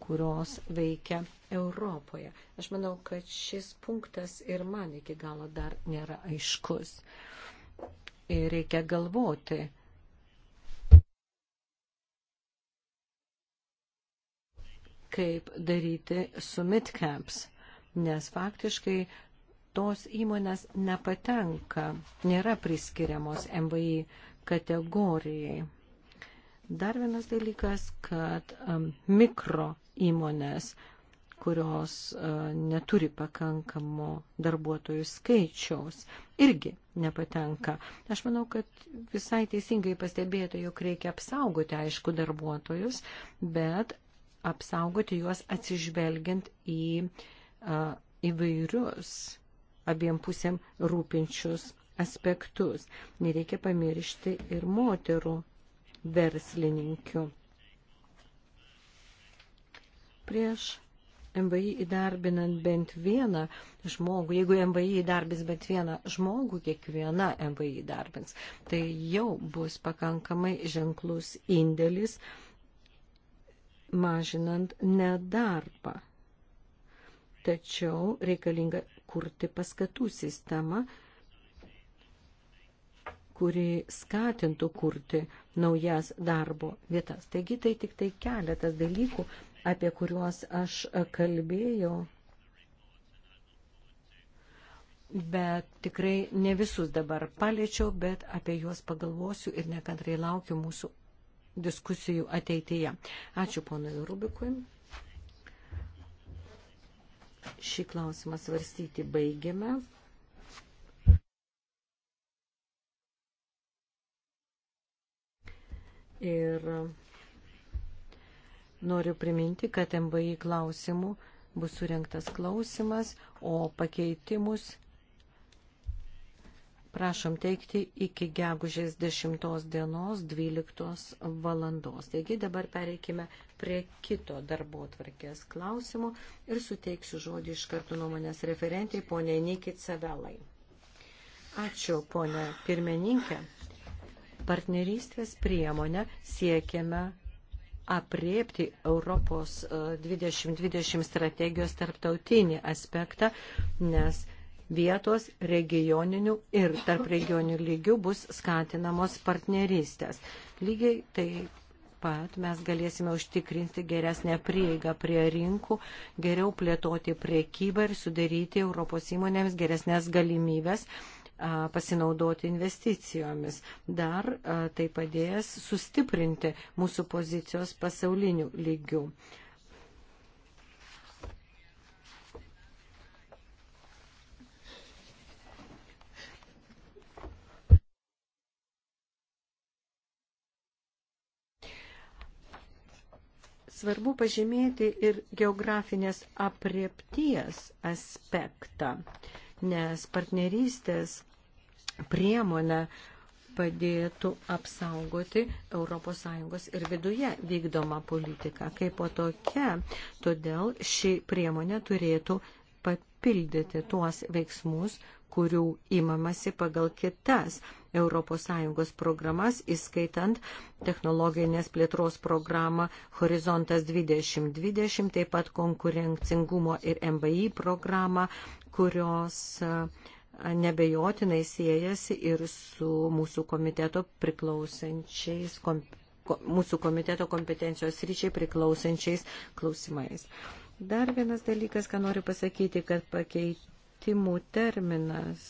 kurios veikia Europoje. Aš manau, kad šis punktas ir man iki galo dar nėra aiškus. Uh, ir reikia galvoti. kaip daryti su midcaps, nes faktiškai tos įmonės nepatenka, nėra priskiriamos MVI kategorijai. Dar vienas dalykas, kad um, mikro įmonės kurios e, neturi pakankamo darbuotojų skaičiaus, irgi nepatenka. Aš manau, kad visai teisingai pastebėjote, jog reikia apsaugoti, aišku, darbuotojus, bet apsaugoti juos atsižvelgiant į e, įvairius abiem pusėm rūpinčius aspektus. Nereikia pamiršti ir moterų verslininkių. Prieš MVI įdarbinant bent vieną žmogų, jeigu MVI įdarbins bent vieną žmogų, kiekviena MVI įdarbins, tai jau bus pakankamai ženklus indėlis mažinant nedarbą. Tačiau reikalinga kurti paskatų sistemą, kuri skatintų kurti naujas darbo vietas. Taigi tai tik tai keletas dalykų, apie kuriuos aš kalbėjau, bet tikrai ne visus dabar paliečiau, bet apie juos pagalvosiu ir nekantrai laukiu mūsų diskusijų ateityje. Ačiū ponui Rubikui. Šį klausimą svarstyti baigiame. Ir Noriu priminti, kad MVI klausimų bus surinktas klausimas, o pakeitimus prašom teikti iki gegužės 10 dienos 12 valandos. Taigi dabar pereikime prie kito darbo tvarkės klausimo ir suteiksiu žodį iš karto nuomonės referentai ponė Nikit Savelai. Ačiū ponė pirmininkė. Partnerystės priemonę siekiame apriepti Europos 2020 e, strategijos tarptautinį aspektą, nes vietos, regioninių ir tarp regionių lygių bus skatinamos partnerystės. Lygiai taip pat mes galėsime užtikrinti geresnę prieigą prie rinkų, geriau plėtoti priekybą ir sudaryti Europos įmonėms geresnės galimybės pasinaudoti investicijomis. Dar tai padės sustiprinti mūsų pozicijos pasaulinių lygių. svarbu pažymėti ir geografinės apriepties aspektą, nes partnerystės priemonę padėtų apsaugoti ES ir viduje vykdomą politiką kaip po tokia. Todėl ši priemonė turėtų papildyti tuos veiksmus, kurių imamasi pagal kitas ES programas, įskaitant technologinės plėtros programą Horizontas 2020, taip pat konkurencingumo ir MBI programą, kurios uh, nebejotinai siejasi ir su mūsų komiteto priklausančiais, kom, mūsų komiteto kompetencijos ryčiai priklausančiais klausimais. Dar vienas dalykas, ką noriu pasakyti, kad pakeitimų terminas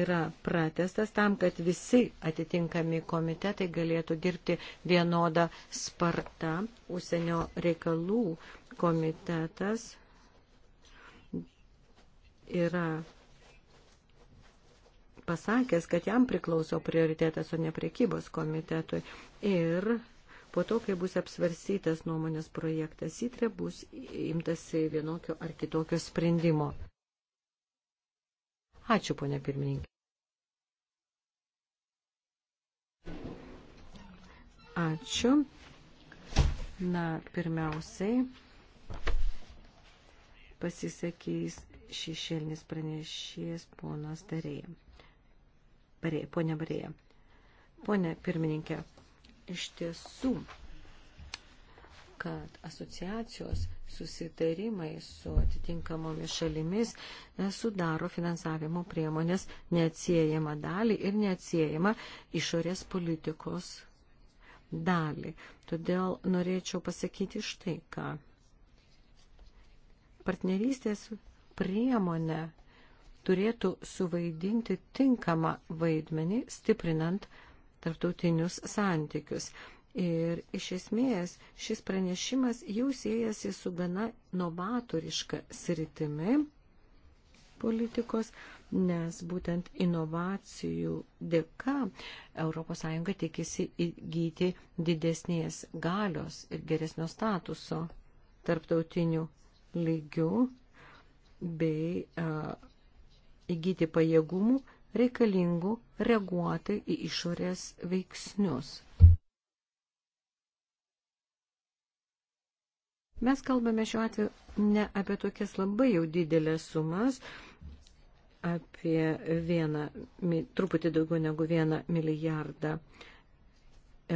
yra pratestas tam, kad visi atitinkami komitetai galėtų dirbti vienodą spartą. Užsienio reikalų komitetas yra pasakęs, kad jam priklauso prioritetas, o ne priekybos komitetui. Ir po to, kai bus apsvarsytas nuomonės projektas įtrė, bus imtasi vienokio ar kitokio sprendimo. Ačiū, ponia pirmininkė. Ačiū. Na, pirmiausiai pasisakys šešėlinis pranešėjas ponas Darėjim. Barėja, ponė Barėja. Pone pirmininkė, iš tiesų, kad asociacijos susitarimai su atitinkamomis šalimis e, sudaro finansavimo priemonės neatsiejama dalį ir neatsiejama išorės politikos dalį. Todėl norėčiau pasakyti štai ką. Partnerystės priemonė turėtų suvaidinti tinkamą vaidmenį, stiprinant tarptautinius santykius. Ir iš esmės šis pranešimas jau siejasi su gana novatoriška sritimi politikos, nes būtent inovacijų dėka ES tikisi įgyti didesnės galios ir geresnio statuso tarptautinių lygių bei uh, įgyti pajėgumų reikalingų reaguoti į išorės veiksnius. Mes kalbame šiuo atveju ne apie tokias labai jau didelės sumas, apie vieną, truputį daugiau negu vieną milijardą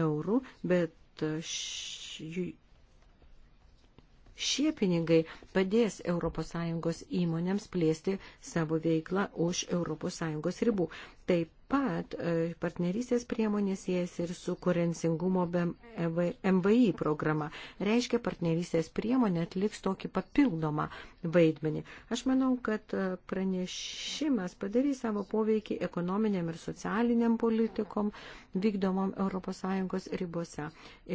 eurų, bet Šie pinigai padės ES įmonėms plėsti savo veiklą už ES ribų. Taip pat e, partnerystės priemonės jėsi ir su kurencingumo e MVI programa. Reiškia, partnerystės priemonė atliks tokį papildomą vaidmenį. Aš manau, kad e, pranešimas padarys savo poveikį ekonominiam ir socialiniam politikom vykdomom ES ribose.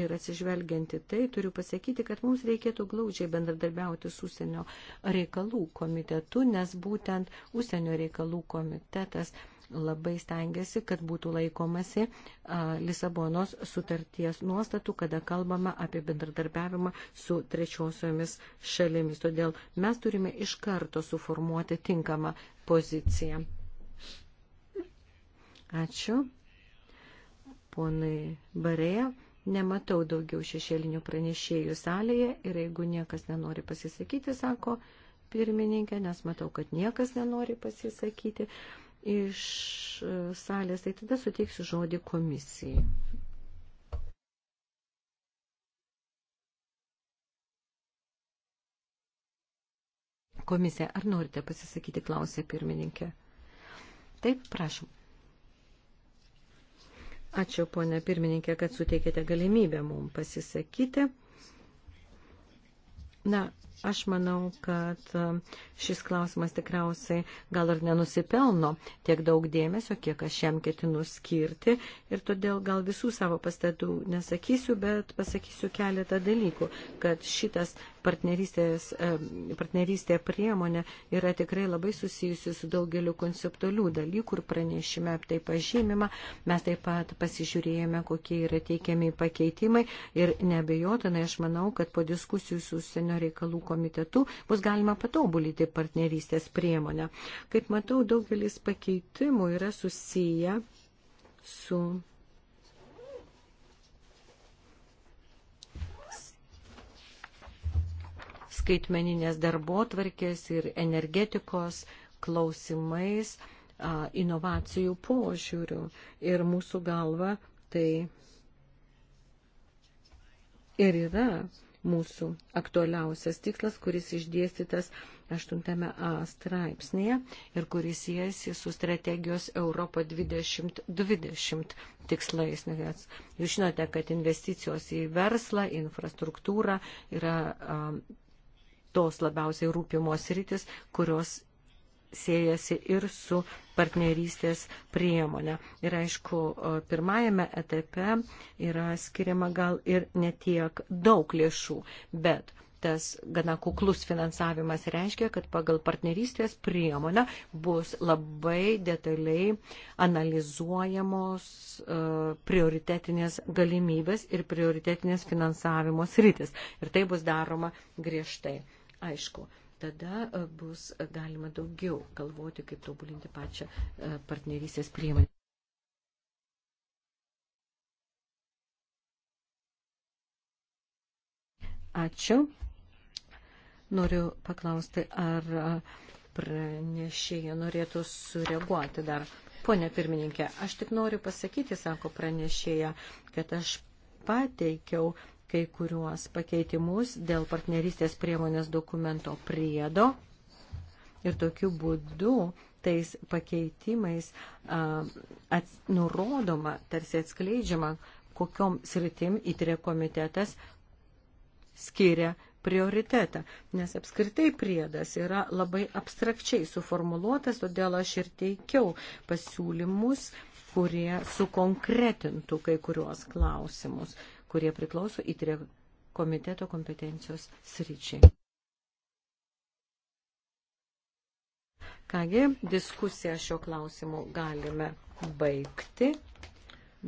Ir atsižvelgianti tai, turiu pasakyti, kad mums reikėtų glaudžiai bendradarbiauti su užsienio reikalų komitetu, nes būtent užsienio reikalų komitetas labai stengiasi, kad būtų laikomasi Lisabonos sutarties nuostatų, kada kalbama apie bendradarbiavimą su trečiosiomis šalimis. Todėl mes turime iš karto suformuoti tinkamą poziciją. Ačiū. Ponai Barėja, nematau daugiau šešėlinių pranešėjų salėje ir jeigu niekas nenori pasisakyti, sako pirmininkė, nes matau, kad niekas nenori pasisakyti iš e, salės, tai tada suteiksiu žodį komisijai. Komisija, ar norite pasisakyti, klausė pirmininkė. Taip, prašom. Ačiū, ponė pirmininkė, kad suteikėte galimybę mums pasisakyti. Na, Aš manau, kad e, šis klausimas tikriausiai gal ir nenusipelno tiek daug dėmesio, kiek aš jam ketinu skirti ir todėl gal visų savo pastatų nesakysiu, bet pasakysiu keletą dalykų, kad šitas e, partnerystė priemonė yra tikrai labai susijusi su daugeliu konceptualių dalykų ir pranešime tai pažymima. Mes taip pat pasižiūrėjome, kokie yra teikiami pakeitimai ir nebejotinai aš manau, kad po diskusijų su užsienio reikalų komitetu bus galima patobulyti partnerystės priemonę. Kaip matau, daugelis pakeitimų yra susiję su skaitmeninės darbo tvarkės ir energetikos klausimais, inovacijų požiūrių. Ir mūsų galva tai ir yra mūsų aktualiausias tikslas, kuris išdėstytas 8a straipsnėje ir kuris siejasi su strategijos Europo 2020 tikslais. Nes jūs žinote, kad investicijos į verslą, infrastruktūrą yra um, tos labiausiai rūpimos rytis, kurios siejasi ir su partnerystės priemonė. Ir aišku, pirmajame etape yra skiriama gal ir netiek daug lėšų, bet tas gana kuklus finansavimas reiškia, kad pagal partnerystės priemonę bus labai detaliai analizuojamos uh, prioritetinės galimybės ir prioritetinės finansavimo sritis. Ir tai bus daroma griežtai. Aišku, uh, tada e, bus galima daugiau galvoti, kaip tobulinti pačią e, partnerystės priemonę. Ačiū. Noriu paklausti, ar pranešėja norėtų sureaguoti dar. Pone pirmininkė, aš tik noriu pasakyti, sako pranešėja, kad aš pateikiau kai kuriuos pakeitimus dėl partnerystės priemonės dokumento priedo. Ir tokiu būdu tais pakeitimais a, ats, nurodoma, tarsi atskleidžiama, kokiom sritim įtrė komitetas skiria prioritetą, nes apskritai priedas yra labai abstrakčiai suformuluotas, todėl aš ir teikiau pasiūlymus, kurie sukonkretintų kai kuriuos klausimus kurie priklauso įtrė komiteto kompetencijos sričiai. Kągi, diskusiją šio klausimu galime baigti.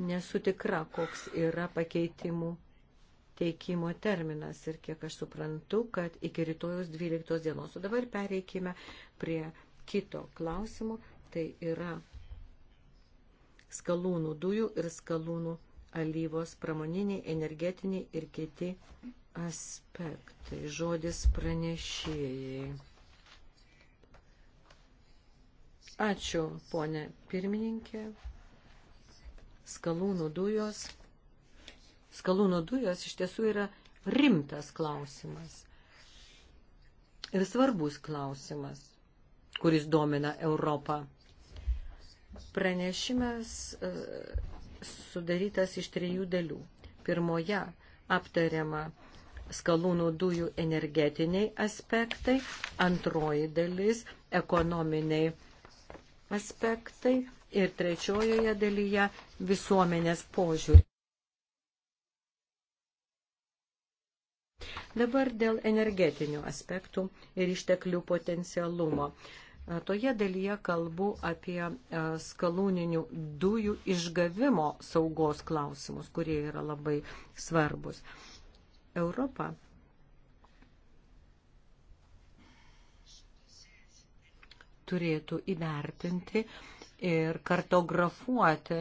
Nesu tikra, koks yra pakeitimų teikimo terminas ir kiek aš suprantu, kad iki rytojus 12 dienos. O dabar pereikime prie kito klausimo, tai yra skalūnų dujų ir skalūnų alyvos pramoniniai, energetiniai ir kiti aspektai. Žodis pranešėjai. Ačiū, ponė pirmininkė. Skalūnų dujos. Skalūnų dujos iš tiesų yra rimtas klausimas. Ir svarbus klausimas, kuris domina Europą. Pranešimas e, sudarytas iš trijų dalių. Pirmoje aptariama skalūnų dujų energetiniai aspektai, antroji dalis ekonominiai aspektai ir trečiojoje dalyje visuomenės požiūrį. Dabar dėl energetinių aspektų ir išteklių potencialumo. Toje dalyje kalbu apie e, skalūninių dujų išgavimo saugos klausimus, kurie yra labai svarbus. Europa turėtų įvertinti ir kartografuoti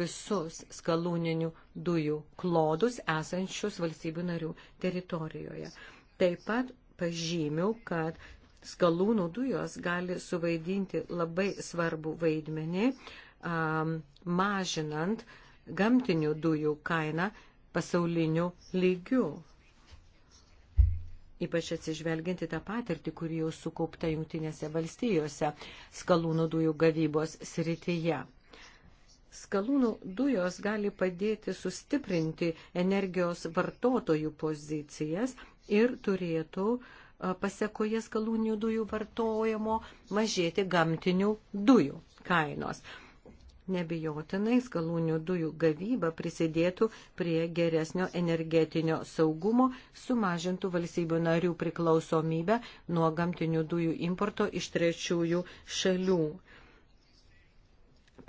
visus skalūninių dujų klodus esančius valstybių narių teritorijoje. Taip pat pažymiu, kad skalūnų dujos gali suvaidinti labai svarbų vaidmenį, mažinant gamtinių dujų kainą pasauliniu lygiu. Ypač atsižvelginti tą patirtį, kuri jau sukaupta jungtinėse valstijose skalūnų dujų gavybos srityje. Skalūnų dujos gali padėti sustiprinti energijos vartotojų pozicijas ir turėtų uh, pasiekoje skalūnių dujų vartojimo mažėti gamtinių dujų kainos. Nebijotinai skalūnių dujų gavyba prisidėtų prie geresnio energetinio saugumo, sumažintų valstybių narių priklausomybę nuo gamtinių dujų importo iš trečiųjų šalių.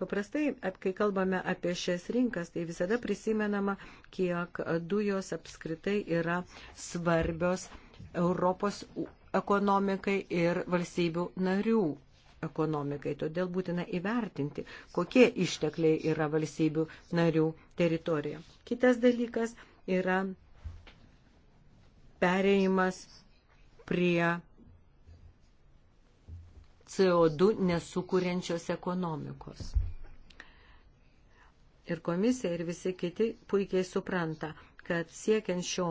Paprastai, kai kalbame apie šias rinkas, tai visada prisimenama, kiek dujos apskritai yra svarbios Europos ekonomikai ir valstybių narių ekonomikai. Todėl būtina įvertinti, kokie ištekliai yra valstybių narių teritorija. Kitas dalykas yra pereimas prie CO2 nesukūrenčios ekonomikos. Ir komisija ir visi kiti puikiai supranta, kad siekiant šio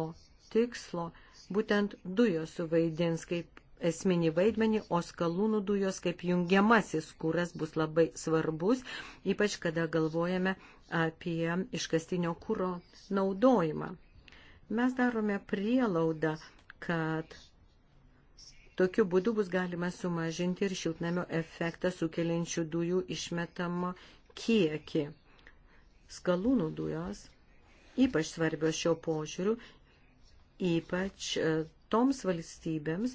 tikslo Būtent dujos suvaidins kaip esminį vaidmenį, o skalūnų dujos kaip jungiamasis kūras bus labai svarbus, ypač kada galvojame apie iškastinio kūro naudojimą. Mes darome prielaudą, kad tokiu būdu bus galima sumažinti ir šiltnamio efektą sukeliančių dujų išmetamo kiekį. Skalūnų dujos ypač svarbios šio požiūriu, ypač e, toms valstybėms,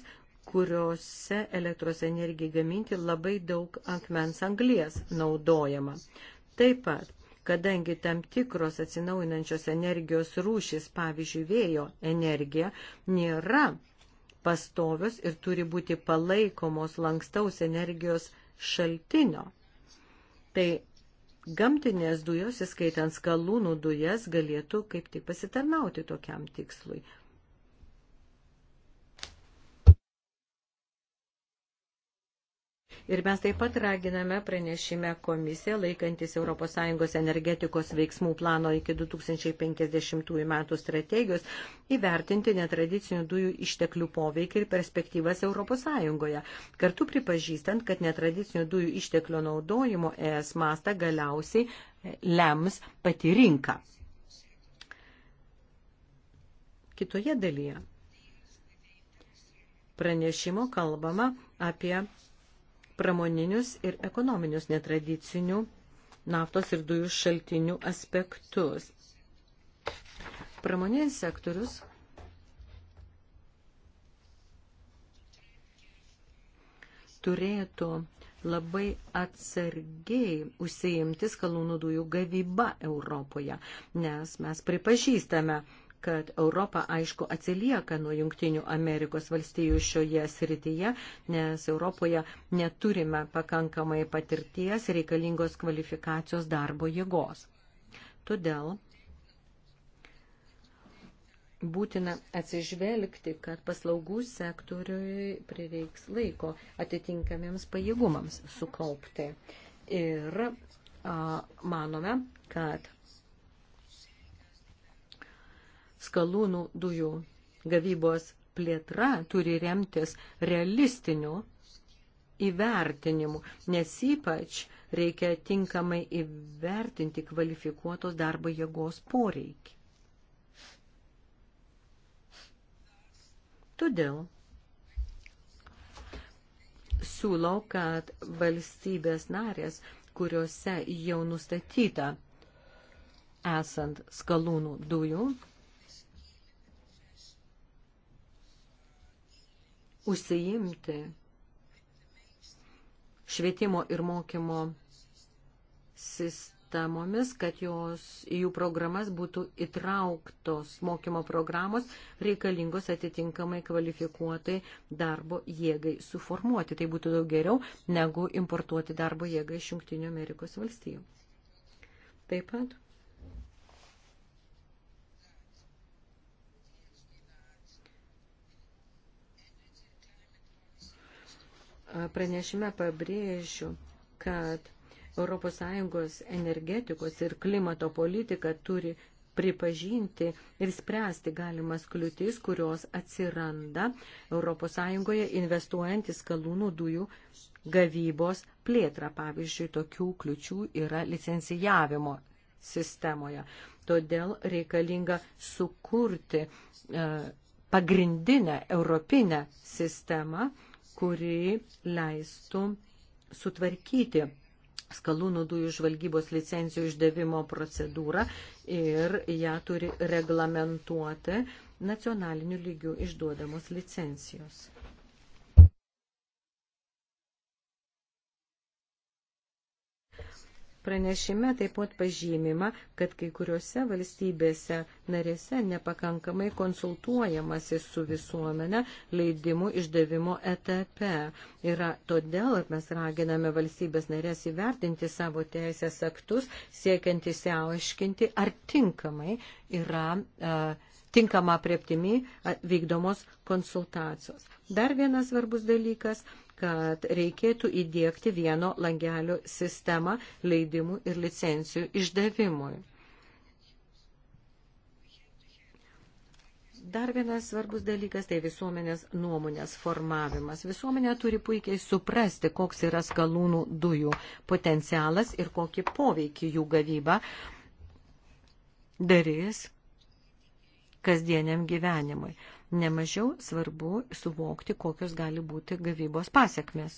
kuriuose elektros energijai gaminti labai daug akmens anglies naudojama. Taip pat, kadangi tam tikros atsinaujinančios energijos rūšis, pavyzdžiui, vėjo energija, nėra pastovios ir turi būti palaikomos lankstaus energijos šaltinio. Tai gamtinės dujos, įskaitant skalūnų dujas, galėtų kaip tik pasitarnauti tokiam tikslui. Ir mes taip pat raginame pranešime komisiją, laikantis ES energetikos veiksmų plano iki 2050 metų strategijos, įvertinti netradicinių dujų išteklių poveikį ir perspektyvas ES. Kartu pripažįstant, kad netradicinių dujų išteklių naudojimo ES mastą galiausiai lems pati rinka. Kitoje dalyje pranešimo kalbama apie pramoninius ir ekonominius netradicinių naftos ir dujų šaltinių aspektus. Pramoninis sektorius turėtų labai atsargiai užsiimti skalūnų dujų gavybą Europoje, nes mes pripažįstame, kad Europa, aišku, atsilieka nuo Junktinių Amerikos valstijų šioje srityje, nes Europoje neturime pakankamai patirties reikalingos kvalifikacijos darbo jėgos. Todėl būtina atsižvelgti, kad paslaugų sektoriui prireiks laiko atitinkamiems pajėgumams sukaupti. Ir a, manome, kad skalūnų dujų gavybos plėtra turi remtis realistiniu įvertinimu, nes ypač reikia tinkamai įvertinti kvalifikuotos darbo jėgos poreikį. Todėl siūlau, kad valstybės narės, kuriuose jau nustatyta esant skalūnų dujų užsiimti švietimo ir mokymo sistemomis, kad jos, jų programas būtų įtrauktos mokymo programos reikalingos atitinkamai kvalifikuotai darbo jėgai suformuoti. Tai būtų daug geriau negu importuoti darbo jėgą iš Junktinio Amerikos valstijų. Taip pat pranešime pabrėžiu, kad ES energetikos ir klimato politika turi pripažinti ir spręsti galimas kliūtis, kurios atsiranda ES investuojant į skalūnų dujų gavybos plėtrą. Pavyzdžiui, tokių kliučių yra licencijavimo sistemoje. Todėl reikalinga sukurti e, pagrindinę europinę sistemą, e, kuri leistų sutvarkyti skalūnų dujų žvalgybos licencijų išdavimo procedūrą ir ją turi reglamentuoti nacionaliniu lygiu išduodamos licencijos. Pranešime taip pat pažymima, kad kai kuriuose valstybėse narėse nepakankamai konsultuojamasi su visuomenė leidimų išdavimo etape. Yra todėl, kad mes raginame valstybės narės įvertinti savo teisės aktus, siekiant įsiaiškinti, ar tinkamai yra. Uh, tinkama prieptimi vykdomos konsultacijos. Dar vienas svarbus dalykas kad reikėtų įdėkti vieno langelio sistemą leidimų ir licencijų išdavimui. Dar vienas svarbus dalykas tai visuomenės nuomonės formavimas. Visuomenė turi puikiai suprasti, koks yra skalūnų dujų potencialas ir kokį poveikį jų gavyba darys kasdieniam gyvenimui. Nemažiau svarbu suvokti, kokios gali būti gavybos pasiekmes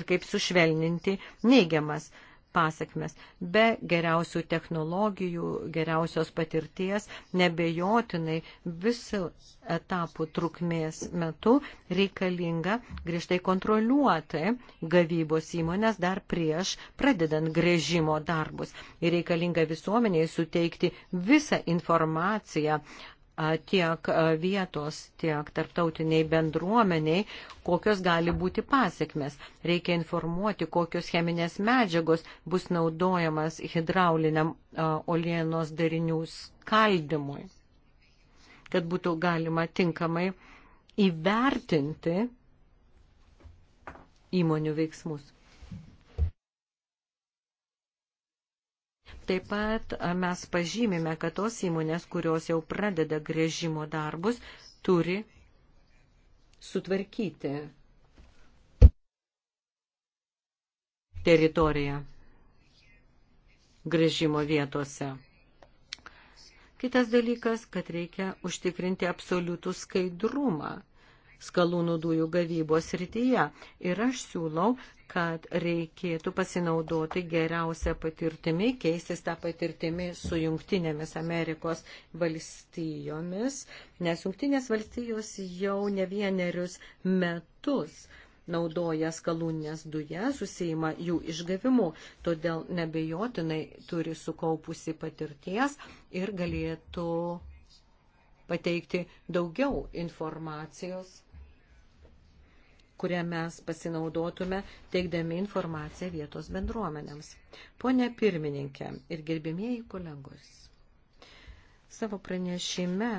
ir kaip sušvelninti neigiamas pasiekmes. Be geriausių technologijų, geriausios patirties, nebejotinai visų etapų trukmės metu reikalinga griežtai kontroliuoti gavybos įmonės dar prieš pradedant grėžimo darbus. Ir reikalinga visuomeniai suteikti visą informaciją tiek vietos, tiek tarptautiniai bendruomeniai, kokios gali būti pasiekmes. Reikia informuoti, kokios cheminės medžiagos bus naudojamas hidrauliniam olienos darinių skaldimui, kad būtų galima tinkamai įvertinti įmonių veiksmus. Taip pat mes pažymime, kad tos įmonės, kurios jau pradeda grėžimo darbus, turi sutvarkyti teritoriją grėžimo vietose. Kitas dalykas, kad reikia užtikrinti absoliutų skaidrumą skalūnų dujų gavybos rytyje. Ir aš siūlau, kad reikėtų pasinaudoti geriausią patirtimį, keistis tą patirtimį su Junktinėmis Amerikos valstijomis, nes Junktinės valstijos jau ne vienerius metus naudoja skalūnės dujas, susijima jų išgavimu, todėl nebejotinai turi sukaupusi patirties ir galėtų pateikti daugiau informacijos kurią mes pasinaudotume, teikdami informaciją vietos bendruomenėms. Pone pirmininkė ir gerbimieji kolegos, savo pranešime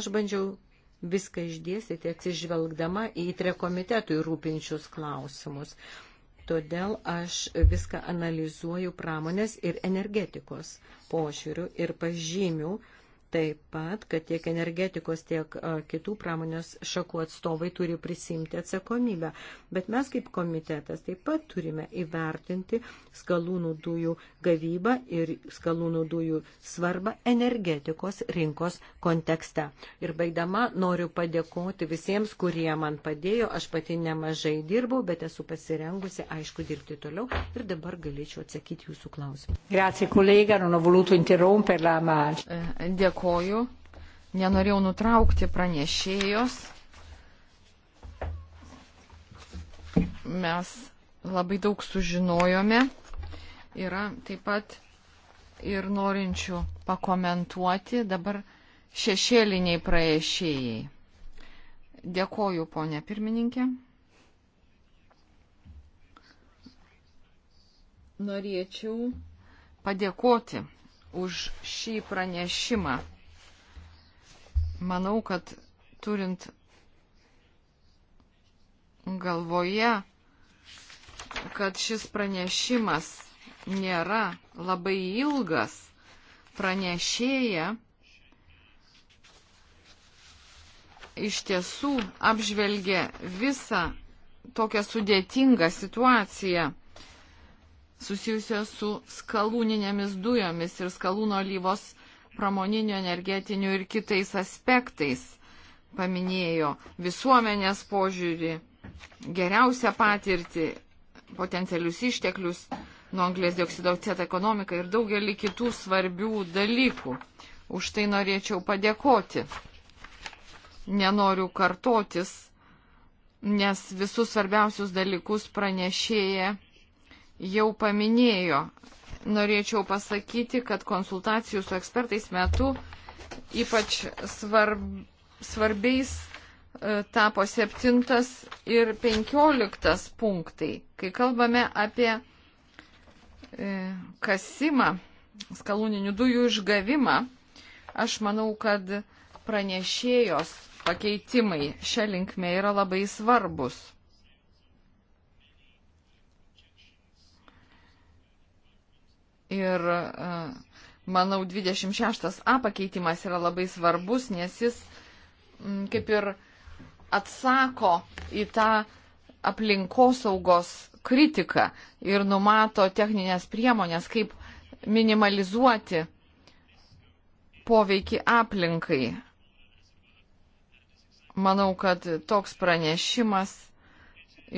aš bandžiau viską išdėstyti atsižvelgdama į tre komitetui rūpinčius klausimus. Todėl aš viską analizuoju pramonės ir energetikos pošiūrių ir pažymiu, taip pat, kad tiek energetikos, tiek kitų pramonės šakų atstovai turi prisimti atsakomybę. Bet mes kaip komitetas taip pat turime įvertinti skalūnų dujų gavybą ir skalūnų dujų svarbą energetikos rinkos kontekste. Ir baigdama noriu padėkoti visiems, kurie man padėjo. Aš pati nemažai dirbau, bet esu pasirengusi, aišku, dirbti toliau ir dabar galėčiau atsakyti jūsų klausimą. Grazie, kolega, non ho voluto interromperla, ma... Dėkui dėkoju. Nenorėjau nutraukti pranešėjos. Mes labai daug sužinojome. Yra taip pat ir norinčių pakomentuoti dabar šešėliniai praešėjai. Dėkoju, ponė pirmininkė. Norėčiau padėkoti už šį pranešimą. Manau, kad turint galvoje, kad šis pranešimas nėra labai ilgas, pranešėja iš tiesų apžvelgia visą tokią sudėtingą situaciją susijusios su skalūninėmis dujomis ir skalūno lyvos pramoninių, energetinių ir kitais aspektais. Paminėjo visuomenės požiūrį, geriausią patirtį, potencialius išteklius, nuo anglės dioksido atsėta ekonomika ir daugelį kitų svarbių dalykų. Už tai norėčiau padėkoti. Nenoriu kartotis, nes visus svarbiausius dalykus pranešėja jau paminėjo. Norėčiau pasakyti, kad konsultacijų su ekspertais metu ypač svarb, svarbiais e, tapo septintas ir penkioliktas punktai, kai kalbame apie e, kasimą, skaluninių dujų išgavimą. Aš manau, kad pranešėjos pakeitimai šią linkmę yra labai svarbus. Ir e, manau, 26a pakeitimas yra labai svarbus, nes jis mm, kaip ir atsako į tą aplinkosaugos kritiką ir numato techninės priemonės, kaip minimalizuoti poveikį aplinkai. Manau, kad toks pranešimas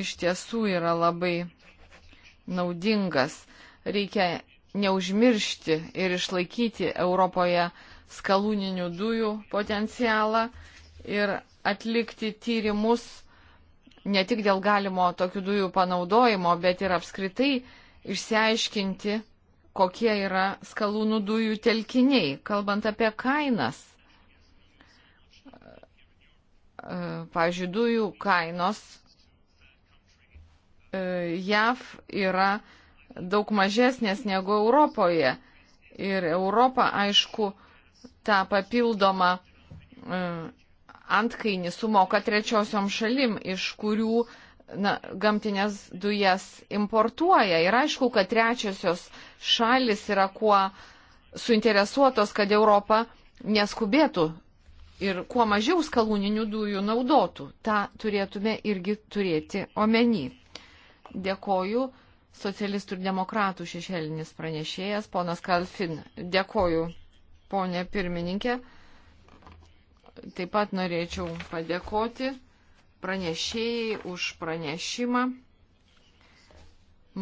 iš tiesų yra labai naudingas. Reikia neužmiršti ir išlaikyti Europoje skaluninių dujų potencialą ir atlikti tyrimus ne tik dėl galimo tokių dujų panaudojimo, bet ir apskritai išsiaiškinti, kokie yra skalūnų dujų telkiniai, kalbant apie kainas. Pavyzdžiui, dujų kainos e, JAV yra daug mažesnės negu Europoje. Ir Europa, aišku, tą papildomą e, antkainį sumoka trečiosiom šalim, iš kurių na, gamtinės dujas importuoja. Ir aišku, kad trečiosios šalis yra kuo suinteresuotos, kad Europa neskubėtų ir kuo mažiau skalūninių dujų naudotų. Ta turėtume irgi turėti omeny. Dėkoju socialistų ir demokratų šešėlinis pranešėjas, ponas Kalfin. Dėkoju, ponė pirmininkė. Taip pat norėčiau padėkoti pranešėjai už pranešimą.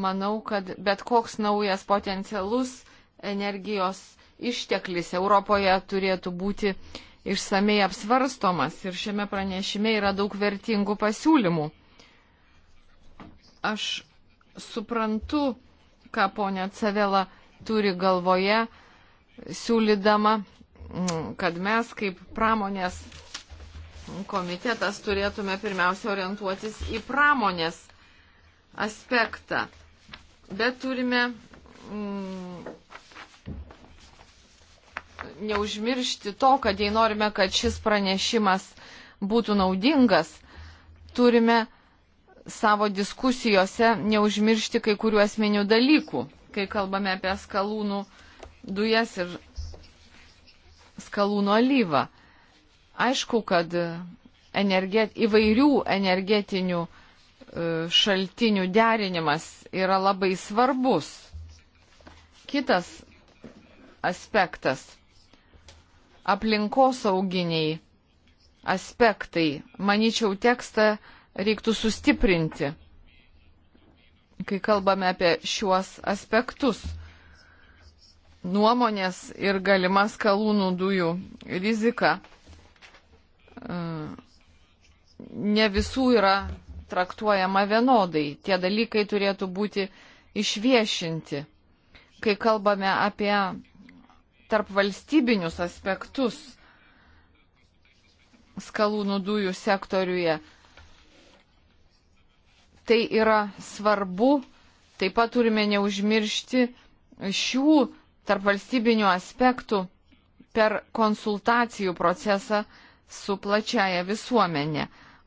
Manau, kad bet koks naujas potencialus energijos išteklis Europoje turėtų būti išsamei apsvarstomas ir šiame pranešime yra daug vertingų pasiūlymų. Aš suprantu, ką ponia Cavela turi galvoje, siūlydama, mm, kad mes kaip pramonės komitetas turėtume pirmiausia orientuotis į pramonės aspektą. Bet turime mm, neužmiršti to, kad jei norime, kad šis pranešimas būtų naudingas, turime savo diskusijose neužmiršti kai kurių esminių dalykų, kai kalbame apie skalūnų dujas ir skalūnų alyvą. Aišku, kad energet, įvairių energetinių e, šaltinių derinimas yra labai svarbus. Kitas aspektas - aplinkosauginiai aspektai. Maničiau, tekstą reiktų sustiprinti, kai kalbame apie šiuos aspektus nuomonės ir galimas kalūnų dujų rizika e, ne visų yra traktuojama vienodai. Tie dalykai turėtų būti išviešinti. Kai kalbame apie tarp valstybinius aspektus skalūnų dujų sektoriuje, tai yra svarbu. Taip pat turime neužmiršti šių tarp valstybinių aspektų per konsultacijų procesą su plačiaja visuomenė.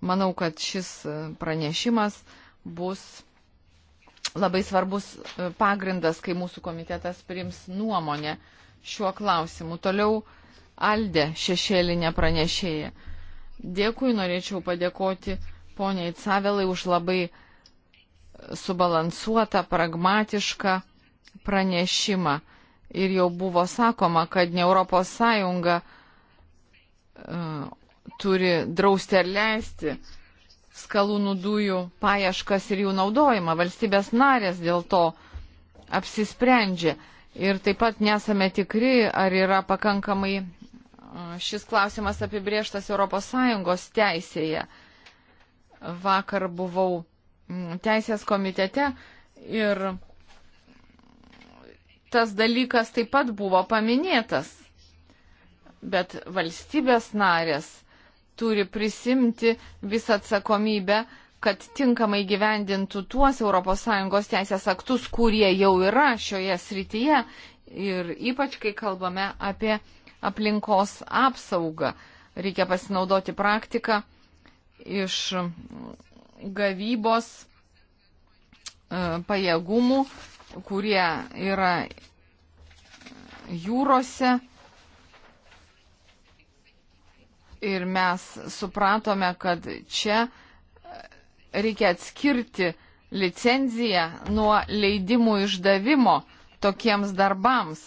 Manau, kad šis e, pranešimas bus labai svarbus e, pagrindas, kai mūsų komitetas priims nuomonę šiuo klausimu. Toliau Alde šešėlinė pranešėja. Dėkui, norėčiau padėkoti poniai Cavelai už labai subalansuotą, pragmatišką pranešimą. Ir jau buvo sakoma, kad ne Europos Sąjunga uh, turi drausti ar leisti skalūnų dujų paieškas ir jų naudojimą. Valstybės narės dėl to apsisprendžia. Ir taip pat nesame tikri, ar yra pakankamai e, šis klausimas apibrieštas ES teisėje. Vakar buvau Mm, teisės komitete ir tas dalykas taip pat buvo paminėtas. Bet valstybės narės turi prisimti visą atsakomybę, kad tinkamai gyvendintų tuos ES teisės aktus, kurie jau yra šioje srityje ir ypač kai kalbame apie aplinkos apsaugą. Reikia pasinaudoti praktiką iš gavybos e, pajėgumų, kurie yra jūrose. Ir mes supratome, kad čia reikia atskirti licenciją nuo leidimų išdavimo tokiems darbams.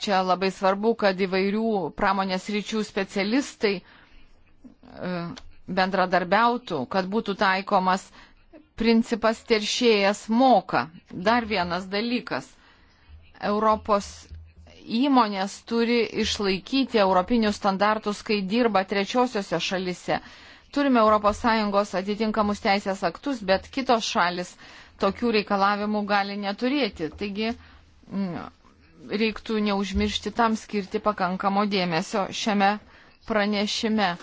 Čia labai svarbu, kad įvairių pramonės ryčių specialistai e, bendradarbiautų, kad būtų taikomas principas teršėjas moka. Dar vienas dalykas. Europos įmonės turi išlaikyti europinius standartus, kai dirba trečiosiose šalise. Turime ES atitinkamus teisės aktus, bet kitos šalis tokių reikalavimų gali neturėti. Taigi mm, reiktų neužmiršti tam skirti pakankamo dėmesio šiame pranešime.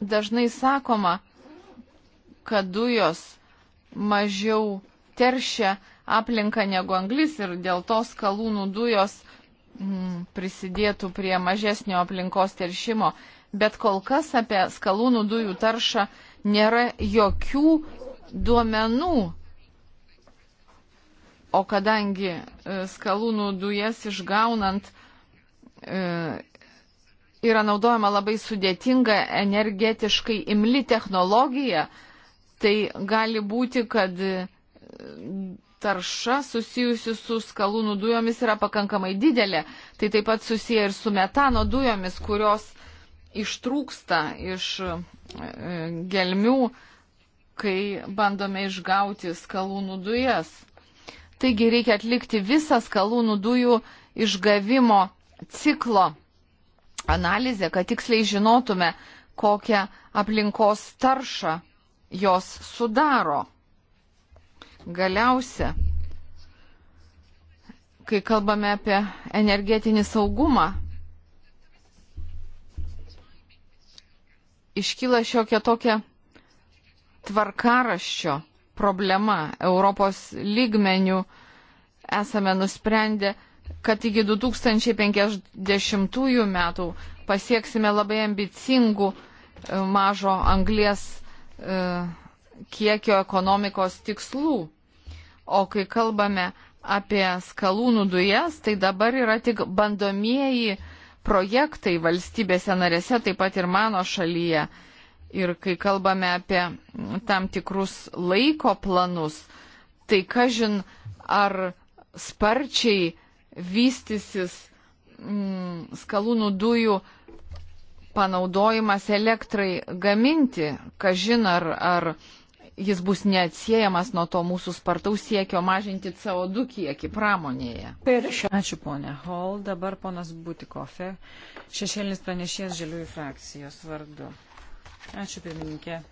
dažnai sakoma, kad dujos mažiau teršia aplinką negu anglis ir dėl to skalūnų dujos mm, prisidėtų prie mažesnio aplinkos teršimo. Bet kol kas apie skalūnų dujų taršą nėra jokių duomenų. O kadangi e, skalūnų dujas išgaunant e, yra naudojama labai sudėtinga energetiškai imli technologija, tai gali būti, kad e, tarša susijusi su skalūnų dujomis yra pakankamai didelė. Tai taip pat susiję ir su metano dujomis, kurios ištrūksta iš e, gelmių, kai bandome išgauti skalūnų dujas. Taigi reikia atlikti visą skalūnų dujų išgavimo ciklo analizę, kad tiksliai žinotume, kokią aplinkos taršą jos sudaro. Galiausia, kai kalbame apie energetinį saugumą, iškyla šiokia tokia tvarkaraščio problema. Europos lygmenių esame nusprendę kad iki 2050 metų pasieksime labai ambicingų e, mažo anglės e, kiekio ekonomikos tikslų. O kai kalbame apie skalūnų dujas, tai dabar yra tik bandomieji projektai valstybėse narėse, taip pat ir mano šalyje. Ir kai kalbame apie tam tikrus laiko planus, tai kažin ar sparčiai vystysis mm, skalūnų dujų panaudojimas elektrai gaminti, kažin ar, ar jis bus neatsiejamas nuo to mūsų spartaus siekio mažinti CO2 kiekį pramonėje. Ačiū ponė Hall, dabar ponas Butikofe, šešėlinis pranešėjas Žaliųjų frakcijos vardu. Ačiū pirmininkė.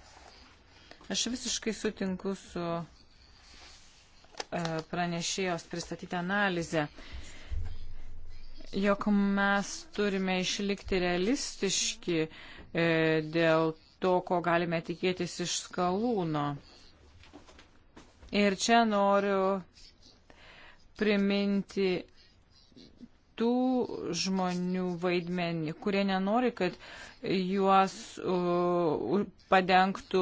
Aš visiškai sutinku su e, pranešėjos pristatyti analizę. Uh, jog mes turime išlikti realistiški e, dėl to, ko galime tikėtis iš skalūno. Ir čia noriu priminti tų žmonių vaidmenį, kurie nenori, kad juos uh, padengtų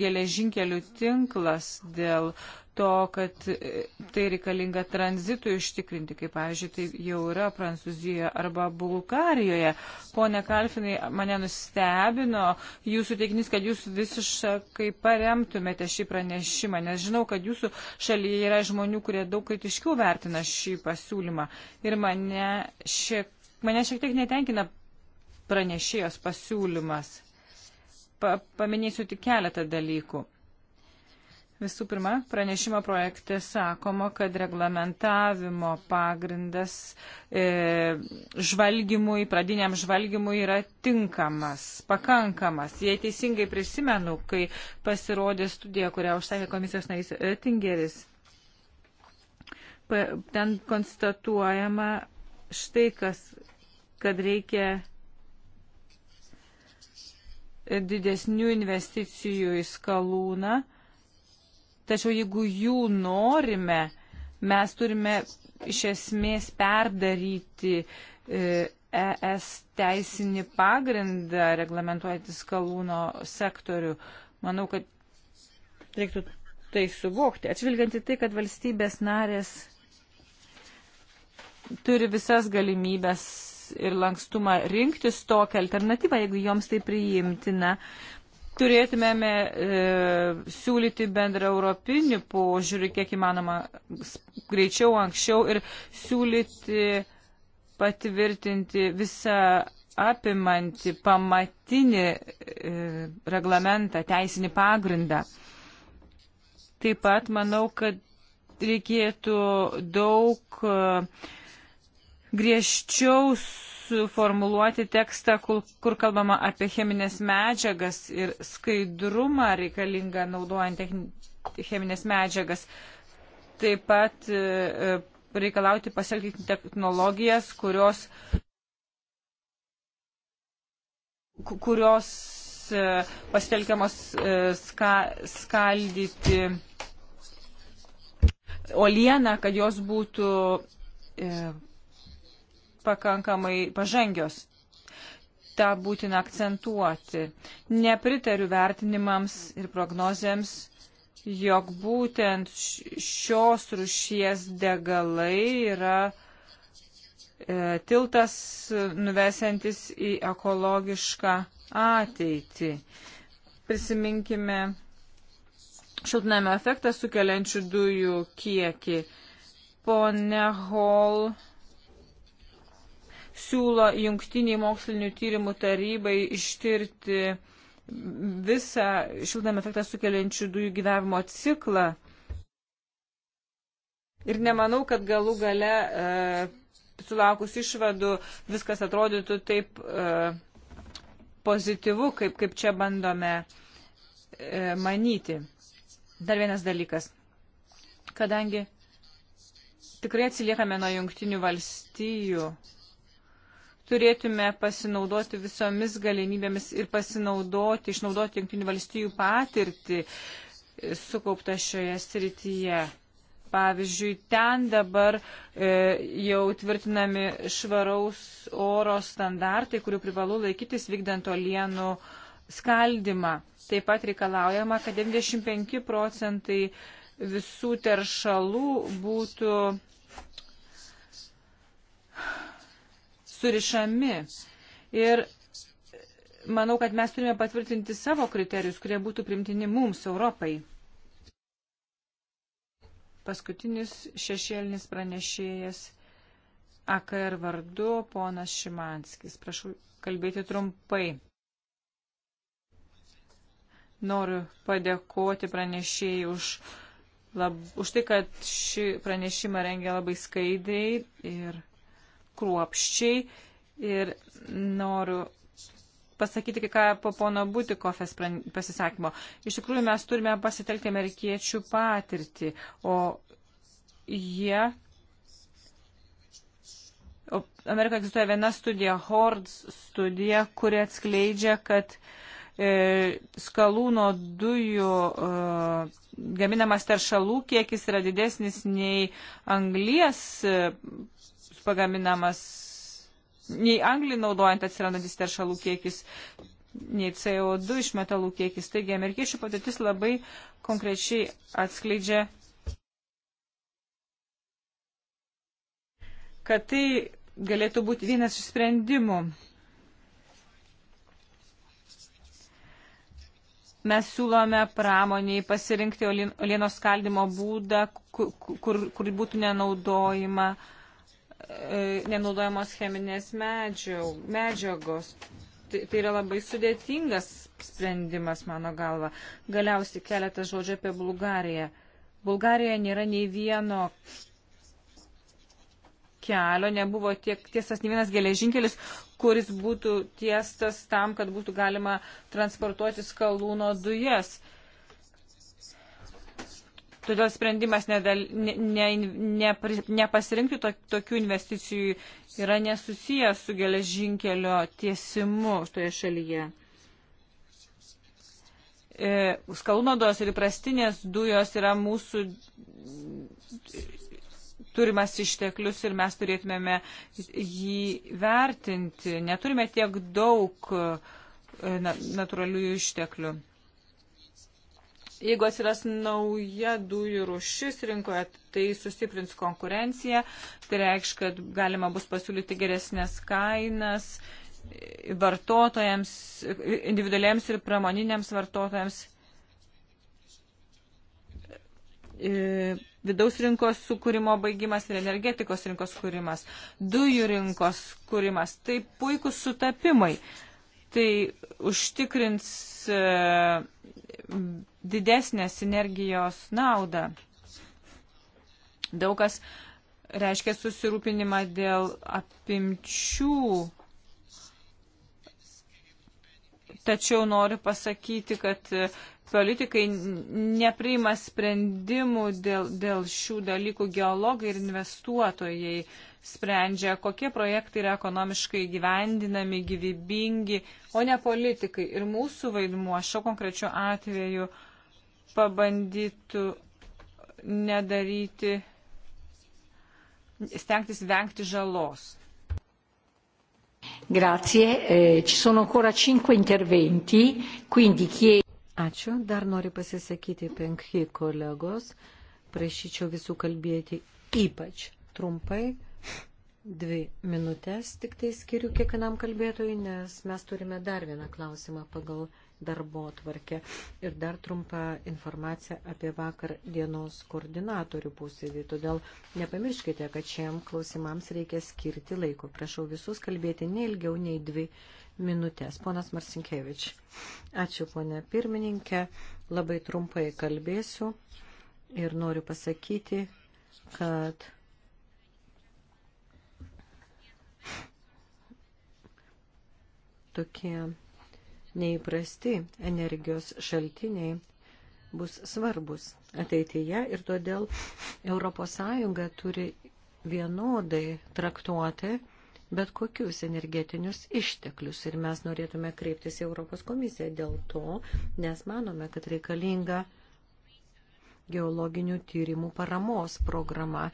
geležinkelių tinklas dėl to, kad e, tai reikalinga tranzitui ištikrinti, kaip, pavyzdžiui, tai jau yra Prancūzijoje arba Bulgarijoje. Pone Kalfinai, mane nustebino jūsų teiginys, kad jūs visiškai paremtumėte šį pranešimą, nes žinau, kad jūsų šalyje yra žmonių, kurie daug kritiškiau vertina šį pasiūlymą. Ir mane šiek, mane šiek tiek netenkina pranešėjos pasiūlymas. Pa, paminėsiu tik keletą dalykų Visų pirma, pranešimo projekte sakoma, kad reglamentavimo pagrindas e, žvalgymui, pradiniam žvalgymui yra tinkamas, pakankamas. Jei teisingai prisimenu, kai pasirodė studija, kurią užsakė komisijos narys Tingeris, ten konstatuojama štai kas, kad reikia didesnių investicijų į skalūną Tačiau jeigu jų norime, mes turime iš esmės perdaryti ES e teisinį pagrindą reglamentuojantį skalūno sektorių. Manau, kad reiktų tai suvokti. Atžvilgiant į tai, kad valstybės narės turi visas galimybės ir lankstumą rinktis tokią alternatyvą, jeigu joms tai priimtina, turėtumėme e, siūlyti bendrą europinį požiūrį, kiek įmanoma greičiau, anksčiau ir siūlyti patvirtinti visą apimanti pamatinį e, reglamentą, teisinį pagrindą. Taip pat manau, kad reikėtų daug e, griežčiau suformuluoti tekstą, kur, kur kalbama apie cheminės medžiagas ir skaidrumą reikalingą naudojant cheminės medžiagas. Taip pat e, e, reikalauti pasielgti technologijas, kurios, kurios e, pasitelkiamos ska, skaldyti olieną, kad jos būtų pakankamai pažangios. Ta būtina akcentuoti. Nepritariu vertinimams ir prognozėms, jog būtent šios rušies degalai yra e, tiltas nuvesantis į ekologišką ateitį. Prisiminkime šiltnamio efektą sukeliančių dujų kiekį. Pone Hall siūlo jungtiniai mokslinių tyrimų tarybai ištirti visą šiltnamio efektą sukeliančių dujų gyvavimo ciklą. Ir nemanau, kad galų gale e, sulaukus išvadų viskas atrodytų taip e, pozityvu, kaip, kaip čia bandome e, manyti. Dar vienas dalykas. Kadangi tikrai atsiliekame nuo jungtinių valstijų turėtume pasinaudoti visomis galimybėmis ir pasinaudoti, išnaudoti Junktinių valstybių patirtį e, sukauptą šioje srityje. Pavyzdžiui, ten dabar e, jau tvirtinami švaraus oro standartai, kurių privalu laikytis vykdant olienų skaldimą. Taip pat reikalaujama, kad 95 procentai visų teršalų būtų surišami. Ir manau, kad mes turime patvirtinti savo kriterijus, kurie būtų primtini mums, Europai. Paskutinis šešėlinis pranešėjas AKR vardu ponas Šimanskis. Prašau kalbėti trumpai. Noriu padėkoti pranešėjai už, lab, už tai, kad šį pranešimą rengia labai skaidriai ir kruopščiai ir noriu pasakyti, ką po pono Butikofės pasisakymo. Iš tikrųjų, mes turime pasitelkti amerikiečių patirtį, o jie. O Amerika egzistuoja viena studija, Hords studija, kuri atskleidžia, kad e, skalūno dujų e, gaminamas teršalų kiekis yra didesnis nei anglies e, pagaminamas, nei anglį naudojant atsirandantis teršalų kiekis, nei CO2 iš metalų kiekis. Taigi amerikiečių patirtis labai konkrečiai atskleidžia, kad tai galėtų būti vienas iš sprendimų. Mes siūlome pramoniai pasirinkti olienos skaldimo būdą, kur, kur, kur būtų nenaudojama uh, E, nenaudojamos cheminės medžiagos. Tai, tai yra labai sudėtingas sprendimas, mano galva. Galiausiai keletą žodžių apie Bulgariją. Bulgarijoje nėra nei vieno kelio, nebuvo tiek tiesas nei vienas geležinkelis, kuris būtų tiestas tam, kad būtų galima transportuoti skalūno dujas. Uh, Todėl sprendimas nedal, ne, ne, ne, nepasirinkti to, tokių investicijų yra nesusijęs su geležinkelio tiesimu toje šalyje. E, skalnodos ir prastinės dujos yra mūsų turimas išteklius ir mes turėtumėme jį vertinti. Neturime tiek daug e, natūraliųjų išteklių. Jeigu atsiras nauja dujų rušis rinkoje, tai sustiprins konkurenciją, tai reikš, kad galima bus pasiūlyti geresnės kainas vartotojams, individualiems ir pramoniniams vartotojams. E, vidaus rinkos sukūrimo baigimas ir energetikos rinkos kūrimas, dujų rinkos kūrimas, tai puikūs sutapimai. Tai užtikrins e, didesnę sinergijos naudą. Daug kas reiškia susirūpinimą dėl apimčių. Tačiau noriu pasakyti, kad politikai nepriima sprendimų dėl, dėl šių dalykų. Geologai ir investuotojai sprendžia, kokie projektai yra ekonomiškai gyvendinami, gyvybingi, o ne politikai. Ir mūsų vaidmuo šio konkrečiu atveju uh, pabandytų nedaryti, stengtis vengti žalos. Grazie, eh, ci sono ancora cinque interventi, quindi chiedo. Ačiū, dar noriu pasisakyti penki kolegos. Prašyčiau visų kalbėti ypač trumpai. Dvi minutės tik tai skiriu kiekvienam kalbėtojui, nes mes turime dar vieną klausimą pagal darbo tvarkę. Ir dar trumpa informacija apie vakar dienos koordinatorių pusėdį. Todėl nepamirškite, kad šiem klausimams reikia skirti laiko. Prašau visus kalbėti neilgiau nei dvi minutės. Ponas Marsinkievič. Ačiū, ponė pirmininkė. Labai trumpai kalbėsiu ir noriu pasakyti, kad tokie neįprasti energijos šaltiniai bus svarbus ateityje ir todėl ES turi vienodai traktuoti bet kokius energetinius išteklius. Ir mes norėtume kreiptis į Europos komisiją dėl to, nes manome, kad reikalinga geologinių tyrimų paramos programa,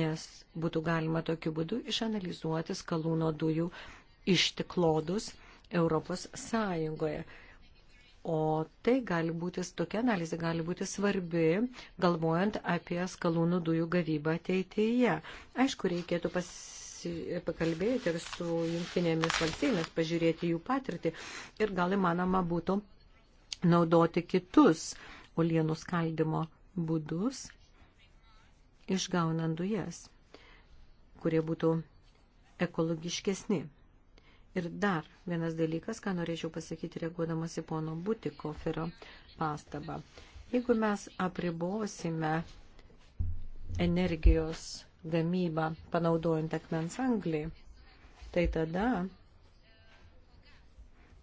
nes būtų galima tokiu būdu išanalizuoti skalūno dujų ištiklodus Europos Sąjungoje. O tai gali būti, tokia analizė gali būti svarbi, galvojant apie skalūnų dujų gavybą ateityje. Aišku, reikėtų pasi, pakalbėti ir su jungtinėmis valstybėmis, pažiūrėti jų patirtį ir gal įmanoma būtų naudoti kitus ulienų skaldimo būdus, išgaunant dujas, kurie būtų ekologiškesni. Ir dar vienas dalykas, ką norėčiau pasakyti reaguodamas į pono Butikoferio pastabą. Jeigu mes apribosime energijos gamybą panaudojant akmens anglį, tai tada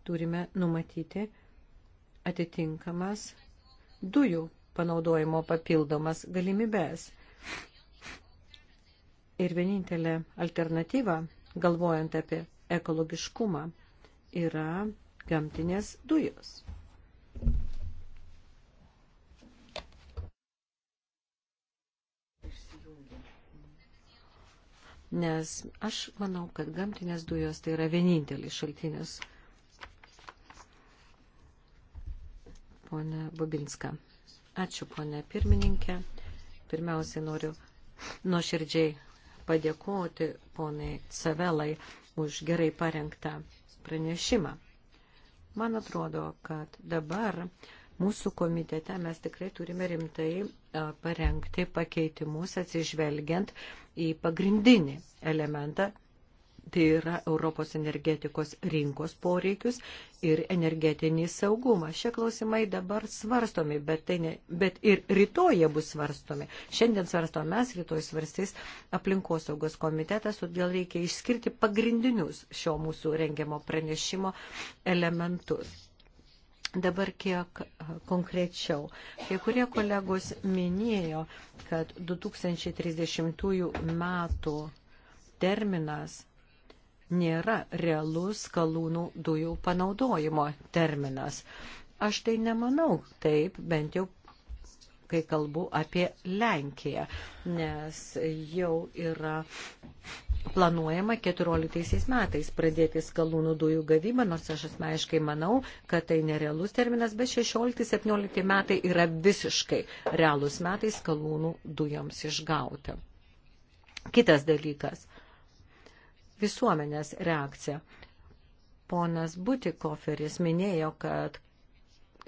turime numatyti atitinkamas dujų panaudojimo papildomas galimybės. Ir vienintelė alternatyva, galvojant apie ekologiškumą yra gamtinės dujos. Nes aš manau, kad gamtinės dujos tai yra vienintelis šaltinis. Pone Bubinska. Ačiū, ponė pirmininkė. Pirmiausiai noriu nuoširdžiai padėkoti ponai Savelai už gerai parengtą pranešimą. Man atrodo, kad dabar mūsų komitete mes tikrai turime rimtai parengti pakeitimus atsižvelgiant į pagrindinį elementą tai yra Europos energetikos rinkos poreikius ir energetinį saugumą. Šie klausimai dabar svarstomi, bet, tai ne, bet ir rytoj jie bus svarstomi. Šiandien svarstom mes, rytoj svarstys aplinkosaugos komitetas, todėl reikia išskirti pagrindinius šio mūsų rengiamo pranešimo elementus. Dabar kiek konkrečiau. Kai kurie kolegos minėjo, kad 2030 metų terminas nėra realus kalūnų dujų panaudojimo terminas. Aš tai nemanau taip, bent jau kai kalbu apie Lenkiją, nes jau yra planuojama 14 metais pradėti skalūnų dujų gavybą, nors aš asmeniškai manau, kad tai nerealus terminas, bet 16-17 metai yra visiškai realus metai skalūnų dujoms išgauti. Kitas dalykas visuomenės reakcija. Ponas Butikoferis minėjo, kad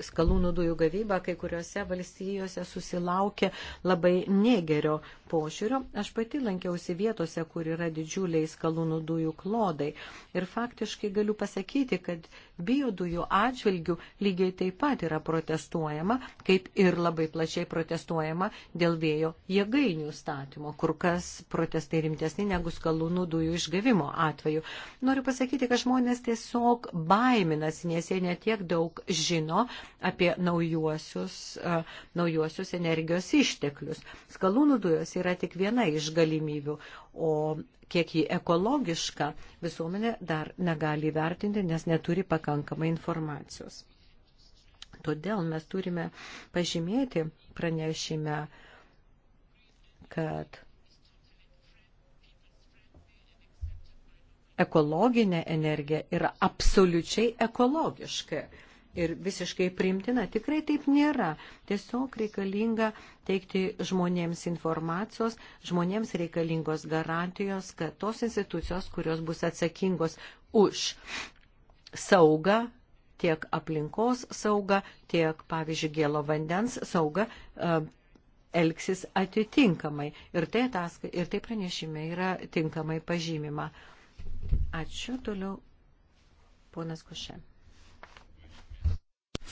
skalūnų dujų gavyba kai kuriuose valstijose susilaukė labai negerio pošiūrio. Aš pati lankiausi vietose, kur yra didžiuliai skalūnų dujų klodai. Ir faktiškai galiu pasakyti, kad biodujų atžvilgių lygiai taip pat yra protestuojama, kaip ir labai plačiai protestuojama dėl vėjo jėgainių statymo, kur kas protestai rimtesni negu skalūnų dujų išgavimo atveju. Noriu pasakyti, kad žmonės tiesiog baiminasi, nes jie netiek daug žino apie naujuosius, uh, naujuosius energijos išteklius. Skalūnų dujos yra tik viena iš galimybių, o kiek jį ekologiška visuomenė dar negali vertinti, nes neturi pakankamai informacijos. Todėl mes turime pažymėti pranešime, kad ekologinė energija yra absoliučiai ekologiška ir visiškai primtina. Tikrai taip nėra. Tiesiog reikalinga teikti žmonėms informacijos, žmonėms reikalingos garantijos, kad tos institucijos, kurios bus atsakingos už saugą, tiek aplinkos saugą, tiek, pavyzdžiui, gėlo vandens saugą, e, elgsis atitinkamai. Ir tai, ataska, ir tai pranešime yra tinkamai pažymima. Ačiū. Toliau ponas Kušė.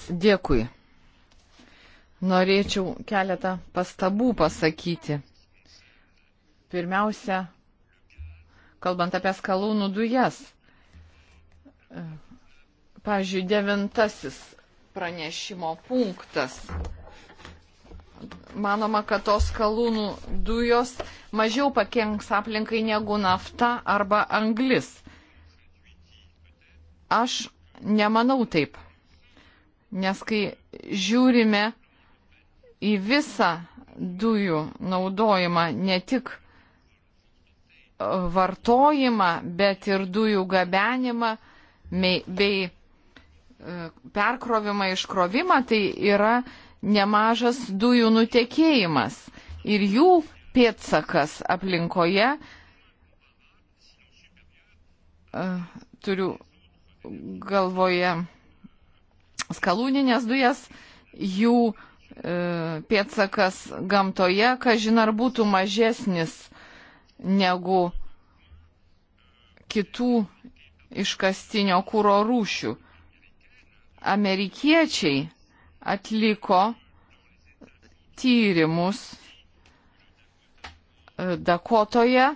Dėkui. Norėčiau keletą pastabų pasakyti. Pirmiausia, kalbant apie skalūnų dujas. Pavyzdžiui, devintasis pranešimo punktas. Manoma, kad tos skalūnų dujos mažiau pakenks aplinkai negu nafta arba anglis. Aš nemanau taip. Nes kai žiūrime į visą dujų naudojimą, ne tik vartojimą, bet ir dujų gabenimą bei e, perkrovimą, iškrovimą, tai yra nemažas dujų nutekėjimas. Ir jų pėtsakas aplinkoje, e, turiu galvoje, skalūninės dujas, jų e, pėtsakas gamtoje, kažin ar būtų mažesnis negu kitų iškastinio kūro rūšių. Amerikiečiai atliko tyrimus e, Dakotoje, e,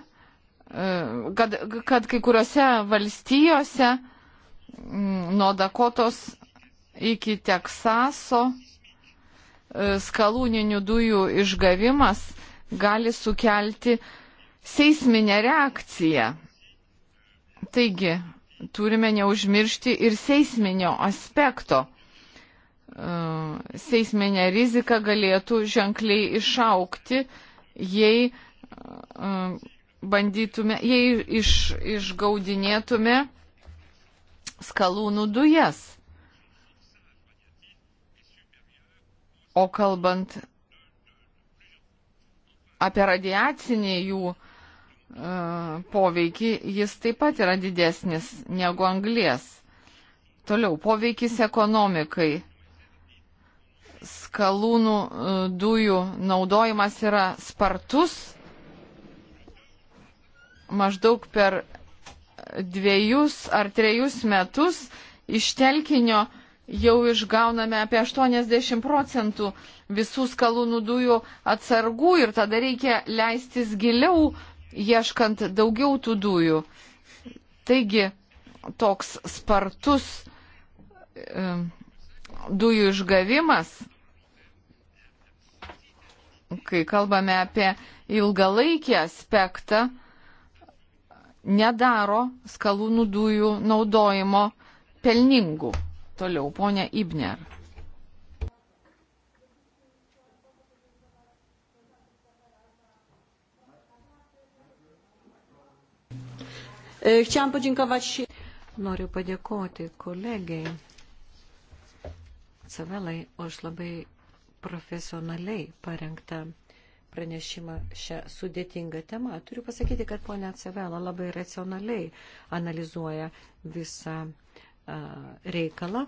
kad, kad kai kuriuose valstijose mm, nuo Dakotos iki Teksaso e, skalūninių dujų išgavimas gali sukelti seisminę reakciją. Taigi, turime neužmiršti ir seisminio aspekto. E, seisminė rizika galėtų ženkliai išaukti, jei e, bandytume, jei iš, išgaudinėtume skalūnų dujas. O kalbant apie radiacinį jų e, poveikį, jis taip pat yra didesnis negu anglės. Toliau, poveikis ekonomikai. Skalūnų e, dujų naudojimas yra spartus. Maždaug per dviejus ar trejus metus iš telkinio e, jau išgauname apie 80 procentų visų skalūnų dujų atsargų ir tada reikia leistis giliau, ieškant daugiau tų dujų. Taigi toks spartus e, dujų išgavimas, kai kalbame apie ilgalaikį aspektą, nedaro skalūnų dujų naudojimo pelningų. Toliau, ponia Ibner. E, chciałam podziękować. Noriu padėkoti kolegiai Cavelai už labai profesionaliai parengtą pranešimą šią sudėtingą temą. Turiu pasakyti, kad ponia Cavela labai racionaliai analizuoja visą reikalą,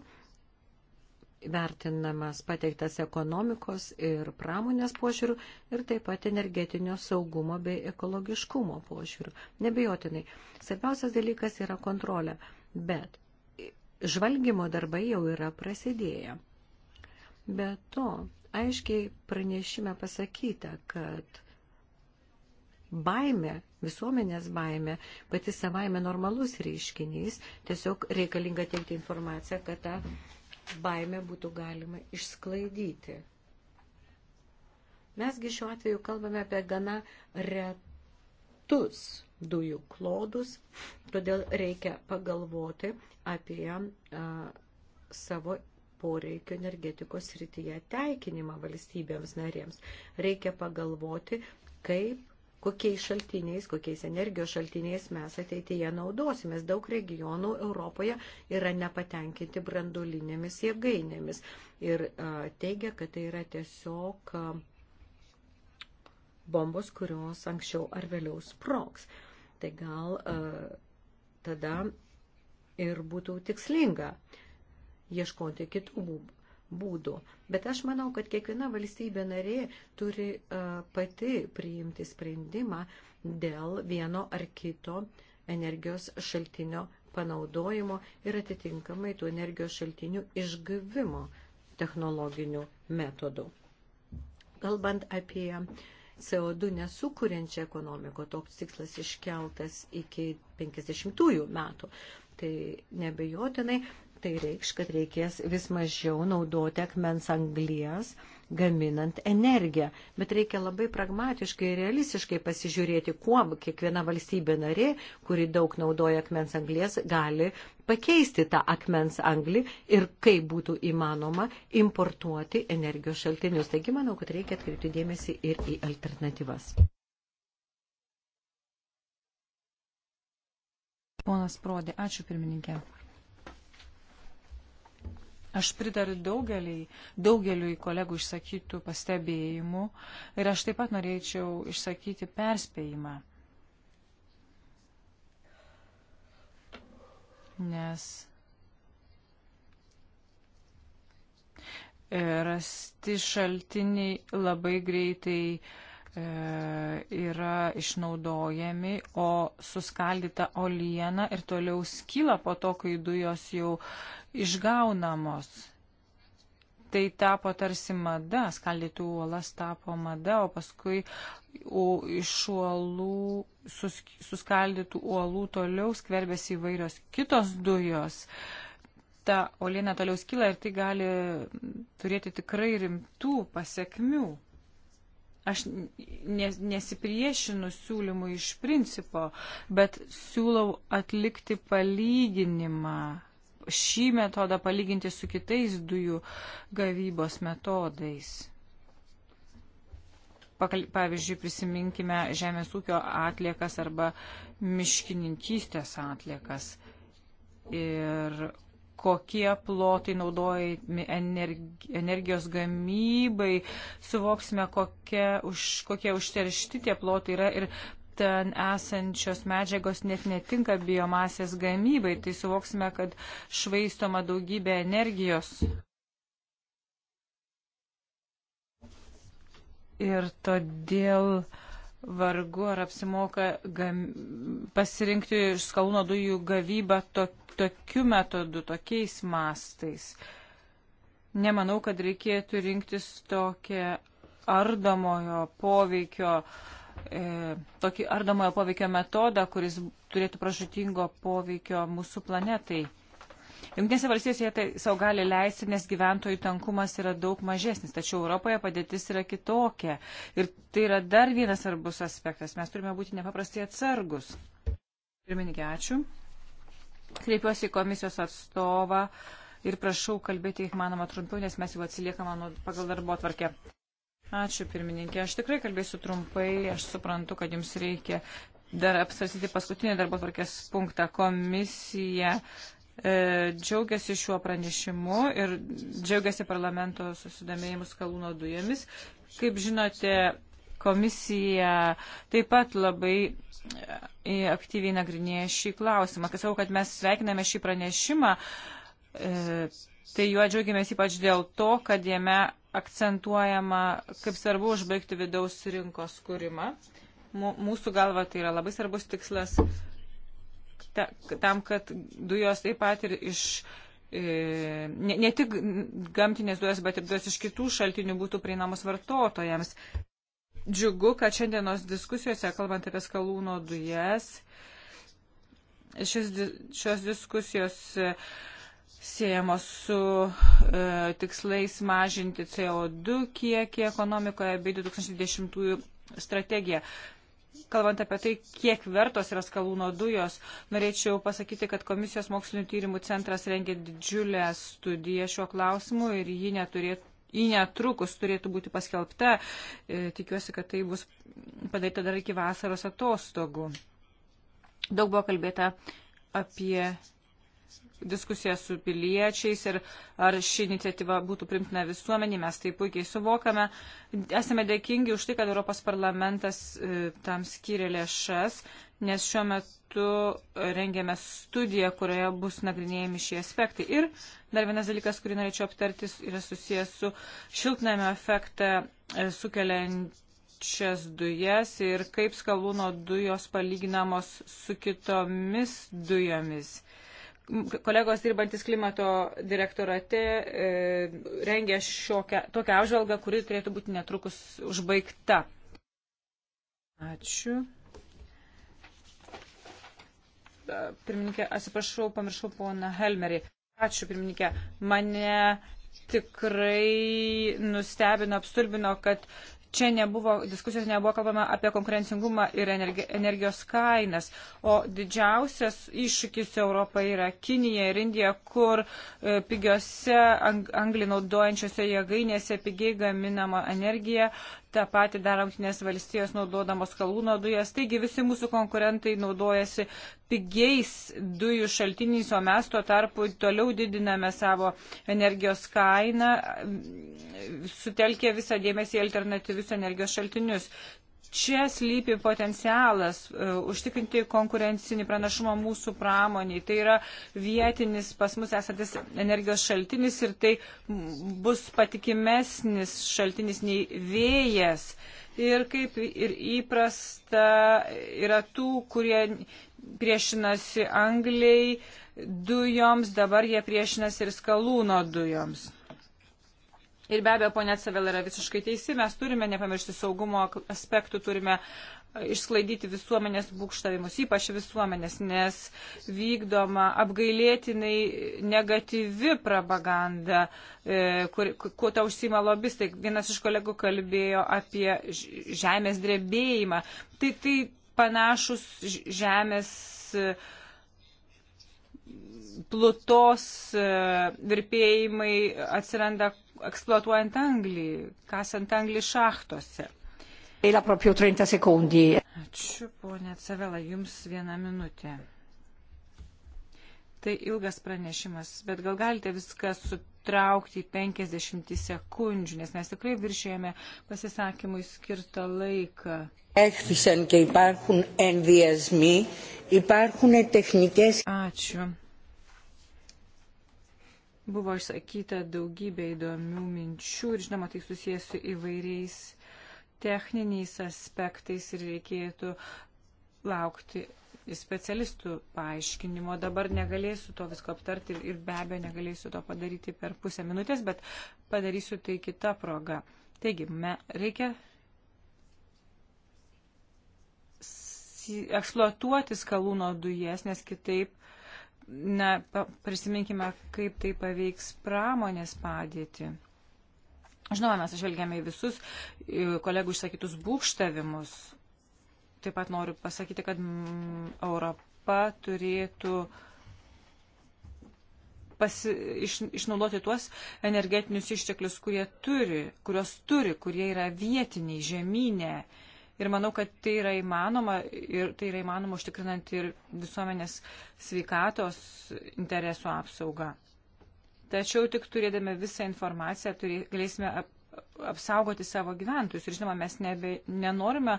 vertinamas pateiktas ekonomikos ir pramonės požiūrių ir taip pat energetinio saugumo bei ekologiškumo požiūrių. Nebejotinai. Svarbiausias dalykas yra kontrolė, bet žvalgymo darbai jau yra prasidėję. Be to, aiškiai pranešime pasakyta, kad baime, visuomenės baime, pati savaime normalus reiškinys, tiesiog reikalinga teikti informaciją, kad tą baimę būtų galima išsklaidyti. Mesgi šiuo atveju kalbame apie gana retus dujų klodus, todėl reikia pagalvoti apie a, savo poreikio energetikos srityje teikinimą valstybėms narėms. Reikia pagalvoti, kaip kokiais šaltiniais, kokiais energijos šaltiniais mes ateityje naudosimės. Daug regionų Europoje yra nepatenkinti brandulinėmis jėgainėmis ir teigia, kad tai yra tiesiog bombos, kurios anksčiau ar vėliau sproks. Tai gal tada ir būtų tikslinga ieškoti kitų būdų. Bet aš manau, kad kiekviena valstybė narė turi e, pati priimti sprendimą dėl vieno ar kito energijos šaltinio panaudojimo ir atitinkamai tų energijos šaltinių išgavimo technologinių metodų. Kalbant apie CO2 nesukūrenčią ekonomiką, toks tikslas iškeltas iki 50-ųjų metų. Tai nebejotinai tai reikš, kad reikės vis mažiau naudoti akmens anglijas, gaminant energiją. Bet reikia labai pragmatiškai ir realistiškai pasižiūrėti, kuo kiekviena valstybė narė, kuri daug naudoja akmens anglės, gali pakeisti tą akmens anglį ir kaip būtų įmanoma importuoti energijos šaltinius. Taigi manau, kad reikia atkreipti dėmesį ir į alternatyvas. Ponas Prodė, ačiū pirmininkė. Aš pritariu daugeliai, daugeliui kolegų išsakytų pastebėjimų ir aš taip pat norėčiau išsakyti perspėjimą. Nes rasti šaltiniai labai greitai uh, E, yra išnaudojami, o suskaldyta oliena ir toliau skyla po to, kai dujos jau išgaunamos. Tai tapo tarsi mada, skaldytų uolas tapo mada, o paskui o iš uolų, sus, suskaldytų uolų toliau skverbėsi įvairios kitos dujos. Ta oliena toliau skyla ir tai gali turėti tikrai rimtų pasiekmių. Aš nesipriešinu siūlymui iš principo, bet siūlau atlikti palyginimą, šį metodą palyginti su kitais dujų gavybos metodais. Pavyzdžiui, prisiminkime žemės ūkio atliekas arba miškininkystės atliekas. Ir kokie plotai naudojami energijos gamybai, suvoksime, kokie, už, kokie užteršti tie plotai yra ir ten esančios medžiagos net netinka biomasės gamybai, tai suvoksime, kad švaistoma daugybė energijos. Ir todėl vargu ar apsimoka gam... pasirinkti skalūno dujų gavybą tokia tokiu metodu, tokiais mastais. Nemanau, kad reikėtų rinktis tokią ardomojo poveikio, e, tokį ardomojo poveikio metodą, kuris turėtų pražutingo poveikio mūsų planetai. Junktinėse valstijose jie tai savo gali leisti, nes gyventojų tankumas yra daug mažesnis, tačiau Europoje padėtis yra kitokia. Ir tai yra dar vienas svarbus aspektas. Mes turime būti nepaprastai atsargus. Pirmininkė, ačiū. Kreipiuosi į komisijos atstovą ir prašau kalbėti, kiek manoma, trumpiau, nes mes jau atsiliekame nuo pagal darbo atvarkę. Ačiū, pirmininkė. Aš tikrai kalbėsiu trumpai. Aš suprantu, kad jums reikia dar apsvarsyti paskutinį darbo tvarkės punktą. Komisija e, džiaugiasi šiuo pranešimu ir džiaugiasi parlamento susidomėjimus kalūno dujomis. Kaip žinote, Komisija taip pat labai e, aktyviai nagrinėja šį klausimą. Kas sakau, kad mes sveikiname šį pranešimą, e, tai juo džiaugiamės ypač dėl to, kad jame akcentuojama, kaip svarbu užbaigti vidaus rinkos kūrimą. Mūsų galva tai yra labai svarbus tikslas ta, tam, kad dujos taip pat ir iš e, ne, ne tik gamtinės dujos, bet ir dujos iš kitų šaltinių būtų prieinamos vartotojams džiugu, kad šiandienos diskusijose, kalbant apie skalūno dujas, šis, šios diskusijos e, siejamos su e, tikslais mažinti CO2 kiekį ekonomikoje bei 2010 strategiją. Kalbant apie tai, kiek vertos yra skalūno dujos, norėčiau pasakyti, kad Komisijos mokslinių tyrimų centras rengia didžiulę studiją šiuo klausimu ir ji neturėtų jį netrukus turėtų būti paskelbta. E, tikiuosi, kad tai bus padaryta dar iki vasaros atostogų. Daug buvo kalbėta apie diskusiją su piliečiais ir ar ši iniciatyva būtų primtina visuomenį, mes tai puikiai suvokame. Esame dėkingi už tai, kad Europos parlamentas e, tam skiria lėšas, nes šiuo metu rengiame studiją, kurioje bus nagrinėjami šie aspektai. Ir dar vienas dalykas, kurį norėčiau aptarti, yra susijęs su šiltnamio efektą e, sukeliančias dujas ir kaip skalūno dujos palyginamos su kitomis dujomis. Kolegos dirbantis klimato direktorate e, rengia šiokią, tokią apžvalgą, kuri turėtų būti netrukus užbaigta. Ačiū pirmininkė, atsiprašau, pamiršau poną Helmerį. Ačiū, pirmininkė. Mane tikrai nustebino, apstulbino, kad čia nebuvo, diskusijos nebuvo kalbama apie konkurencingumą ir energijos kainas, o didžiausias iššūkis Europoje yra Kinija ir Indija, kur e, pigiose anglį naudojančiose jėgainėse pigiai gaminama energija Ta pati daro Junktinės valstijos naudodamos kalūno dujas. Taigi visi mūsų konkurentai naudojasi pigiais dujų šaltiniais, o mes tuo tarpu toliau didiname savo energijos kainą, sutelkė visą dėmesį į alternatyvius energijos šaltinius čia slypi potencialas uh, užtikrinti konkurencinį pranašumą mūsų pramoniai. Tai yra vietinis pas mus esantis energijos šaltinis ir tai bus patikimesnis šaltinis nei vėjas. Ir kaip ir įprasta yra tų, kurie priešinasi Angliai dujoms, dabar jie priešinasi ir skalūno dujoms. Ir be abejo, ponė Sevel yra visiškai teisi, mes turime nepamiršti saugumo aspektų, turime e, išsklaidyti visuomenės būkštavimus, ypač visuomenės, nes vykdoma apgailėtinai negatyvi propaganda, e, kur, kuo ta užsima lobistai. Vienas iš kolegų kalbėjo apie žemės drebėjimą. Tai, tai panašus žemės e, plutos virpėjimai atsiranda eksploatuojant anglį, kasant anglį šachtose. Eila proprio 30 sekundį. Ačiū, ponė Cevela, jums vieną minutę. Tai ilgas pranešimas, bet gal galite viską sutraukti į 50 sekundžių, nes mes tikrai viršėjome pasisakymui skirtą laiką. Ačiū. Buvo išsakyta daugybė įdomių minčių ir, žinoma, tai susijęs su įvairiais techniniais aspektais ir reikėtų laukti specialistų paaiškinimo. Dabar negalėsiu to visko aptarti ir, ir be abejo negalėsiu to padaryti per pusę minutės, bet padarysiu tai kitą progą. Taigi, me, reikia eksploatuoti skalūno dujas, nes kitaip na, prisiminkime, kaip tai paveiks pramonės padėtį. Žinoma, mes žvelgiame į visus kolegų išsakytus būkštavimus. Taip pat noriu pasakyti, kad mm, Europa turėtų pasi, iš, išnaudoti tuos energetinius išteklius, kurie turi, kurios turi, kurie yra vietiniai, žemynė. Uh, Ir manau, kad tai yra įmanoma ir tai yra įmanoma užtikrinant ir visuomenės sveikatos interesų apsaugą. Tačiau tik turėdami visą informaciją turė, galėsime ap, apsaugoti savo gyventojus. Ir žinoma, mes nebe, nenorime.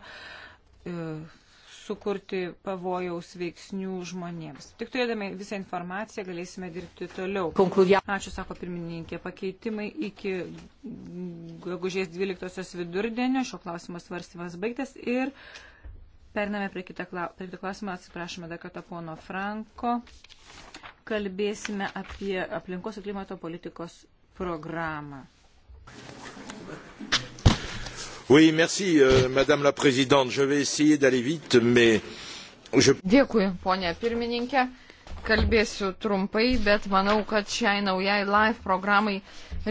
Uh, sukurti pavojaus veiksnių žmonėms. Tik turėdami visą informaciją galėsime dirbti toliau. Konkludia. Ačiū, sako pirmininkė. Pakeitimai iki gegužės 12 vidurdienio. Šio klausimo svarstymas baigtas ir pername prie kitą klausimą. Atsiprašome dar kartą pono Franko. Kalbėsime apie aplinkos ir klimato politikos programą. Oui, merci, euh, madame la présidente. Je vais essayer d'aller vite, mais je... Dėkui, ponė pirmininkė. Kalbėsiu trumpai, bet manau, kad šiai naujai live programai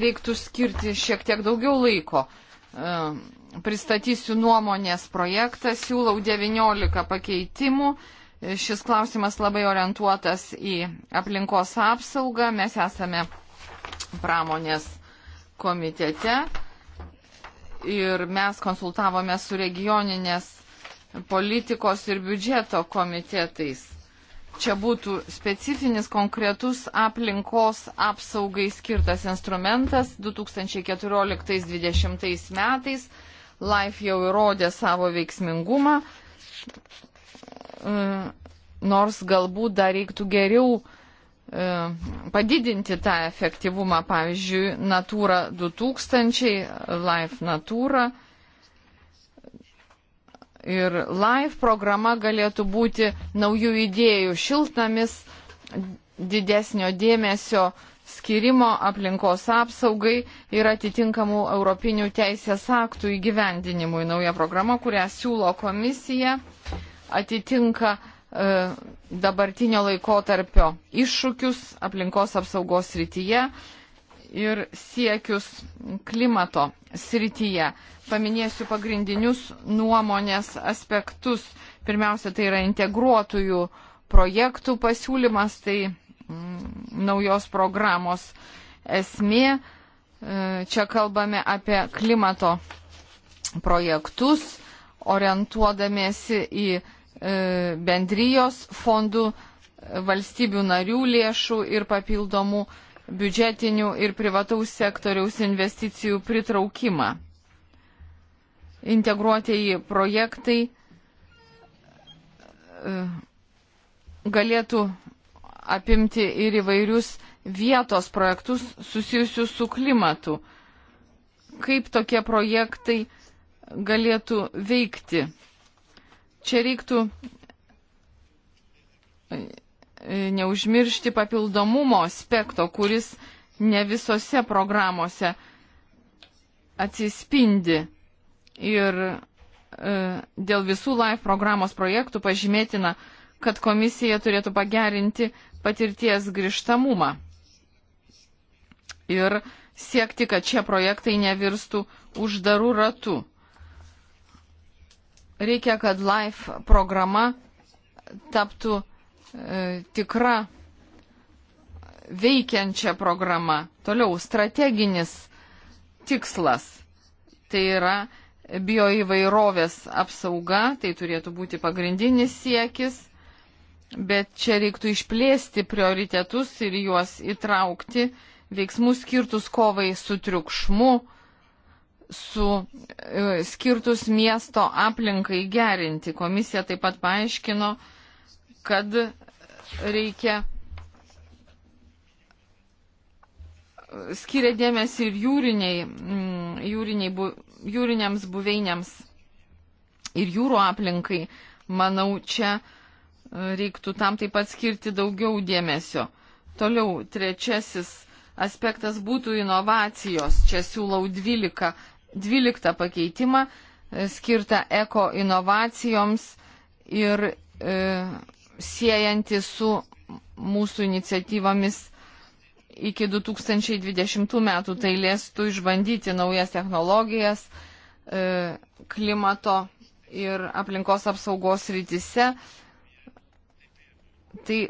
reiktų skirti šiek tiek daugiau laiko. E, pristatysiu nuomonės projektą, siūlau 19 pakeitimų. Šis klausimas labai orientuotas į aplinkos apsaugą. Mes esame pramonės komitete ir mes konsultavome su regioninės politikos ir biudžeto komitetais. Čia būtų specifinis konkretus aplinkos apsaugai skirtas instrumentas 2014-2020 metais. Life jau įrodė savo veiksmingumą, nors galbūt dar reiktų geriau E, padidinti tą efektyvumą, pavyzdžiui, Natūra 2000, Life Natūra. Ir Life programa galėtų būti naujų idėjų šiltnamis, didesnio dėmesio skirimo aplinkos apsaugai ir atitinkamų europinių teisės aktų įgyvendinimui. Nauja programa, kurią siūlo komisija, atitinka e, dabartinio laikotarpio iššūkius aplinkos apsaugos srityje ir siekius klimato srityje. Paminėsiu pagrindinius nuomonės aspektus. Pirmiausia, tai yra integruotųjų projektų pasiūlymas, tai mm, naujos programos esmė. E, čia kalbame apie klimato projektus, orientuodamiesi į E, bendrijos fondų, e, valstybių narių lėšų ir papildomų biudžetinių ir privataus sektoriaus investicijų pritraukimą. Integruotieji projektai e, galėtų apimti ir įvairius vietos projektus susijusius su klimatu. Kaip tokie projektai galėtų veikti Čia reiktų e, e, neužmiršti papildomumo aspekto, kuris ne visose programuose atsispindi. Ir e, dėl visų LIFE programos projektų pažymėtina, kad komisija turėtų pagerinti patirties grįžtamumą ir siekti, kad šie projektai nevirstų uždarų ratų. Reikia, kad LIFE programa taptų e, tikra veikiančia programa. Toliau strateginis tikslas tai yra bioįvairovės apsauga, tai turėtų būti pagrindinis siekis, bet čia reiktų išplėsti prioritetus ir juos įtraukti veiksmus skirtus kovai su triukšmu, su e, skirtus miesto aplinkai gerinti. Komisija taip pat paaiškino, kad reikia e, skiria dėmesį ir jūriniai, mm, jūriniai, bu, jūriniams buveiniams ir jūro aplinkai. Manau, čia e, reiktų tam taip pat skirti daugiau dėmesio. Toliau trečiasis aspektas būtų inovacijos. Čia siūlau 12 12 pakeitimą e, skirtą eko inovacijoms ir e, siejantį su mūsų iniciatyvomis iki 2020 metų. Tai lėstų išbandyti naujas technologijas e, klimato ir aplinkos apsaugos rytise. Tai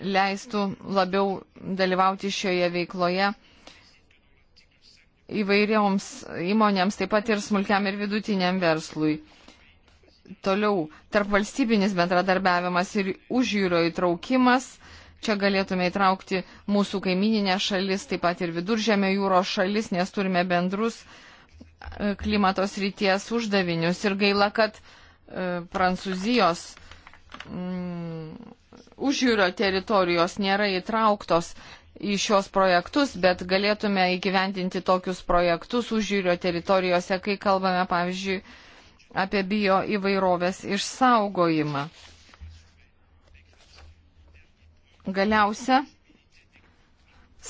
leistų labiau dalyvauti šioje veikloje įvairioms įmonėms, taip pat ir smulkiam ir vidutiniam verslui. Toliau, tarp valstybinis bendradarbiavimas ir užjūrio įtraukimas. Čia galėtume įtraukti mūsų kaimininę šalis, taip pat ir viduržėmio jūros šalis, nes turime bendrus e, klimatos ryties uždavinius. Ir gaila, kad e, Prancūzijos mm, užjūrio teritorijos nėra įtrauktos į šios projektus, bet galėtume įgyvendinti tokius projektus užjūrio teritorijose, kai kalbame, pavyzdžiui, apie bio įvairovės išsaugojimą. Galiausia,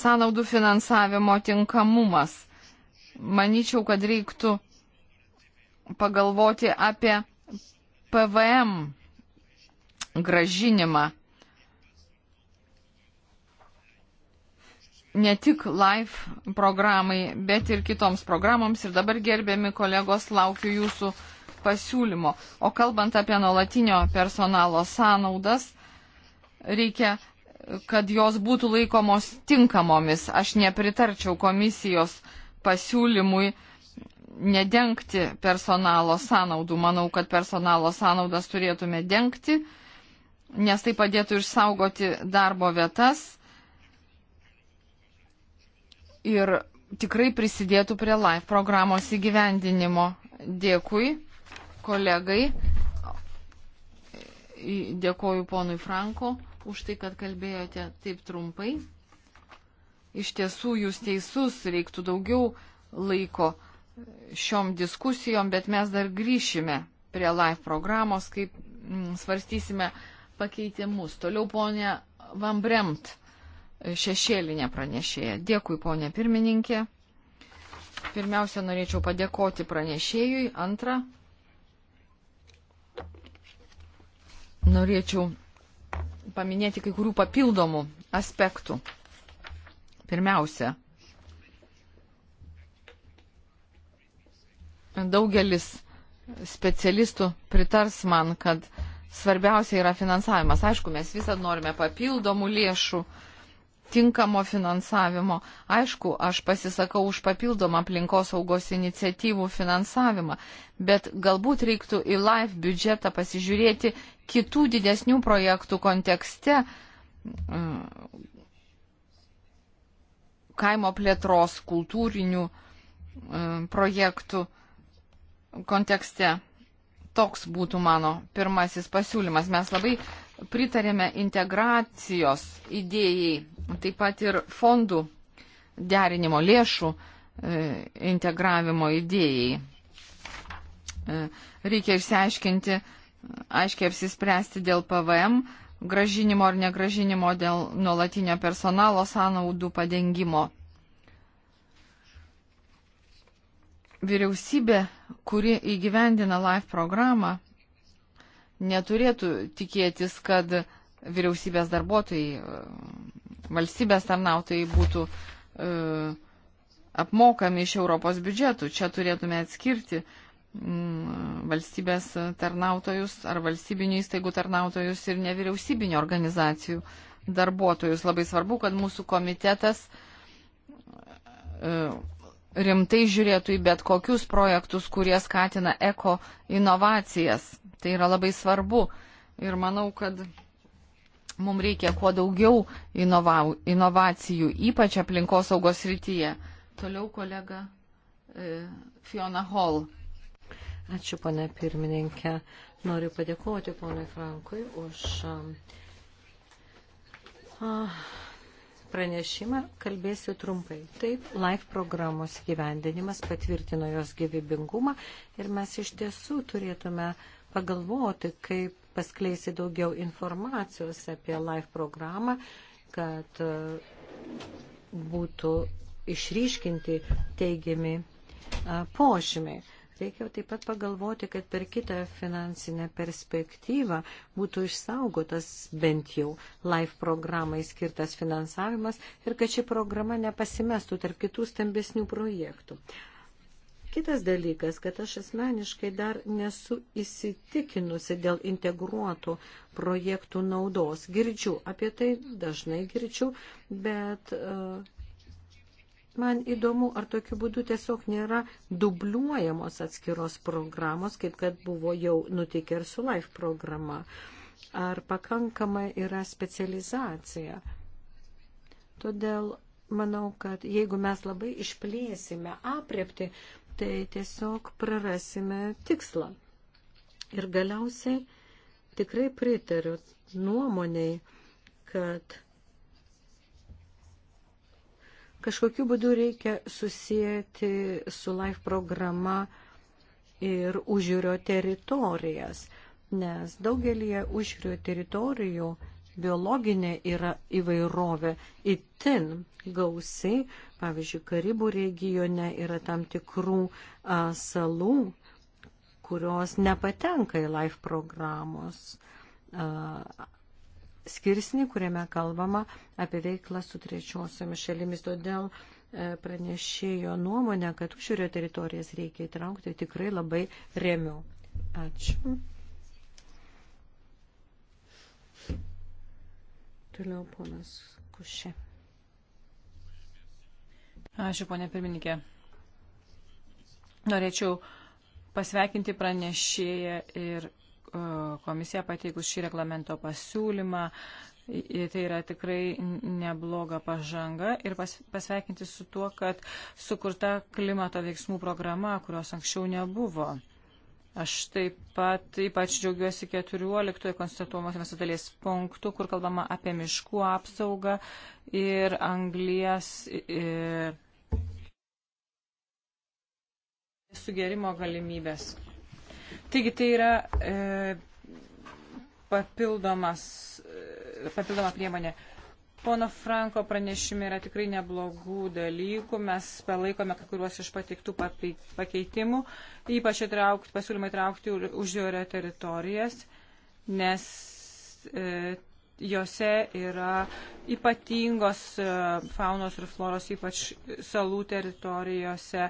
sąnaudų finansavimo tinkamumas. Maničiau, kad reiktų pagalvoti apie PVM gražinimą ne tik LIFE programai, bet ir kitoms programoms. Ir dabar gerbiami kolegos, laukiu jūsų pasiūlymo. O kalbant apie nuolatinio personalo sąnaudas, reikia, kad jos būtų laikomos tinkamomis. Aš nepritarčiau komisijos pasiūlymui nedengti personalo sąnaudų. Manau, kad personalo sąnaudas turėtume dengti, nes tai padėtų išsaugoti darbo vietas ir tikrai prisidėtų prie LIFE programos įgyvendinimo. Dėkui kolegai. Dėkoju ponui Franko už tai, kad kalbėjote taip trumpai. Iš tiesų, jūs teisus, reiktų daugiau laiko šiom diskusijom, bet mes dar grįšime prie live programos, kaip mm, svarstysime pakeitimus. Toliau ponė Vambremt šešėlinė pranešėja. Dėkui, ponė pirmininkė. Pirmiausia, norėčiau padėkoti pranešėjui. Antra, norėčiau paminėti kai kurių papildomų aspektų. Pirmiausia, daugelis specialistų pritars man, kad svarbiausia yra finansavimas. Aišku, mes visą norime papildomų lėšų, uh, tinkamo finansavimo. Aišku, aš pasisakau už papildomą aplinkosaugos iniciatyvų finansavimą, bet galbūt reiktų į LIFE biudžetą pasižiūrėti kitų didesnių projektų kontekste mm, kaimo plėtros, kultūrinių mm, projektų kontekste. Toks būtų mano pirmasis pasiūlymas. Mes labai pritarėme integracijos idėjai taip pat ir fondų derinimo lėšų e, integravimo idėjai. E, reikia išsiaiškinti, aiškiai apsispręsti dėl PVM gražinimo ar negražinimo, dėl nuolatinio personalo sąnaudų padengimo. Vyriausybė, kuri įgyvendina LIFE programą, neturėtų tikėtis, kad vyriausybės darbuotojai valstybės tarnautojai būtų e, apmokami iš Europos biudžetų. Čia turėtume atskirti mm, valstybės tarnautojus ar valstybinių įstaigų tarnautojus ir nevyriausybinio organizacijų darbuotojus. Labai svarbu, kad mūsų komitetas e, rimtai žiūrėtų į bet kokius projektus, kurie skatina eko inovacijas. Tai yra labai svarbu. Ir manau, kad Mums reikia kuo daugiau inovau, inovacijų, ypač aplinkosaugos rytyje. Toliau kolega e, Fiona Hall. Ačiū, pane pirmininkė. Noriu padėkoti ponui Frankui už uh, pranešimą. Kalbėsiu trumpai. Taip, LIFE programos gyvendinimas patvirtino jos gyvybingumą ir mes iš tiesų turėtume pagalvoti, kaip paskleisi daugiau informacijos apie LIFE programą, kad e, būtų išryškinti teigiami e, požymiai. Reikia taip pat pagalvoti, kad per kitą finansinę perspektyvą būtų išsaugotas bent jau LIFE programai skirtas finansavimas ir kad ši programa nepasimestų tarp kitų stambesnių projektų. Kitas dalykas, kad aš asmeniškai dar nesu įsitikinusi dėl integruotų projektų naudos. Girdžiu apie tai, dažnai girdžiu, bet e, man įdomu, ar tokiu būdu tiesiog nėra dubliuojamos atskiros programos, kaip kad buvo jau nutikę ir su LIFE programa. Ar pakankama yra specializacija. Todėl manau, kad jeigu mes labai išplėsime apriepti tai tiesiog prarasime tikslą. Ir galiausiai tikrai pritariu nuomoniai, kad kažkokiu būdu reikia susijęti su LIFE programa ir užjūrio teritorijas, nes daugelie užjūrio teritorijų biologinė yra įvairovė itin gausiai. Pavyzdžiui, Karibų regione yra tam tikrų a, salų, kurios nepatenka į LIFE programos a, skirsnį, kuriame kalbama apie veiklą su trečiosiomis šalimis. Todėl e, pranešėjo nuomonę, kad užsirio teritorijas reikia įtraukti tikrai labai remiu. Ačiū. Toliau ponas Kušė. Ačiū, ponė pirmininkė. Norėčiau pasveikinti pranešėją ir e, komisiją pateikus šį reglamento pasiūlymą. Tai yra tikrai nebloga pažanga ir pasveikinti su tuo, kad sukurta klimato veiksmų programa, kurios anksčiau nebuvo. Aš taip pat ypač džiaugiuosi 14 konstatuomosios dalies punktų, kur kalbama apie miškų apsaugą ir anglijas ir sugerimo galimybės. Taigi tai yra e, papildomas, e, papildoma priemonė. E, Pono Franko pranešime yra tikrai neblogų dalykų, mes palaikome kai kuriuos iš pateiktų pakeitimų, ypač įtraukti, pasiūlymą įtraukti užjūrio teritorijas, nes e, jose yra ypatingos e, faunos ir floros, ypač salų teritorijose,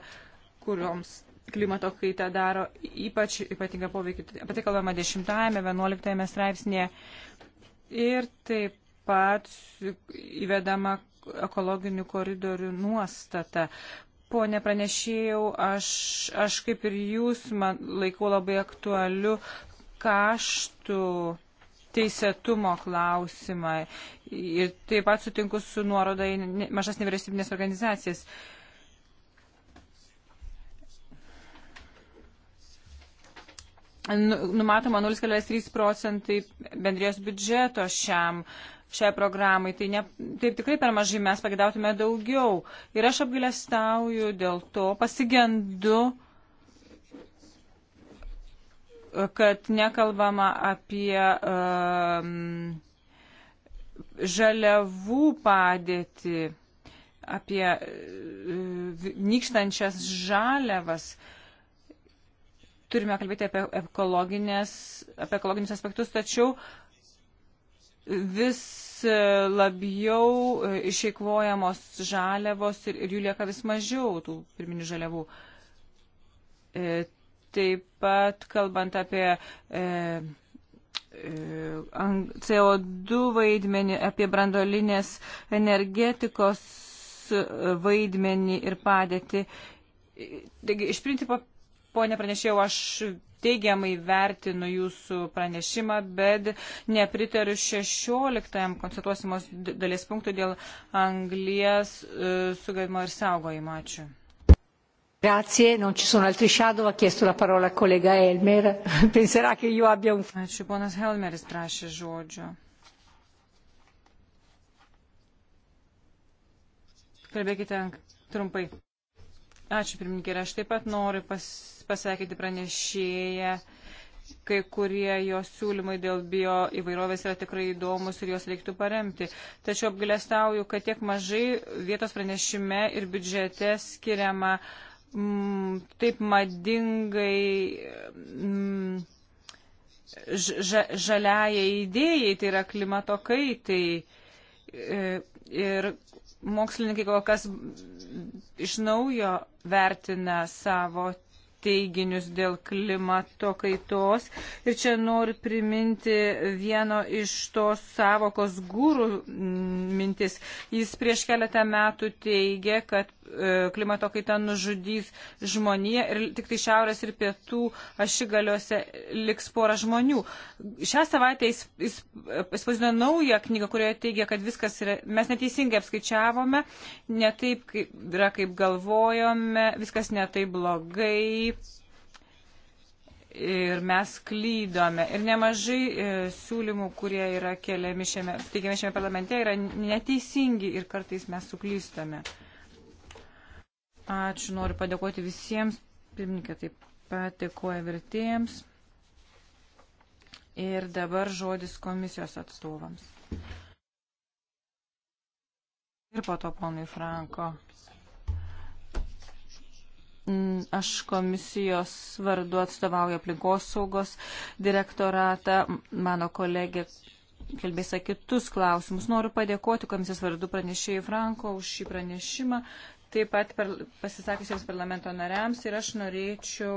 kurioms klimato kaita daro ypač ypatingą poveikį. Apie tai kalbama 10-ame, 11-ame straipsnėje. Ir taip pat įvedama ekologinių koridorių nuostata. Pone pranešėjau, aš, aš kaip ir jūs man laikau labai aktualiu kaštų teisėtumo klausimą ir taip pat sutinku su nuoroda į mažas nevyriausybinės organizacijas. Nu, numatoma 0,3 procentai bendrijos biudžeto šiam šiai programai. Tai ne, taip tikrai per mažai mes pagidautume daugiau. Ir aš apgailestauju dėl to, pasigendu, kad nekalbama apie um, žaliavų padėtį, apie uh, nykštančias žaliavas. Turime kalbėti apie, apie ekologinius aspektus, tačiau uh, vis labiau išeikvojamos žaliavos ir, ir jų lieka vis mažiau, tų pirminių žaliavų. E, taip pat, kalbant apie e, e CO2 vaidmenį, apie brandolinės energetikos vaidmenį ir padėtį. Taigi, iš principo, Pone pranešėjau, aš teigiamai vertinu jūsų pranešimą, bet nepritariu 16 konstatuosimos dalies punktų dėl anglies e, sugavimo ir saugojimo. Ačiū. Grazie, non ci sono altri shadow, ha chiesto la parola al collega Helmer, penserà che io abbia un... Ačiū, ponas Helmeris prašė žodžio. Kalbėkite trumpai. Ačiū pirmininkė ir aš taip pat noriu pas, pasakyti pranešėję, kai kurie jos siūlymai dėl bio įvairovės yra tikrai įdomus ir juos reiktų paremti. Tačiau apgalėstauju, kad tiek mažai vietos pranešime ir biudžete skiriama m, mm, taip madingai. M, mm, Ža, žaliaja idėjai, tai yra klimato kaitai. E, ir mokslininkai kol kas iš naujo vertina savo teiginius dėl klimato kaitos. Ir čia noriu priminti vieno iš tos savokos gūrų mm, mintis. Jis prieš keletą metų teigė, kad e, klimato kaita nužudys žmoniją ir tik tai šiaurės ir pietų ašigaliuose liks pora žmonių. Šią savaitę jis, jis, jis pasidino naują knygą, kurioje teigia, kad viskas yra, mes neteisingai apskaičiavome, ne taip kaip, yra, kaip galvojome, viskas netai blogai, ir mes klydome. Ir nemažai e, siūlymų, kurie yra keliami šiame, teikiami šiame parlamente, yra neteisingi ir kartais mes suklystame. Ačiū, noriu padėkoti visiems, pirmininkė taip pat dėkoja vertėjams. Ir dabar žodis komisijos atstovams. Ir po to ponui Franko. Mm, aš komisijos vardu atstovauju aplinkosaugos direktoratą, mano kolegė kalbės kitus klausimus. Noriu padėkoti komisijos vardu pranešėjai Franko už šį pranešimą, taip pat per, pasisakusiems parlamento nariams ir aš norėčiau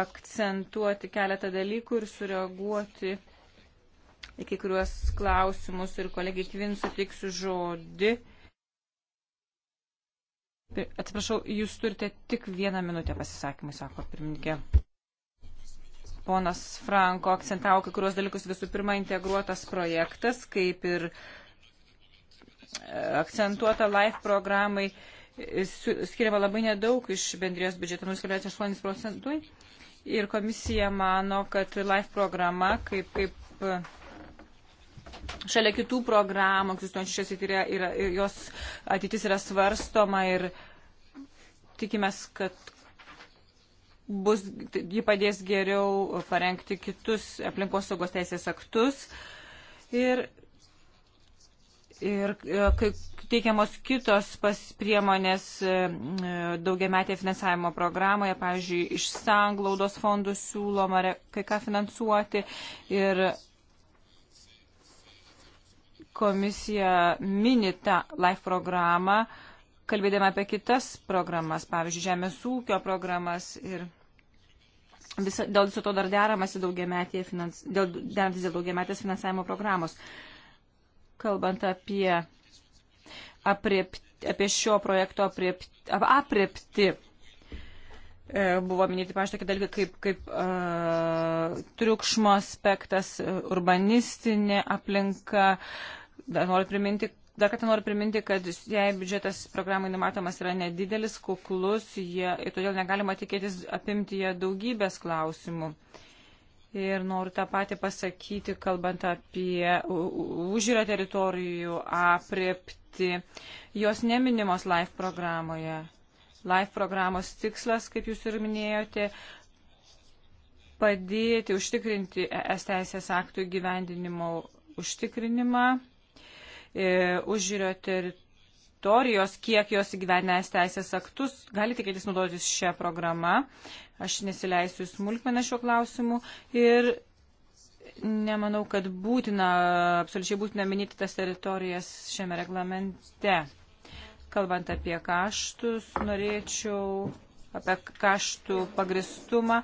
akcentuoti keletą dalykų ir sureaguoti į kai kuriuos klausimus ir kolegiai Kvin sutiksiu žodį. Atsiprašau, jūs turite tik vieną minutę pasisakymui, sako pirmininkė. Ponas Franko akcentavo kai kurios dalykus visų pirma integruotas projektas, kaip ir e, akcentuota LIFE programai skiriama labai nedaug iš bendrijos biudžeto, 0,8 procentų. Ir komisija mano, kad LIFE programa kaip, kaip šalia kitų programų, egzistuojančių šios įtyrė, yra, jos ateitis yra svarstoma ir tikimės, kad bus, ji padės geriau parengti kitus aplinkos saugos teisės aktus. Ir, ir e, kai teikiamos kitos priemonės e, e, daugiametėje finansavimo programoje, pavyzdžiui, iš sanglaudos fondų siūloma kai ką finansuoti ir komisija mini tą LIFE programą, kalbėdama apie kitas programas, pavyzdžiui, žemės ūkio programas ir visa, dėl viso to dar deramasi daugiametės finans, dėl, dėl daugiametės finansavimo programos. Kalbant apie, apriepti, apie šio projekto apriepti, apriepti e, buvo minėti, pažiūrėjau, tokie dalykai kaip, kaip uh, triukšmo aspektas, e, urbanistinė aplinka, Dar noriu priminti, Dar kartą noriu priminti, kad jei biudžetas programai numatomas yra nedidelis, kuklus, jie, ir todėl negalima tikėtis apimti jie daugybės klausimų. Ir noriu tą patį pasakyti, kalbant apie užžiūrą teritorijų apriepti. Jos neminimos LIFE programoje. LIFE programos tikslas, kaip jūs ir minėjote, padėti užtikrinti ES teisės aktų gyvendinimo užtikrinimą E, užžiūrio teritorijos, kiek jos įgyvenęs teisės aktus, gali tikėtis naudotis šią programą. Aš nesileisiu smulkmeną šiuo klausimu ir nemanau, kad būtina, absoliučiai būtina minėti tas teritorijas šiame reglamente. Kalbant apie kaštus, norėčiau apie kaštų pagristumą,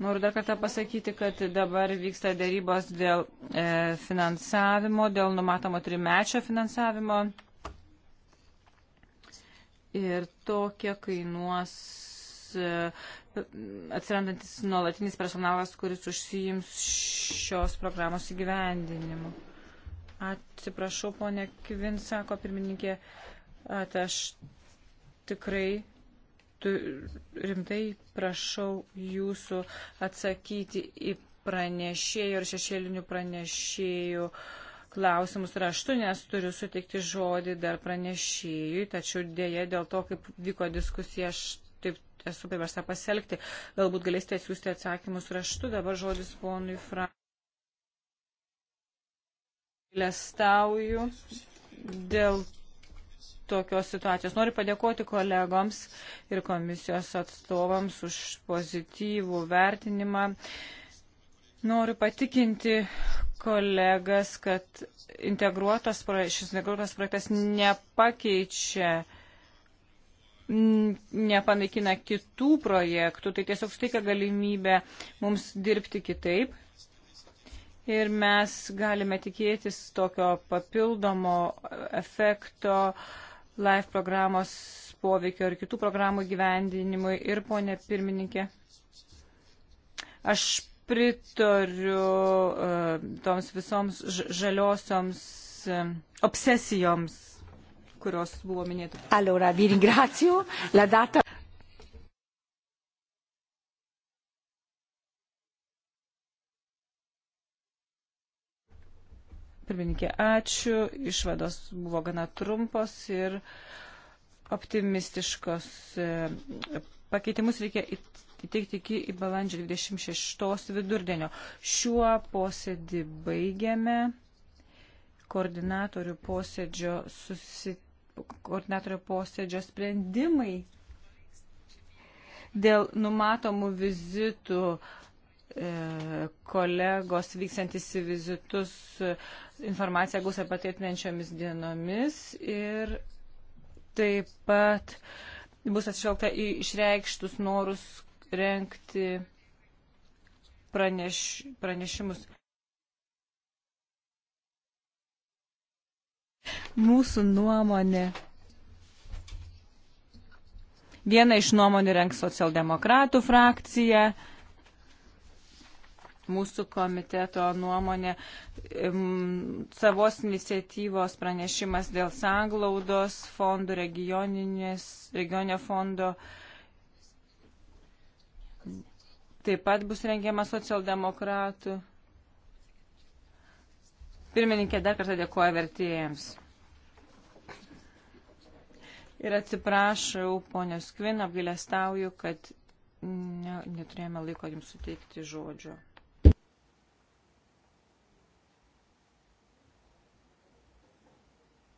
Noriu dar kartą pasakyti, kad dabar vyksta dėrybos dėl e, finansavimo, dėl numatomo trimečio finansavimo. Ir tokia kainuos e, atsirandantis nuolatinis personalas, kuris užsijims šios programos įgyvendinimu. Atsiprašau, ponė Kvin, sako pirmininkė, at aš tikrai rimtai prašau jūsų atsakyti į pranešėjų ir šešėlinių pranešėjų klausimus raštu, nes turiu sutikti žodį dar pranešėjui, tačiau dėje dėl to, kaip vyko diskusija, aš taip esu priversta pasielgti. Galbūt galėsite atsiųsti atsakymus raštu, dabar žodis ponui Fra. Lestauju dėl tokios situacijos. Noriu padėkoti kolegoms ir komisijos atstovams už pozityvų vertinimą. Noriu patikinti kolegas, kad integruotas, šis integruotas projektas nepakeičia, nepanaikina kitų projektų, tai tiesiog suteikia galimybę mums dirbti kitaip. Ir mes galime tikėtis tokio papildomo efekto uh, LIFE programos poveikio ir kitų programų gyvendinimui. Ir, ponė pirmininkė, aš pritariu uh, toms visoms žaliosioms uh, obsesijoms kurios buvo minėtos. Allora, vi ringrazio. La data Pirmininkė, ačiū. Išvados buvo gana trumpos ir optimistiškos. Pakeitimus reikia įteikti iki į balandžio 26 vidurdienio. Šiuo posėdį baigiame. Koordinatorių posėdžio, susi... koordinatorių posėdžio sprendimai dėl numatomų vizitų E, kolegos vyksantis į vizitus e, informaciją gaus apie tai atmenčiomis dienomis ir taip pat bus atšaukta į išreikštus norus renkti praneš, pranešimus. Mūsų nuomonė. Vieną iš nuomonių renks socialdemokratų frakcija mūsų komiteto nuomonė, savos iniciatyvos pranešimas dėl sanglaudos fondų, regioninio fondo. Taip pat bus rengiamas socialdemokratų. Pirmininkė dar kartą dėkoja vertėjams. Ir atsiprašau, ponios Kvin, apgailestauju, kad ne, neturėjome laiko jums suteikti žodžio.